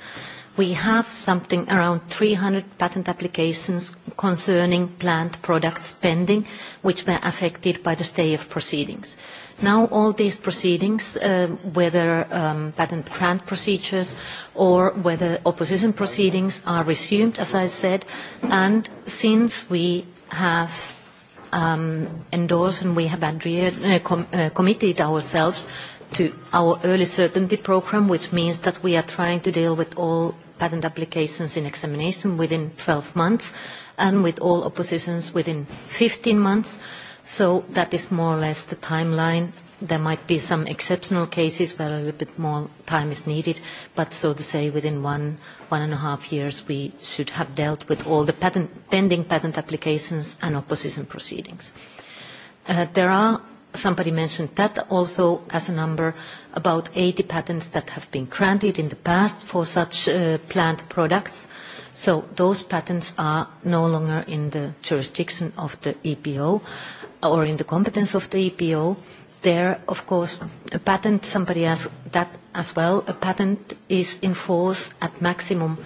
We have something around 300 patent applications concerning plant products pending, which were affected by the stay of proceedings. Now all these proceedings, uh, whether um, patent grant procedures or whether opposition proceedings are resumed, as I said, and since we have um, endorsed and we have adhered, uh, com uh, committed ourselves to our early certainty program, which means that we are trying to deal with all patent applications in examination within 12 months and with all oppositions within 15 months. Uh, So that is more or less the timeline. There might be some exceptional cases where a little bit more time is needed, but so to say, within one, one and a half years, we should have dealt with all the patent, pending patent applications and opposition proceedings. Uh, there are, somebody mentioned that also as a number, about 80 patents that have been granted in the past for such uh, plant products. So those patents are no longer in the jurisdiction of the EPO or in the competence of the EPO, there, of course, a patent, somebody asked that as well, a patent is in force at maximum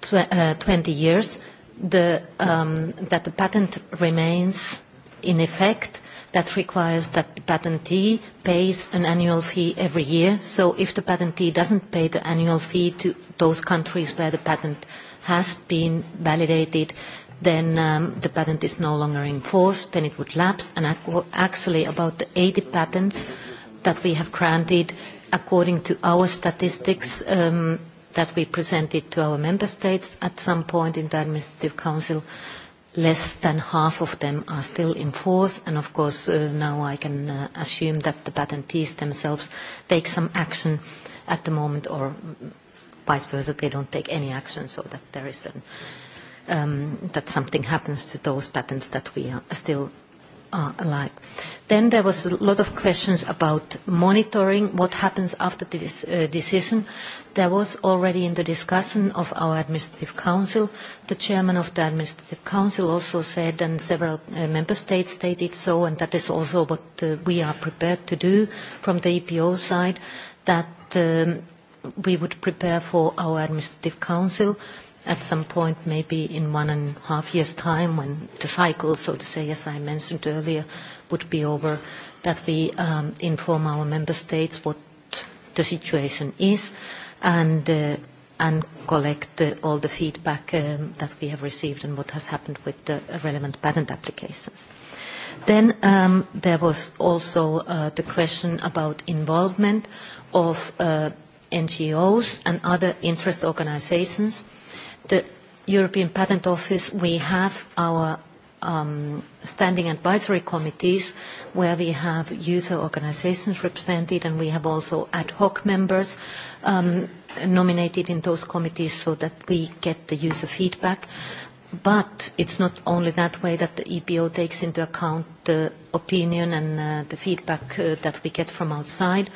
tw uh, 20 years, the, um, that the patent remains in effect, that requires that the patentee pays an annual fee every year. So if the patentee doesn't pay the annual fee to those countries where the patent has been validated, then um, the patent is no longer in force, then it would lapse. And ac actually, about the 80 patents that we have granted, according to our statistics um, that we presented to our member states at some point in the Administrative Council, less than half of them are still in force. And of course, uh, now I can uh, assume that the patentees themselves take some action at the moment, or vice versa, they don't take any action, so that there is an um, that something happens to those patents that we are still uh, alive. Then there was a lot of questions about monitoring what happens after this uh, decision. There was already in the discussion of our administrative council, the chairman of the administrative council also said, and several uh, member states stated so, and that is also what uh, we are prepared to do from the EPO side, that um, we would prepare for our administrative council uh, at some point, maybe in one and a half years' time, when the cycle, so to say, as I mentioned earlier, would be over, that we um, inform our member states what the situation is and, uh, and collect uh, all the feedback um, that we have received and what has happened with the relevant patent applications. Then um, there was also uh, the question about involvement of uh, NGOs and other interest organizations uh, the European Patent Office, we have our um, standing advisory committees where we have user organizations represented and we have also ad hoc members um, nominated in those committees so that we get the user feedback. But it's not only that way that the EPO takes into account the opinion and uh, the feedback uh, that we get from outside.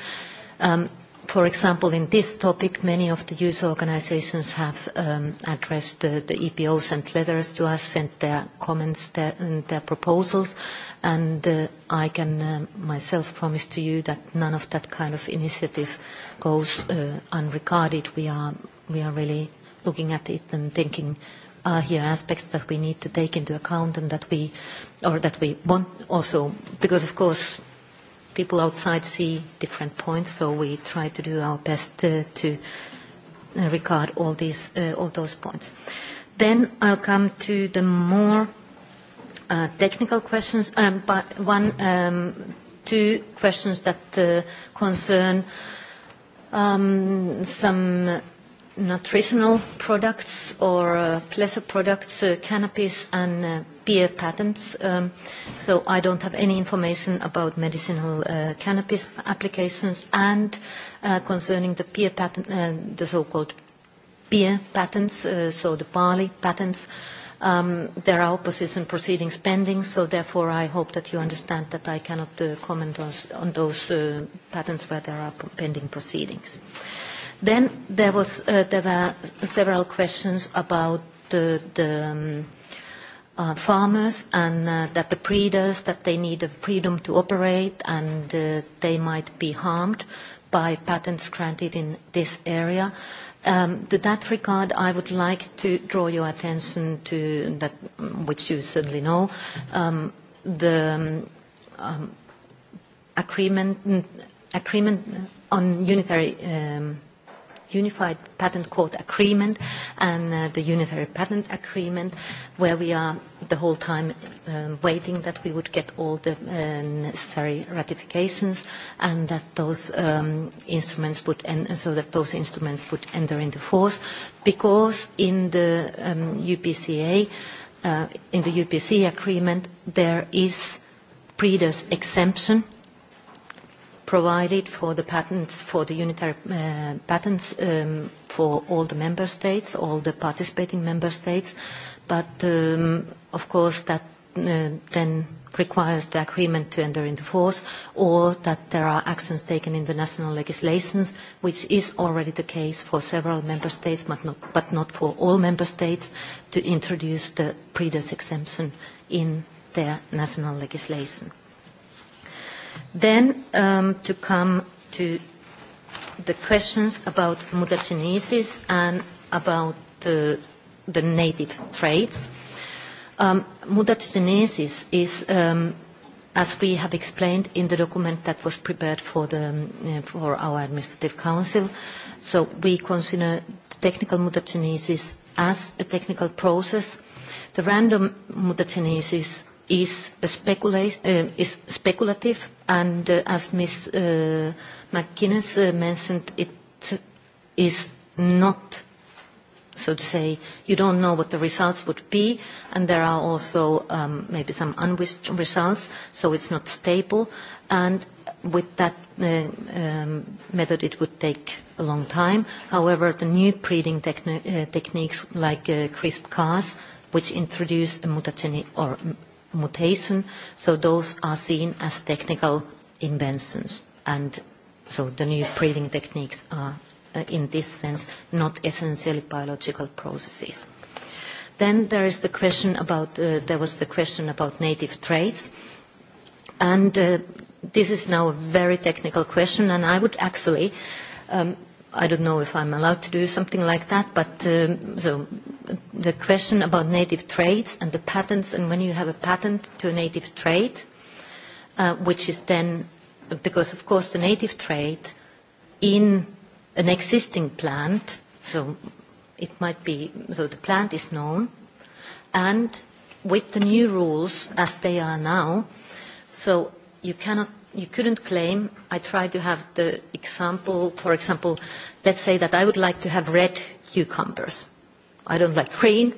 Um, for example, in this topic, many of the user organizations have um, addressed the, the EPO, sent letters to us, sent their comments, their, and their proposals, and uh, I can uh, myself promise to you that none of that kind of initiative goes uh, unregarded. We are, we are really looking at it and thinking are here aspects that we need to take into account and that we, or that we want also, because of course people outside see different points, so we try to do our best uh, to uh, regard all these uh, all those points. Then I'll come to the more uh, technical questions, um, but one, um, two questions that uh, concern um, some nutritional products or uh, pleasure products, uh, cannabis and uh, peer patents. Um, so I don't have any information about medicinal uh, cannabis applications and uh, concerning the peer patent, uh, the so-called peer patents, uh, so the barley patents. Um, there are opposition proceedings pending, so therefore I hope that you understand that I cannot uh, comment on, on those uh, patents where there are pending proceedings. Then there, was, uh, there were several questions about the, the um, uh, farmers and uh, that the breeders, that they need the freedom to operate and uh, they might be harmed by patents granted in this area. Um, to that regard, I would like to draw your attention to that, mm, which you certainly know, um, the um, um agreement, mm, agreement on unitary um, Unified Patent Court Agreement and uh, the Unitary Patent Agreement, where we are the whole time um, waiting that we would get all the uh, necessary ratifications and that those um, instruments would en- so that those instruments would enter into force, because in the um, UPCA. Uh, in the UPC agreement, there is breeders' exemption provided for the patents, for the unitary uh, patents um, for all the member states, all the participating member states. But um, of course, that uh, then requires the agreement to enter into force or that there are actions taken in the national legislations, which is already the case for several member states, but not, but not for all member states, to introduce the breeders' exemption in their national legislation. Then um, to come to the questions about mutagenesis and about uh, the native traits. Um, mutagenesis is, um, as we have explained in the document that was prepared for, the, uh, for our administrative council, so we consider technical mutagenesis as a technical process. The random mutagenesis is, a specula uh, is speculative And uh, as Ms. Uh, McGuinness uh, mentioned, it is not, so to say, you don't know what the results would be, and there are also um, maybe some unwished results, so it's not stable. And with that uh, um, method, it would take a long time. However, the new breeding techni uh, techniques like uh, CRISPR-Cas, which introduce a mutagenic or mutation, so those are seen as technical inventions. And so the new breeding techniques are, uh, in this sense, not essentially biological processes. Then there is the question about, uh, there was the question about native traits. And uh, this is now a very technical question, and I would actually, um, I don't know if I'm allowed to do something like that, but um, so the question about native traits and the patents, and when you have a patent to a native trait, uh, which is then, because of course the native trait in an existing plant, so it might be, so the plant is known, and with the new rules as they are now, so you cannot you couldn't claim I try to have the example, for example, let's say that I would like to have red cucumbers. I don't like green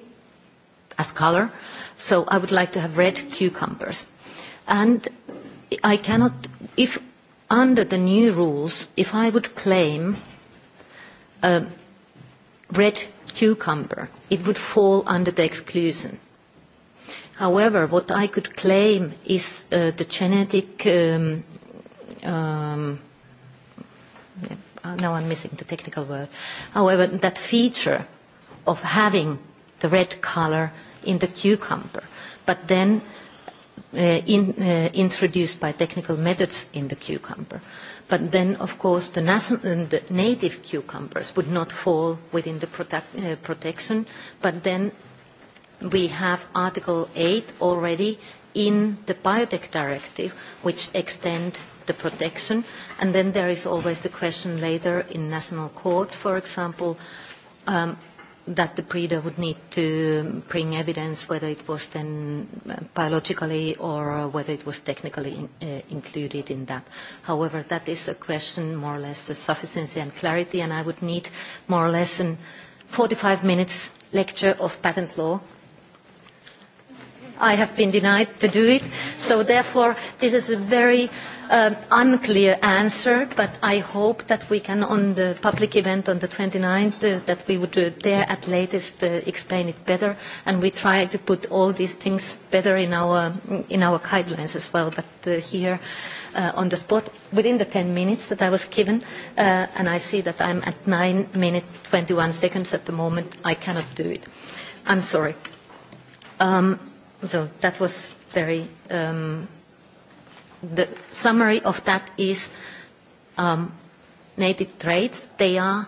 as color, so I would like to have red cucumbers. And I cannot, if under the new rules, if I would claim a um, red cucumber, it would fall under the exclusion. However, what I could claim is uh, the genetic, um, um, now I'm missing the technical word, however, that feature of having the red color in the cucumber, but then uh, in, uh, introduced by technical methods in the cucumber. But then, of course, the, national, the native cucumbers would not fall within the protect, uh, protection, but then we have Article 8 already in the biotech directive, which extend the protection. And then there is always the question later in national courts, for example, um, that the breeder would need to bring evidence whether it was then uh, biologically or whether it was technically in, uh, included in that. However, that is a question more or less of sufficiency and clarity, and I would need more or less a 45 minutes lecture of patent law. I have been denied to do it, so therefore this is a very uh, um, unclear answer, but I hope that we can, on the public event on the 29th, uh, that we would uh, there at latest uh, explain it better, and we try to put all these things better in our, in our guidelines as well, but uh, here uh, on the spot within the 10 minutes that I was given, uh, and I see that I'm at 9 minutes 21 seconds at the moment. I cannot do it. I'm sorry. Um, so that was very um, the summary of that is um, native traits, they are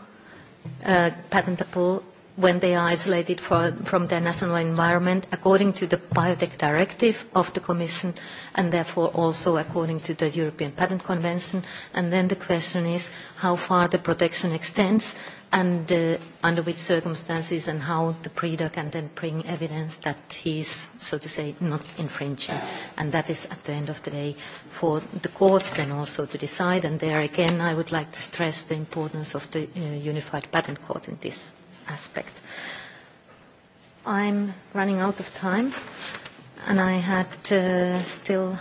uh, patentable when they are isolated for, from their national environment according to the biotech directive of the Commission and therefore also according to the European Patent Convention. And then the question is how far the protection extends and uh, under which circumstances and how the PREDA can then bring evidence that he's, so to say, not infringing. And that is, at the end of the day, for the courts then also to decide. And there again, I would like to stress the importance of the uh, Unified Patent Court in this aspect. I'm running out of time, and I had uh, still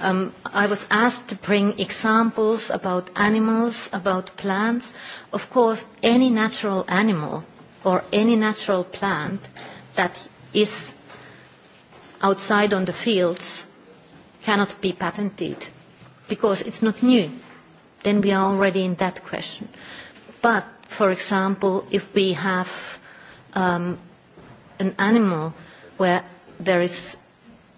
Um, I was asked to bring examples about animals, about plants. Of course, any natural animal or any natural plant that is outside on the fields cannot be patented because it's not new. Then we are already in that question. But, for example, if we have um, an animal where there is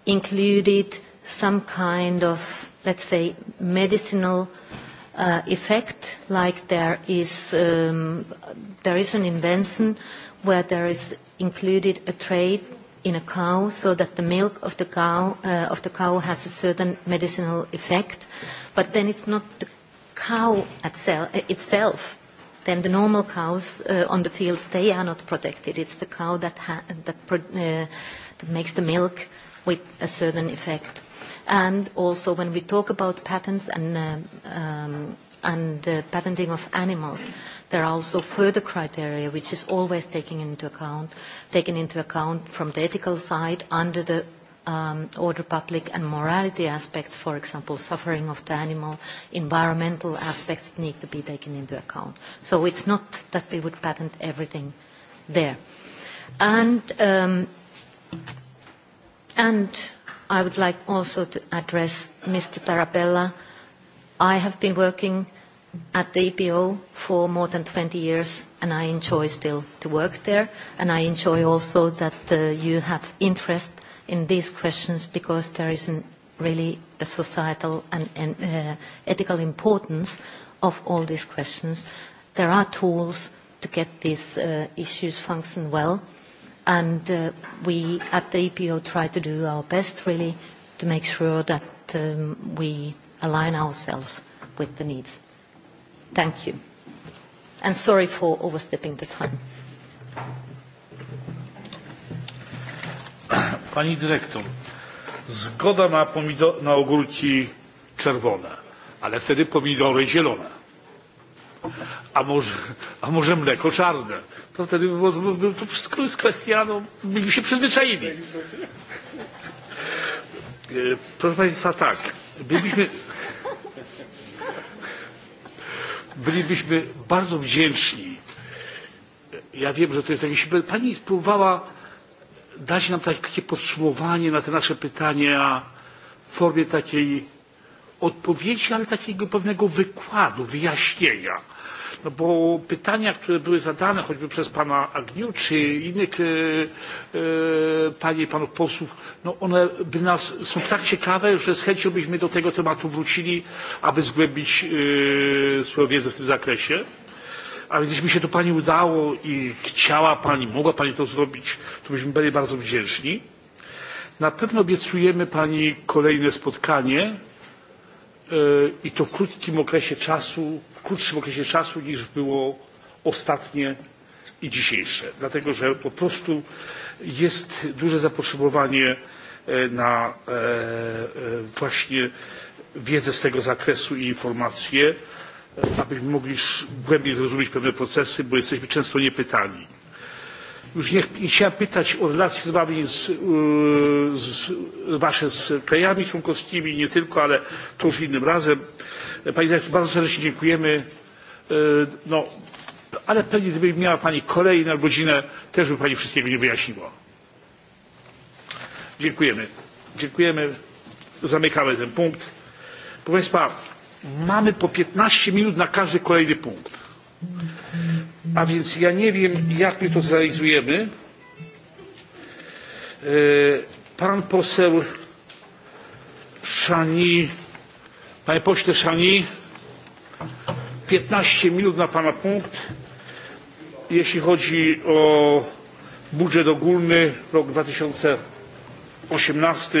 included some kind of, let's say, medicinal uh, effect, like there is, um, there is an invention where there is included a trait in a cow so that the milk of the cow, uh, of the cow has a certain medicinal effect, but then it's not the cow itself, itself then the normal cows uh, on the fields, they are not protected. It's the cow that, ha- that, pro- uh, that makes the milk with a certain effect. And also when we talk about patents and, um, um, and uh, patenting of animals, there are also further criteria which is always taken into account, taken into account from the ethical side under the um, order public and morality aspects, for example, suffering of the animal, environmental aspects need to be taken into account. So it's not that we would patent everything there. And, um, and I would like also to address Mr. Tarabella. I have been working at the EPO for more than 20 years, and I enjoy still to work there. And I enjoy also that uh, you have interest in these questions because there is an, really a societal and, and uh, ethical importance of all these questions. There are tools to get these uh, issues function well. Uh, and uh, we at the EPO try to do our best really to make sure that um, we align ourselves with the needs. Thank you. And sorry for overstepping the time.
Pani dyrektor, zgoda na, pomidor, na ogórki czerwone, ale wtedy pomidory zielone, a może, a może mleko czarne to wtedy było, było, to wszystko jest kwestia, no, byli się przyzwyczaili. E, proszę Państwa, tak, bylibyśmy, bylibyśmy bardzo wdzięczni. Ja wiem, że to jest jakieś... Pani spróbowała dać nam takie podsumowanie na te nasze pytania w formie takiej odpowiedzi, ale takiego pewnego wykładu, wyjaśnienia no bo pytania, które były zadane choćby przez pana Agniu czy innych e, e, panie i panów posłów, no one by nas, są tak ciekawe, że z chęcią byśmy do tego tematu wrócili, aby zgłębić e, swoją wiedzę w tym zakresie. A więc jeśli się to Pani udało i chciała Pani, mogła Pani to zrobić, to byśmy byli bardzo wdzięczni. Na pewno obiecujemy Pani kolejne spotkanie i e to w krótkim okresie czasu, w krótszym okresie czasu niż było ostatnie i dzisiejsze, dlatego że po prostu jest duże zapotrzebowanie e, na e, właśnie wiedzę z tego zakresu i informacje, abyśmy mogli głębiej zrozumieć pewne procesy, bo jesteśmy często niepytani już nie, nie chciałem pytać o relacje z wami z, z, wasze z krajami członkowskimi nie tylko ale to już innym razem. pani dyrektor bardzo serdecznie dziękujemy. No, ale pewnie gdyby miała pani kolejną godzinę też by pani wszystkiego nie wyjaśniła. dziękujemy. dziękujemy. zamykamy ten punkt. proszę państwa mamy po piętnaście minut na każdy kolejny punkt. A więc ja nie wiem, jak my to zrealizujemy. E, pan poseł Szani, panie pośle Szani, 15 minut na pana punkt, jeśli chodzi o budżet ogólny rok 2018.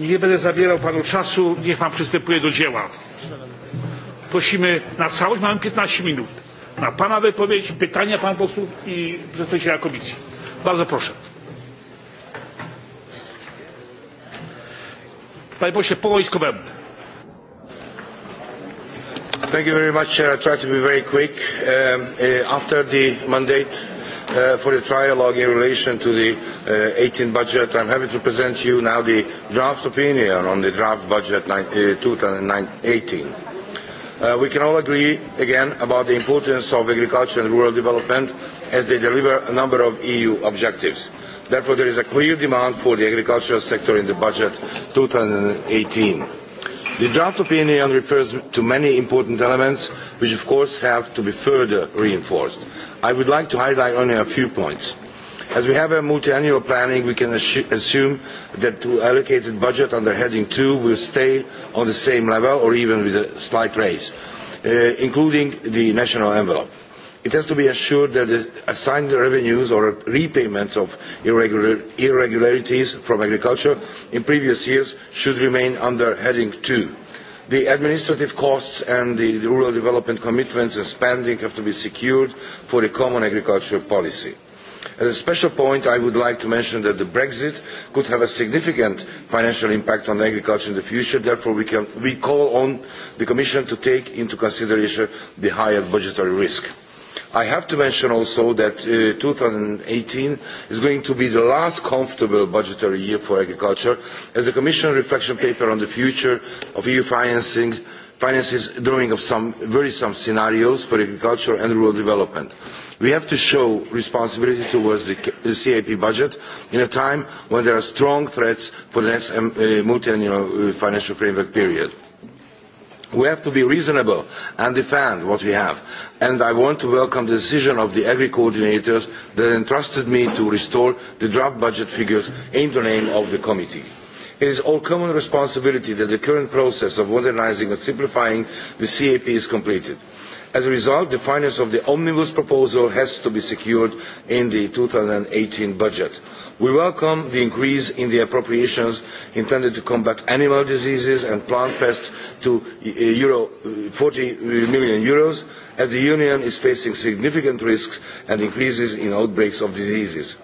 Nie będę zabierał panu czasu, niech pan przystępuje do dzieła. Prosimy na całość, mamy 15 minut na Pana wypowiedź, pytania Pana posłów i przedstawiciela Komisji. Bardzo proszę. Panie pośle, po wojskowemu. Thank you very much, Chair. I'll try to be
very quick. Um, uh, after the mandate uh, for the trialogue in relation to the uh, 18 budget, I'm happy to present you now the draft opinion on the draft budget nine, uh, 2018. Uh, we can all agree again about the importance of agriculture and rural development as they deliver a number of EU objectives. Therefore, there is a clear demand for the agricultural sector in the budget 2018. The draft opinion refers to many important elements which of course have to be further reinforced. I would like to highlight only a few points. As we have a multi-annual planning, we can assu assume that the allocated budget under heading 2 will stay on the same level or even with a slight raise, uh, including the national envelope. It has to be assured that the assigned revenues or repayments of irregular irregularities from agriculture in previous years should remain under heading 2. The administrative costs and the, the rural development commitments and spending have to be secured for the common agricultural policy As a special point, I would like to mention that the Brexit could have a significant financial impact on agriculture in the future. Therefore, we, can, we call on the Commission to take into consideration the higher budgetary risk. I have to mention also that uh, 2018 is going to be the last comfortable budgetary year for agriculture, as the Commission reflection paper on the future of EU financing finances drawing up some worrisome scenarios for agriculture and rural development. We have to show responsibility towards the CAP budget in a time when there are strong threats for the next um, uh, multi-annual uh, financial framework period. We have to be reasonable and defend what we have. And I want to welcome the decision of the agri coordinators that entrusted me to restore the draft budget figures in the name of the committee. It is our common responsibility that the current process of modernising and simplifying the CAP is completed. As a result, the finance of the omnibus proposal has to be secured in the 2018 budget. We welcome the increase in the appropriations intended to combat animal diseases and plant pests to uh, Euro 40 uh, million euros, as the Union is facing significant risks and increases in outbreaks of diseases.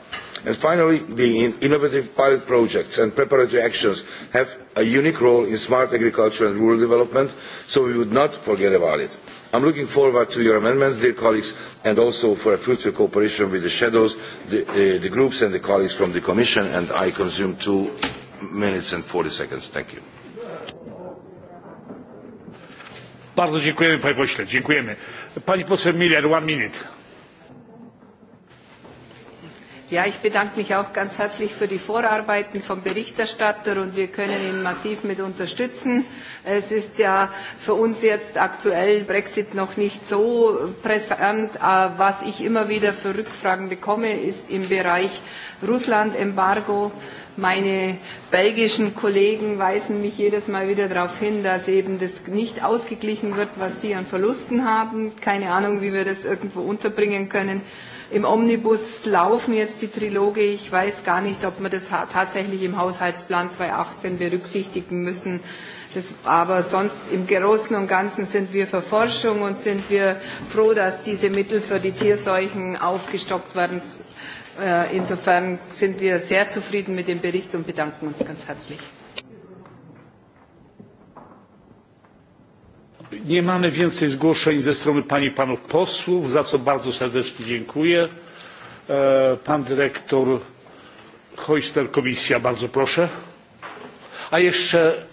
And finally, the innovative pilot projects and preparatory actions have a unique role in smart agriculture and rural development, so we would not forget about it. I'm looking forward to your amendments, dear colleagues, and also for a fruitful cooperation with the shadows, the, uh, the groups and the colleagues from the Commission, and I consume two minutes and 40 seconds. Thank you.
Bardzo dziękujemy, panie pośle. Dziękujemy. Pani poseł Miller, one minute.
Ja, ich bedanke mich auch ganz herzlich für die Vorarbeiten vom Berichterstatter und wir können ihn massiv mit unterstützen. Es ist ja für uns jetzt aktuell Brexit noch nicht so präsent. Äh, was ich immer wieder für Rückfragen bekomme, ist im Bereich Russland-Embargo. Meine belgischen Kollegen weisen mich jedes Mal wieder darauf hin, dass eben das nicht ausgeglichen wird, was sie an Verlusten haben. Keine Ahnung, wie wir das irgendwo unterbringen können. Im Omnibus laufen jetzt die Triloge. Ich weiß gar nicht, ob wir das tatsächlich im Haushaltsplan 2018 berücksichtigen müssen. Das, aber sonst im Großen und Ganzen sind wir für Forschung und sind wir froh, dass diese Mittel für die Tierseuchen aufgestockt werden. Äh, insofern sind wir sehr zufrieden mit dem Bericht und bedanken uns ganz herzlich.
nie mamy więcej zgłoszeń ze strony pań i panów posłów za co bardzo serdecznie dziękuję. E, pan dyrektor Heuchner, komisja, bardzo proszę. A jeszcze,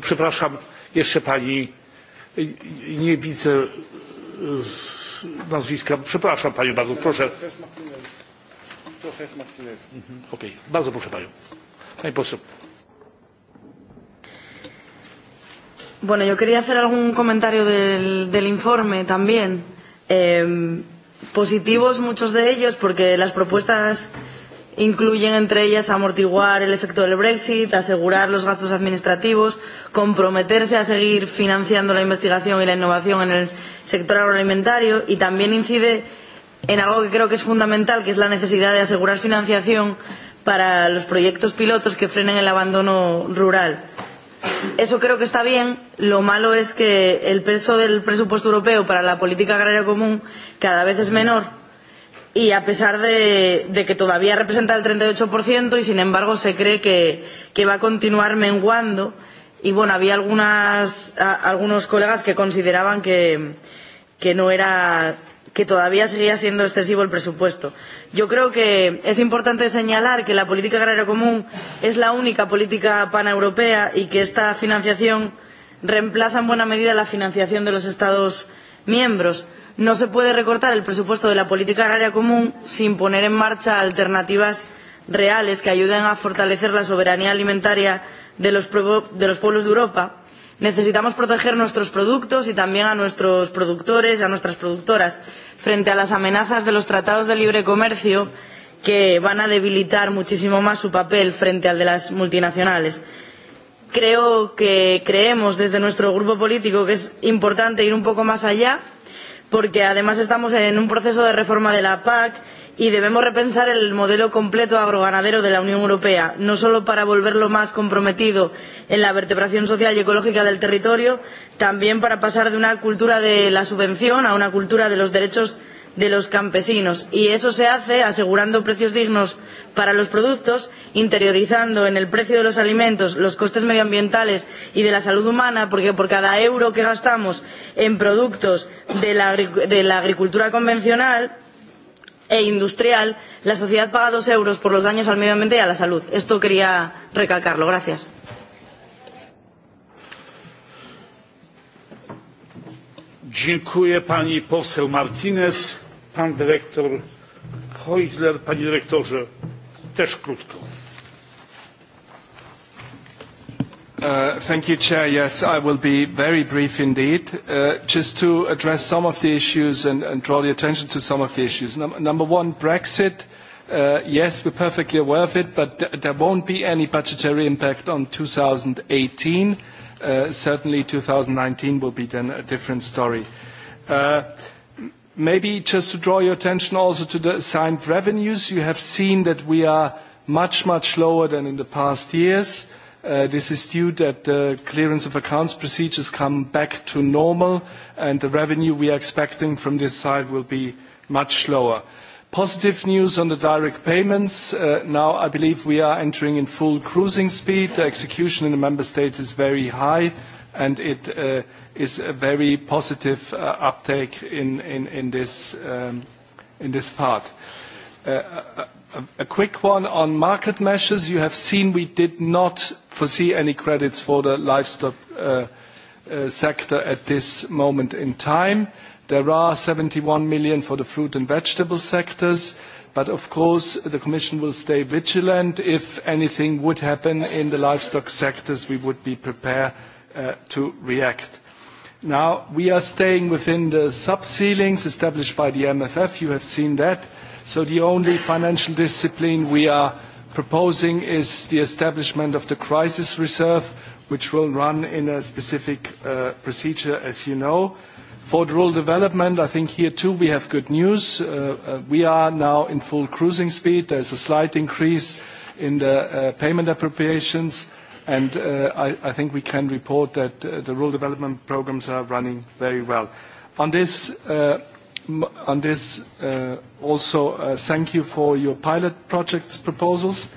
przepraszam, jeszcze pani, nie widzę z nazwiska, przepraszam panią bardzo, proszę. Mhm. Okay. Bardzo proszę panią. Pani poseł.
Bueno, yo quería hacer algún comentario del, del informe también. Eh, positivos muchos de ellos porque las propuestas incluyen entre ellas amortiguar el efecto del Brexit, asegurar los gastos administrativos, comprometerse a seguir financiando la investigación y la innovación en el sector agroalimentario y también incide en algo que creo que es fundamental, que es la necesidad de asegurar financiación para los proyectos pilotos que frenen el abandono rural. Eh, Eso creo que está bien. Lo malo es que el peso del presupuesto europeo para la política agraria común cada vez es menor y a pesar de, de que todavía representa el 38% y sin embargo se cree que, que va a continuar menguando. Y bueno, había algunas, a, algunos colegas que consideraban que, que no era que todavía seguía siendo excesivo el presupuesto. Yo creo que es importante señalar que la política agraria común es la única política paneuropea y que esta financiación reemplaza en buena medida la financiación de los Estados miembros. No se puede recortar el presupuesto de la política agraria común sin poner en marcha alternativas reales que ayuden a fortalecer la soberanía alimentaria de los, de los pueblos de Europa Necesitamos proteger nuestros productos y también a nuestros productores, a nuestras productoras, frente a las amenazas de los tratados de libre comercio que van a debilitar muchísimo más su papel frente al de las multinacionales. Creo que creemos desde nuestro grupo político que es importante ir un poco más allá porque además estamos en un proceso de reforma de la PAC y debemos repensar el modelo completo agroganadero de la Unión Europea, no solo para volverlo más comprometido en la vertebración social y ecológica del territorio, también para pasar de una cultura de la subvención a una cultura de los derechos de los campesinos. Y eso se hace asegurando precios dignos para los productos, interiorizando en el precio de los alimentos los costes medioambientales y de la salud humana, porque por cada euro que gastamos en productos de la, de la agricultura convencional, e industrial, la sociedad paga dos euros por los daños al medio ambiente y a la salud. Esto quería recalcarlo. Gracias.
Dziękuję pani poseł Martinez, pan dyrektor Heusler, panie dyrektorze,
też krótko. Uh, thank you, Chair. Yes, I will be very brief indeed. Uh, just to address some of the issues and, and draw the attention to some of the issues. Num number one, Brexit. Uh, yes, we're perfectly aware of it, but th there won't be any budgetary impact on 2018. Uh, certainly 2019 will be then a different story. Uh, maybe just to draw your attention also to the assigned revenues. You have seen that we are much, much lower than in the past years. Uh, this is due that the clearance of accounts procedures come back to normal, and the revenue we are expecting from this side will be much lower. Positive news on the direct payments. Uh, now I believe we are entering in full cruising speed. The execution in the member states is very high, and it uh, is a very positive uh, uptake in, in, in, this, um, in this part. Uh, uh, A quick one on market measures. You have seen we did not foresee any credits for the livestock uh, uh, sector at this moment in time. There are 71 million for the fruit and vegetable sectors, but of course, the Commission will stay vigilant. If anything would happen in the livestock sectors, we would be prepared uh, to react. Now, we are staying within the sub ceilings established by the MFF. You have seen that. So the only financial discipline we are proposing is the establishment of the crisis reserve, which will run in a specific uh, procedure, as you know. For the rural development, I think here too we have good news. Uh, uh, we are now in full cruising speed. There's a slight increase in the uh, payment appropriations, and uh, I, I think we can report that uh, the rural development programs are running very well. On this, on this. Uh, also, uh, thank you for your pilot projects proposals.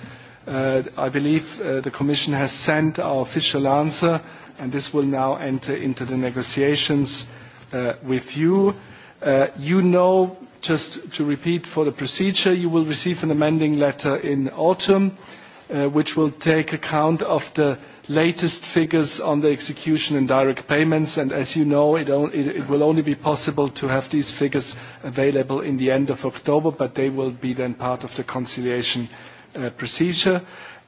Uh, I believe uh, the Commission has sent our official answer, and this will now enter into the negotiations uh, with you. Uh, you know, just to repeat for the procedure, you will receive an amending letter in autumn, uh, which will take account of the uh, latest figures on the execution in direct payments, and as you know, it, it, it will only be possible to have these figures available in the end of October, but they will be then part of the conciliation uh, procedure.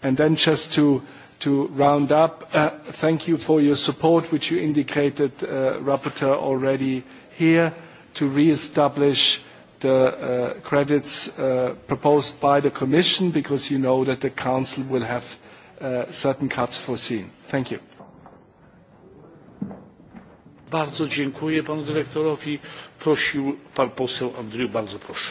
And then just to, to round up, uh, thank you for your support, which you indicated, uh, Rapporteur, already here, to reestablish the uh, credits uh, proposed by the Commission, because you know that the Council will have uh, certain cuts foreseen. Thank you.
Bardzo dziękuję panu dyrektorowi. Prosił pan poseł Andrieu. Bardzo proszę.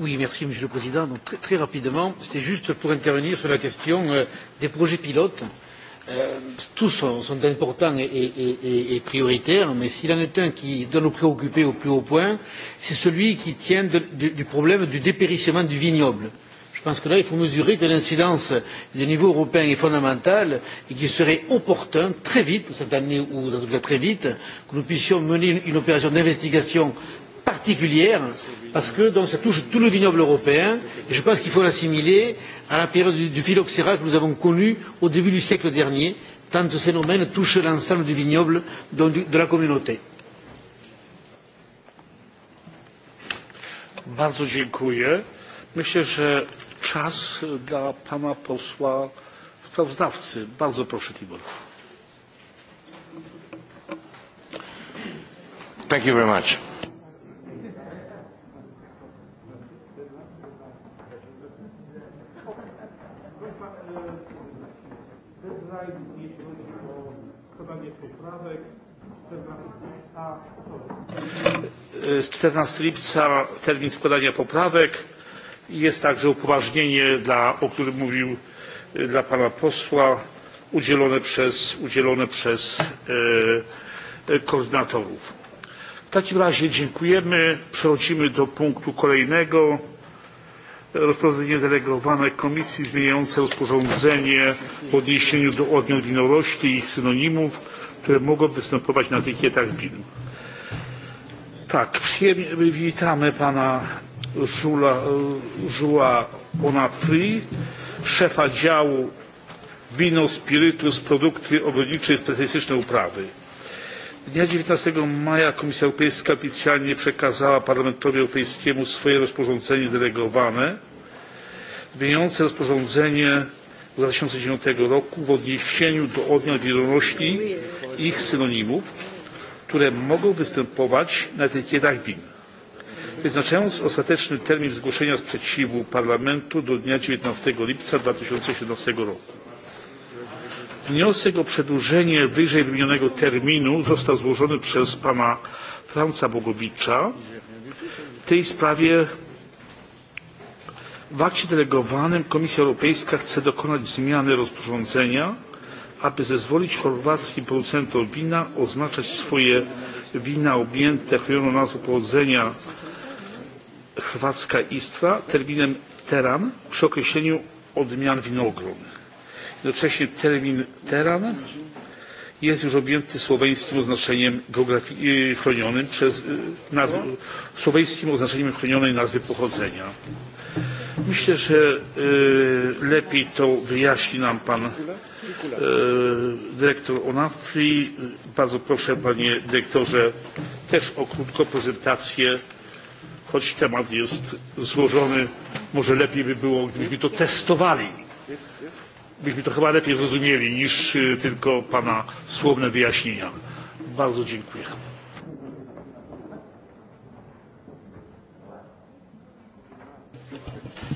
Oui, merci Monsieur le Président. Donc, très, très rapidement, c'est juste pour intervenir sur la question euh, des projets pilotes. Euh, tous sont, sont importants et, et, et, et prioritaires, mais s'il en est un qui doit nous préoccuper au plus haut point, c'est celui qui tient de, de, du problème du dépérissement du vignoble. Euh, pense que là, il faut mesurer que l'incidence du niveau européen est fondamentale et qu'il serait opportun, très vite, cette année ou en tout cas très vite, que nous puissions mener une opération d'investigation particulière parce que donc, ça touche tout le vignoble européen et je pense qu'il faut l'assimiler à la période du, du phylloxéra que nous avons connue au début du siècle dernier tant ce phénomène touche l'ensemble du vignoble donc du, de la communauté.
Bardzo dziękuję. Myślę, że czas dla pana posła sprawozdawcy. Bardzo proszę, Tibor.
Thank you very much.
czternaście lipca termin składania poprawek jest także upoważnienie dla, o którym mówił e, dla pana posła udzielone przez, udzielone przez e, e, koordynatorów. W takim razie dziękujemy. Przechodzimy do punktu kolejnego. Rozporządzenie delegowane Komisji zmieniające rozporządzenie w odniesieniu do odmian winorośli i ich synonimów, które mogą występować na etykietach win. Tak, witamy pana Joua Onafri, szefa działu wino, spirytus, produkty ogrodnicze i specjalistyczne uprawy. Dnia 19 maja Komisja Europejska oficjalnie przekazała Parlamentowi Europejskiemu swoje rozporządzenie delegowane zmieniające rozporządzenie z 2009 roku w odniesieniu do odmian wielorośli i ich synonimów, które mogą występować na etykietach win wyznaczając ostateczny termin zgłoszenia sprzeciwu parlamentu do dnia dziewiętnaście lipca dwa tysiące siedemnaście roku wniosek o przedłużenie wyżej wymienionego terminu został złożony przez pana franza bogowicza w tej sprawie w akcie delegowanym komisja europejska chce dokonać zmiany rozporządzenia aby zezwolić chorwackim producentom wina oznaczać swoje wina objęte chronioną nazwą pochodzenia chorwacka istra terminem teran przy określeniu odmian winogron. jednocześnie termin teran jest już objęty słoweńskim oznaczeniem chronionym przez nazw, słoweńskim oznaczeniem chronionej nazwy pochodzenia. Myślę, że y, lepiej to wyjaśni nam pan y, dyrektor Onafri. Bardzo proszę panie dyrektorze też o krótką prezentację choć temat jest złożony może lepiej by było gdybyśmy to testowali byśmy to chyba lepiej zrozumieli niż tylko pana słowne wyjaśnienia. bardzo dziękuję.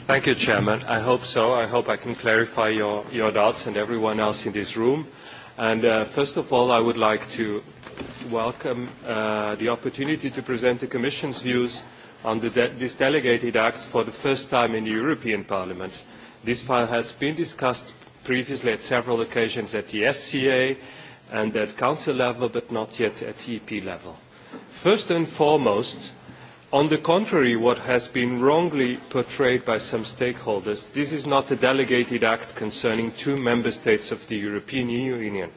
Thank you, Chairman. I hope so. I hope I can clarify your, your doubts and everyone else in this room. And uh, first of all, I would like to welcome uh, the opportunity to present the Commission's views uh, under de this delegated act for the first time in the European Parliament. This file has been discussed previously at several occasions at the SCA and at Council level, but not yet at EP level. First and foremost, on the contrary, what has been wrongly portrayed by some stakeholders, this is not a delegated act concerning two member states of the European Union.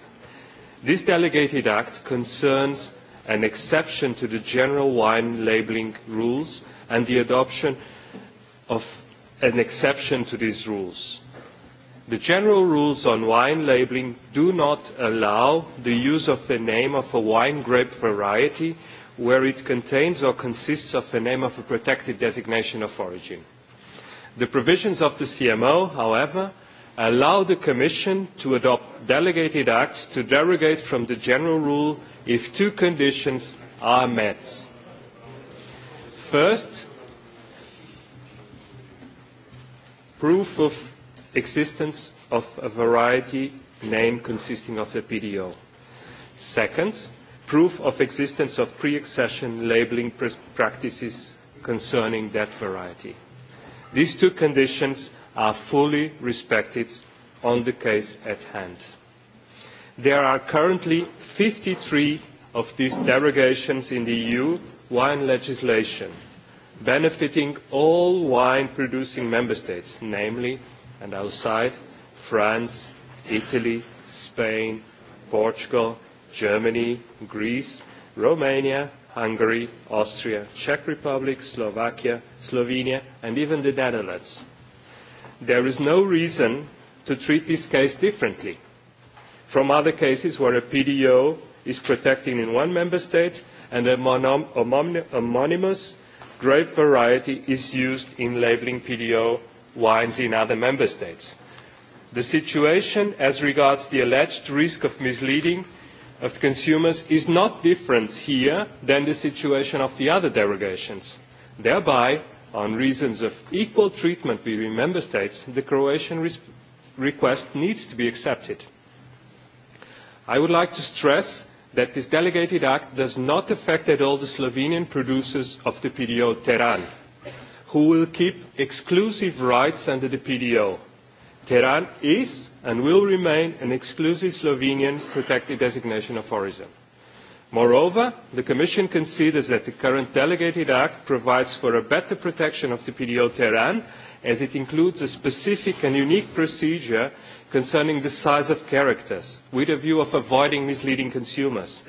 This delegated act concerns an exception to the general wine labelling rules and the adoption of an exception to these rules. The general rules on wine labelling do not allow the use of the name of a wine grape variety where it contains or consists of the name of a protected designation of origin. The provisions of the CMO, however, allow the Commission to adopt delegated acts to derogate from the general rule if two conditions are met. First, proof of existence of a variety name consisting of the PDO. Second, proof of existence of pre-accession labeling pr practices concerning that variety. These two conditions are fully respected on the case at hand. There are currently 53 of these derogations in the EU wine legislation, benefiting all wine-producing member states, namely, and outside, France, Italy, Spain, Portugal, Germany, Greece, Romania, Hungary, Austria, Czech Republic, Slovakia, Slovenia, and even the Netherlands. There is no reason to treat this case differently – from other cases where a PDO is protected in one member state and a monom homonymous grape variety is used in labeling PDO wines in other member states. The situation as regards the alleged risk of misleading of consumers is not different here than the situation of the other derogations. Thereby, on reasons of equal treatment between member states, the Croatian request needs to be accepted. I would like to stress that this delegated act does not affect at all the Slovenian producers of the PDO Teran, who will keep exclusive rights under the PDO. Tehran is and will remain an exclusive Slovenian protected designation of origin. Moreover, the Commission considers that the current Delegated Act provides for a better protection of the PDO Tehran as it includes a specific and unique procedure concerning the size of characters, with a view of avoiding misleading consumers.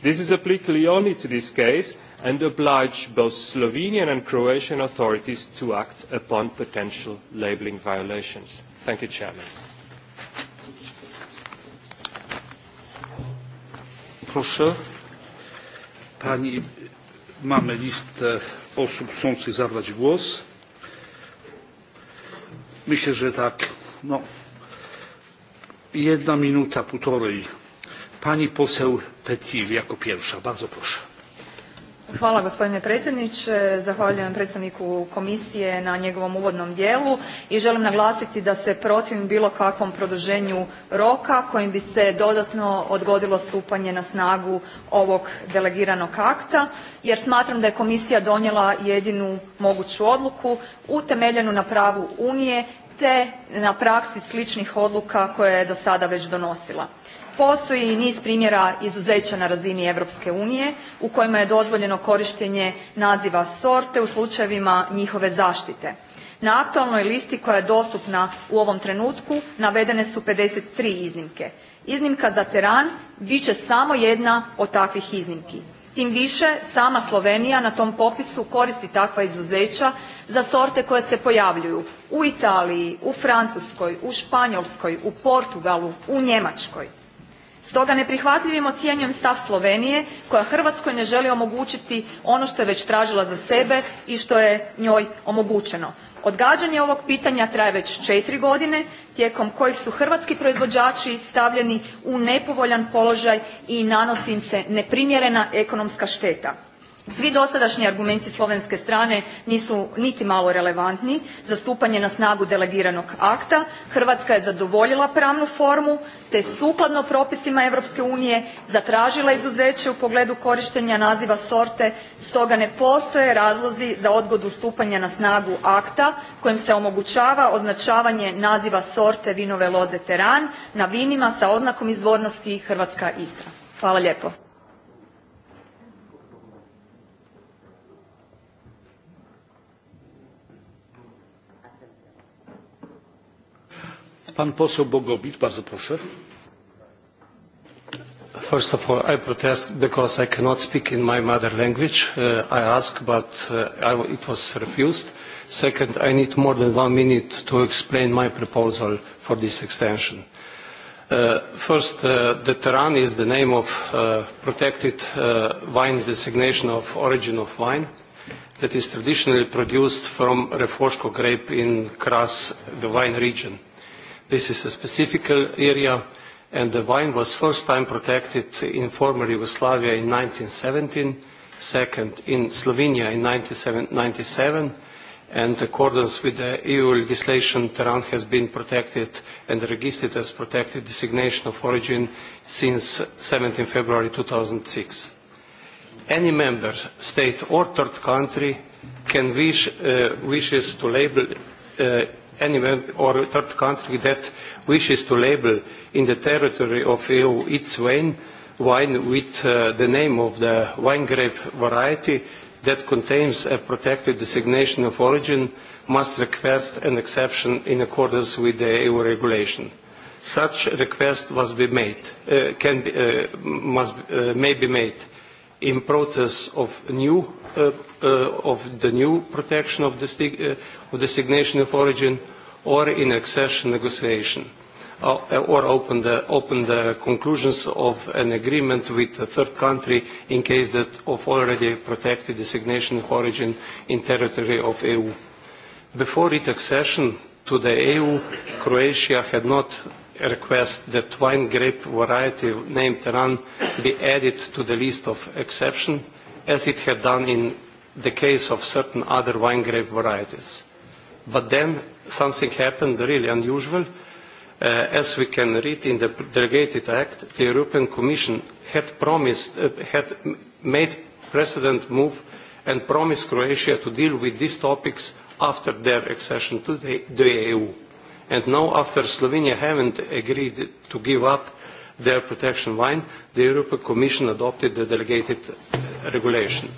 This is applicable only to this case and oblige both Slovenian and Croatian authorities to act upon potential labelling violations. Thank you, Chairman. Proszę. Pani,
mamy listę osób chcących zabrać głos. Myślę, że tak, no, Jedna minuta, półtorej. Pani poseł Petir jako pierwsza. Bardzo proszę.
Hvala gospodine predsjedniče, zahvaljujem predstavniku komisije na njegovom uvodnom dijelu i želim naglasiti da se protivim bilo kakvom produženju roka kojim bi se dodatno odgodilo stupanje na snagu ovog delegiranog akta jer smatram da je komisija donijela jedinu moguću odluku utemeljenu na pravu Unije te na praksi sličnih odluka koje je do sada već donosila. Postoji i niz primjera izuzeća na razini Europske unije u kojima je dozvoljeno korištenje naziva sorte u slučajevima njihove zaštite. Na aktualnoj listi koja je dostupna u ovom trenutku navedene su 53 iznimke. Iznimka za teran bit će samo jedna od takvih iznimki. Tim više sama Slovenija na tom popisu koristi takva izuzeća za sorte koje se pojavljuju u Italiji, u Francuskoj, u Španjolskoj, u Portugalu, u Njemačkoj. Stoga neprihvatljivim ocjenjujem stav Slovenije koja Hrvatskoj ne želi omogućiti ono što je već tražila za sebe i što je njoj omogućeno. Odgađanje ovog pitanja traje već četiri godine tijekom kojih su hrvatski proizvođači stavljeni u nepovoljan položaj i nanosi im se neprimjerena ekonomska šteta. Svi dosadašnji argumenti slovenske strane nisu niti malo relevantni za stupanje na snagu delegiranog akta. Hrvatska je zadovoljila pravnu formu te sukladno propisima Europske unije zatražila izuzeće u pogledu korištenja naziva sorte, stoga ne postoje razlozi za odgodu stupanja na snagu akta kojim se omogućava označavanje naziva sorte vinove loze Teran na vinima sa oznakom izvornosti Hrvatska Istra. Hvala lijepo.
Pan poseł Bogowicz, bardzo proszę.
First of all, I protest because I cannot speak in my mother language. Uh, I asked, but uh, I, it was refused. Second, I need more than one minute to explain my proposal for this extension. Uh, first, uh, the Tehran is the name of uh, protected uh, wine designation of origin of wine that is traditionally produced from Refosco grape in Kras, the wine region. Uh, This is a specific area, and the wine was first time protected in former Yugoslavia in 1917, second in Slovenia in 1997, and accordance with the EU legislation, Tehran has been protected and registered as protected designation of origin since 17 February 2006. Any member, state or third country can wish, uh, wishes to label uh, anywhere or third country that wishes to label in the territory of EU its wine, wine with uh, the name of the wine grape variety that contains a protected designation of origin must request an exception in accordance with the EU regulation. Such request was be made, uh, can be, uh, must, uh, may be made in process of new uh, uh, of the new protection of, the uh, of designation of origin or in accession negotiation uh, or open the, open the conclusions of an agreement with a third country in case that of already protected designation of origin in territory of EU. Before its accession to the EU, Croatia had not request that wine grape variety named Teran be added to the list of exception as it had done in the case of certain other wine grape varieties. But then something happened really unusual. Uh, as we can read in the delegated act, the European Commission had promised, uh, had made precedent move and promised Croatia to deal with these topics after their accession to the, the EU. And now, after Slovenia haven't agreed to give up their protection line, the European Commission adopted the delegated regulation.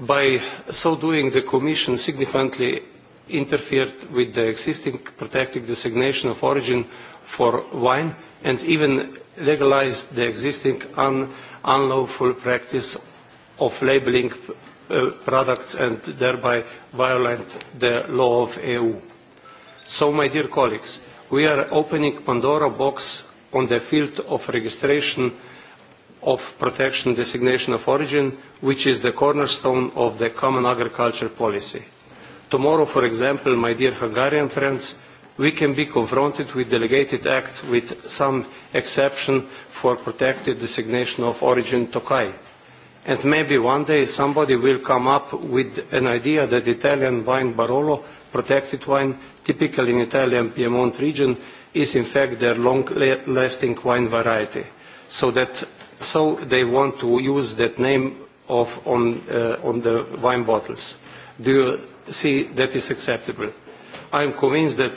By so doing, the Commission significantly interfered with the existing protected designation of origin for wine and even legalized the existing un unlawful practice of labeling uh, products and thereby violate the law of EU. So, my dear colleagues, we are opening Pandora box on the field of registration of protection designation of origin, which is the cornerstone of the common agriculture policy. Tomorrow, for example, my dear Hungarian friends, we can be confronted with delegated act with some exception for protected designation of origin Tokai. And maybe one day somebody will come up with an idea that Italian wine Barolo, protected wine, typical in Italian Piedmont region, is in fact their long-lasting wine variety. So that so they want to use that name of on uh, on the wine bottles. Do you see that is acceptable? I am convinced that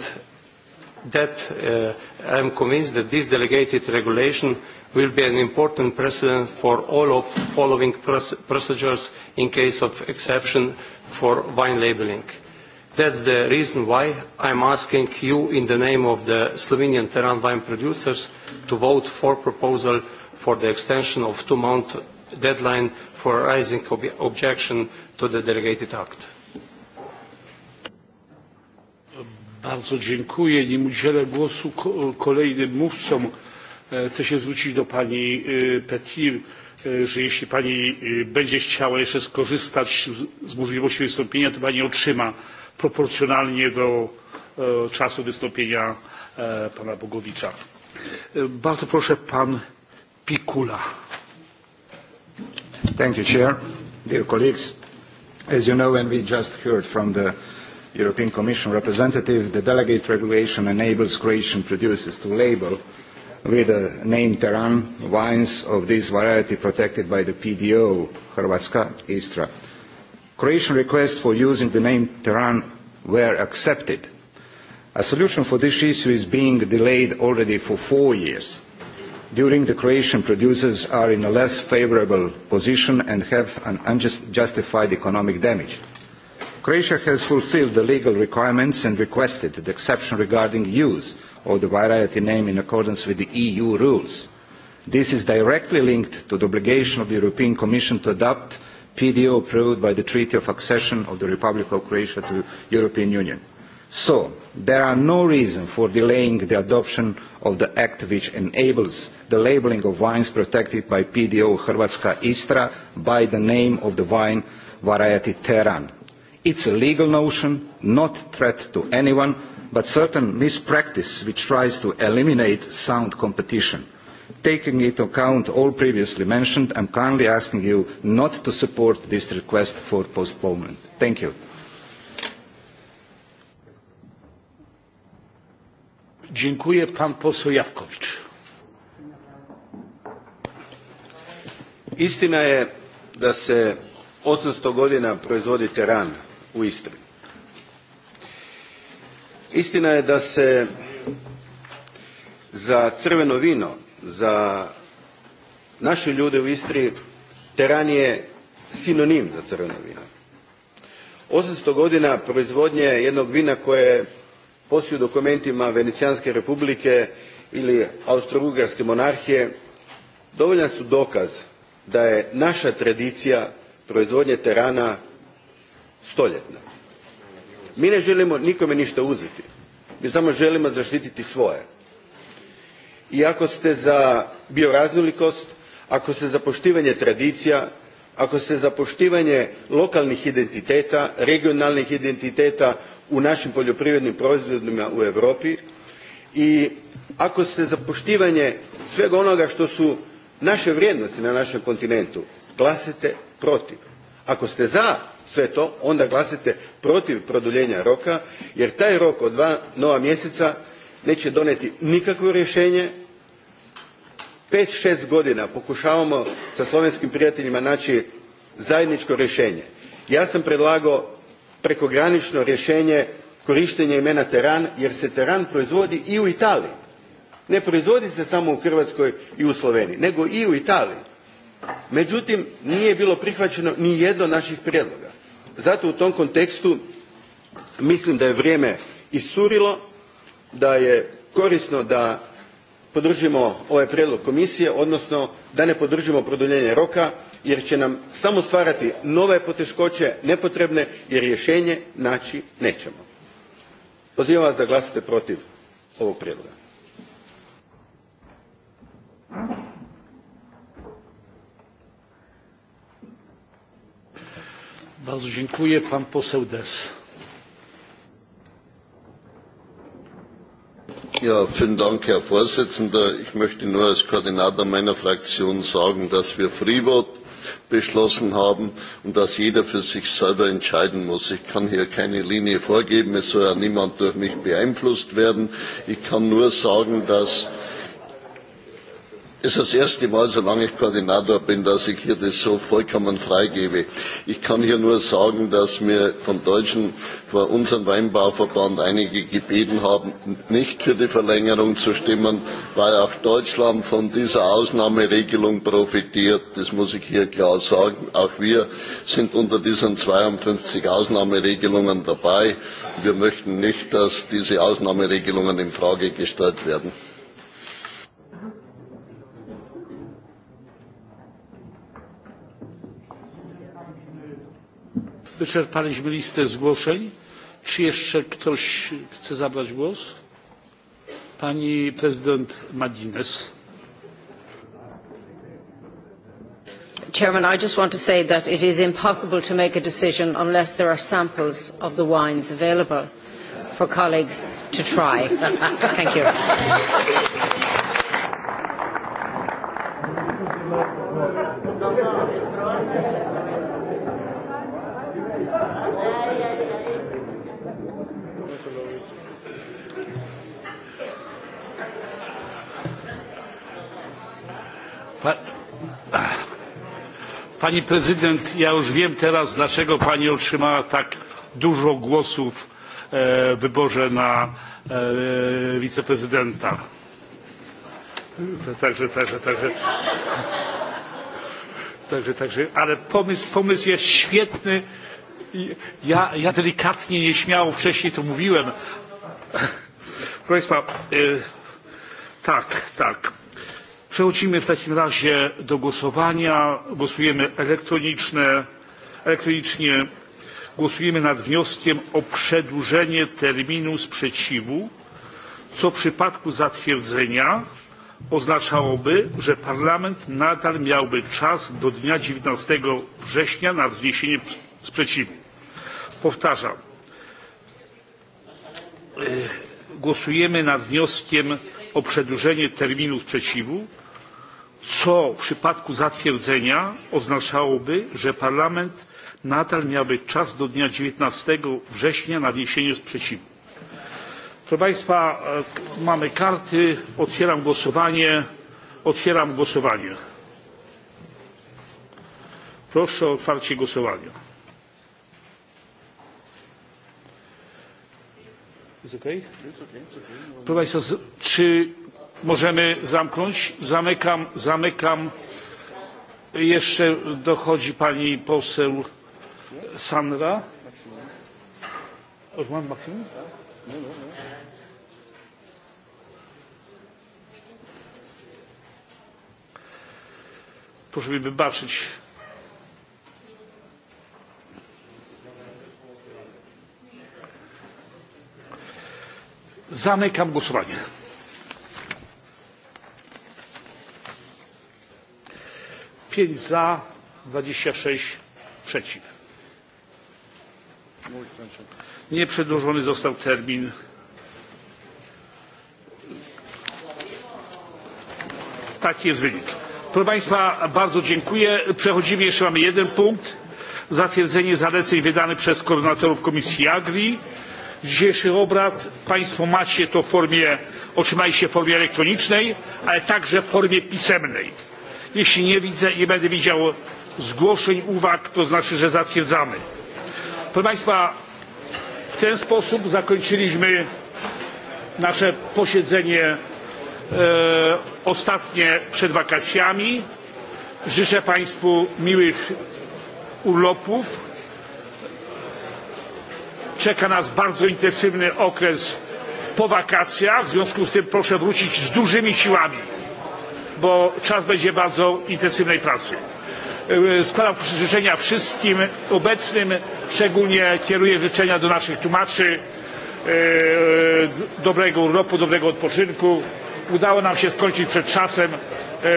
that uh, I am convinced that this delegated regulation will be an important precedent for all of following procedures in case of exception for wine labeling. That's the reason why I'm asking you in the name of the Slovenian Terran wine producers to vote for proposal 1.1 for the extension of two-month deadline for raising ob objection to the delegated act.
Bardzo dziękuję. Nim udzielę głosu kolejnym mówcom, e, chcę się zwrócić do pani e, Petir, e, że jeśli pani będzie chciała jeszcze skorzystać z możliwości wystąpienia, to pani otrzyma proporcjonalnie do czasu wystąpienia pana Bogowicza.
Bardzo proszę pan Picula. Thank you, Chair. Dear colleagues, as you know, and we just heard from the European Commission representative, the delegate regulation enables Croatian producers to label with the name Teran wines of this variety protected by the PDO, Hrvatska, Istra. Croatian requests for using the name Teran were accepted. A solution for this issue is being delayed already for four years during the creation producers are in a less favourable position and have an unjustified economic damage. Croatia has fulfilled the legal requirements and requested the exception regarding use of the variety name in accordance with the EU rules. This is directly linked to the obligation of the European Commission to adopt PDO approved by the Treaty of Accession of the Republic of Croatia to the European Union. So, there are no reasons for delaying the adoption of the act which enables the labelling of wines protected by PDO Hrvatska Istra by the name of the wine variety Teran. It's a legal notion, not a threat to anyone, but certain mispractice which tries to eliminate sound competition. Taking into account all previously mentioned, I'm kindly asking you not to support this request for postponement. Thank you.
Dziękuję pan poseł Jawkowicz. Istina je da se 800 godina proizvodi teran u Istri. Istina je da se za crveno vino, za naše ljude u Istri, teran je sinonim za crveno vino. 800 godina proizvodnje jednog vina koje je posjedu dokumentima Venecijanske republike ili Austro-Ugarske monarhije dovoljan su dokaz da je naša tradicija proizvodnje terana stoljetna. Mi ne želimo nikome ništa uzeti. Mi samo želimo zaštititi svoje. I ako ste za bioraznolikost, ako ste za poštivanje tradicija, ako ste za poštivanje lokalnih identiteta regionalnih identiteta u našim poljoprivrednim proizvodima u europi i ako ste za poštivanje svega onoga što su naše vrijednosti na našem kontinentu glasajte protiv. ako ste za sve to onda glasajte protiv produljenja roka jer taj rok od dva nova mjeseca neće donijeti nikakvo rješenje pet šest godina pokušavamo sa slovenskim prijateljima naći zajedničko rješenje. ja sam predlagao prekogranično rješenje korištenja imena teran jer se teran proizvodi i u italiji ne proizvodi se samo u hrvatskoj i u sloveniji nego i u italiji. međutim nije bilo prihvaćeno nijedno od naših prijedloga. zato u tom kontekstu mislim da je vrijeme iscurilo da je korisno da podržimo ovaj prijedlog komisije odnosno da ne podržimo produljenje roka jer će nam samo stvarati nove poteškoće nepotrebne jer rješenje naći nećemo. pozivam vas da glasate protiv ovog prijedloga.
Bardzo dziękuję. Pan poseł Des.
Ja, vielen Dank, Herr Vorsitzender. Ich möchte nur als Koordinator meiner Fraktion sagen, dass wir Free Vote beschlossen haben und dass jeder für sich selber entscheiden muss. Ich kann hier keine Linie vorgeben, es soll ja niemand durch mich beeinflusst werden. Ich kann nur sagen, dass Es ist das erste Mal, solange ich Koordinator bin, dass ich hier das so vollkommen freigebe. Ich kann hier nur sagen, dass wir von Deutschen, von unserem Weinbauverband einige gebeten haben, nicht für die Verlängerung zu stimmen, weil auch Deutschland von dieser Ausnahmeregelung profitiert. Das muss ich hier klar sagen. Auch wir sind unter diesen 52 Ausnahmeregelungen dabei. Wir möchten nicht, dass diese Ausnahmeregelungen in Frage gestellt werden.
wyczerpaliśmy listę zgłoszeń. czy jeszcze ktoś chce zabrać
głos? pani prezydent mcguinness. Chairman, I just want to say that it is impossible to make a decision unless there are samples of the wines available for colleagues to try. Thank you.
pani prezydent ja już wiem teraz dlaczego pani otrzymała tak dużo głosów e, w wyborze na e, wiceprezydenta także także także także także ale pomysł pomysł jest świetny ja, ja delikatnie nieśmiało wcześniej to mówiłem proszę państwa e, tak tak Przechodzimy w takim razie do głosowania. Głosujemy elektroniczne, elektronicznie. Głosujemy nad wnioskiem o przedłużenie terminu sprzeciwu, co w przypadku zatwierdzenia oznaczałoby, że Parlament nadal miałby czas do dnia 19 września na wzniesienie sprzeciwu. Powtarzam. Głosujemy nad wnioskiem o przedłużenie terminu sprzeciwu co w przypadku zatwierdzenia oznaczałoby że parlament nadal miałby czas do dnia dziewiętnaście września na wniesienie sprzeciwu. proszę państwa e, mamy karty otwieram głosowanie. otwieram głosowanie. proszę o otwarcie głosowania. proszę państwa czy możemy zamknąć. Zamykam, zamykam. Jeszcze dochodzi pani poseł
Sandra.
Już mam maksimum? Proszę mi wybaczyć. Zamykam głosowanie. pięć za dwadzieścia sześć przeciw. nie przedłużony został termin taki jest wynik. proszę państwa bardzo dziękuję. przechodzimy jeszcze mamy jeden punkt zatwierdzenie zaleceń wydanych przez koordynatorów komisji agri. z dzisiejszych obrad państwo macie to w formie otrzymaliście w formie elektronicznej ale także w formie pisemnej jeśli nie widzę nie będę widział zgłoszeń uwag to znaczy że zatwierdzamy. proszę państwa w ten sposób zakończyliśmy nasze posiedzenie e, ostatnie przed wakacjami. życzę państwu miłych urlopów. czeka nas bardzo intensywny okres po wakacjach w związku z tym proszę wrócić z dużymi siłami bo czas będzie bardzo intensywnej pracy. E, składam życzenia wszystkim obecnym, szczególnie kieruję życzenia do naszych tłumaczy e, dobrego urlopu, dobrego odpoczynku. Udało nam się skończyć przed czasem, e,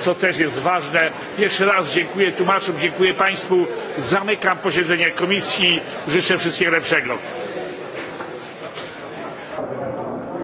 co też jest ważne. Jeszcze raz dziękuję tłumaczom, dziękuję Państwu. Zamykam
posiedzenie komisji. Życzę wszystkiego lepszego.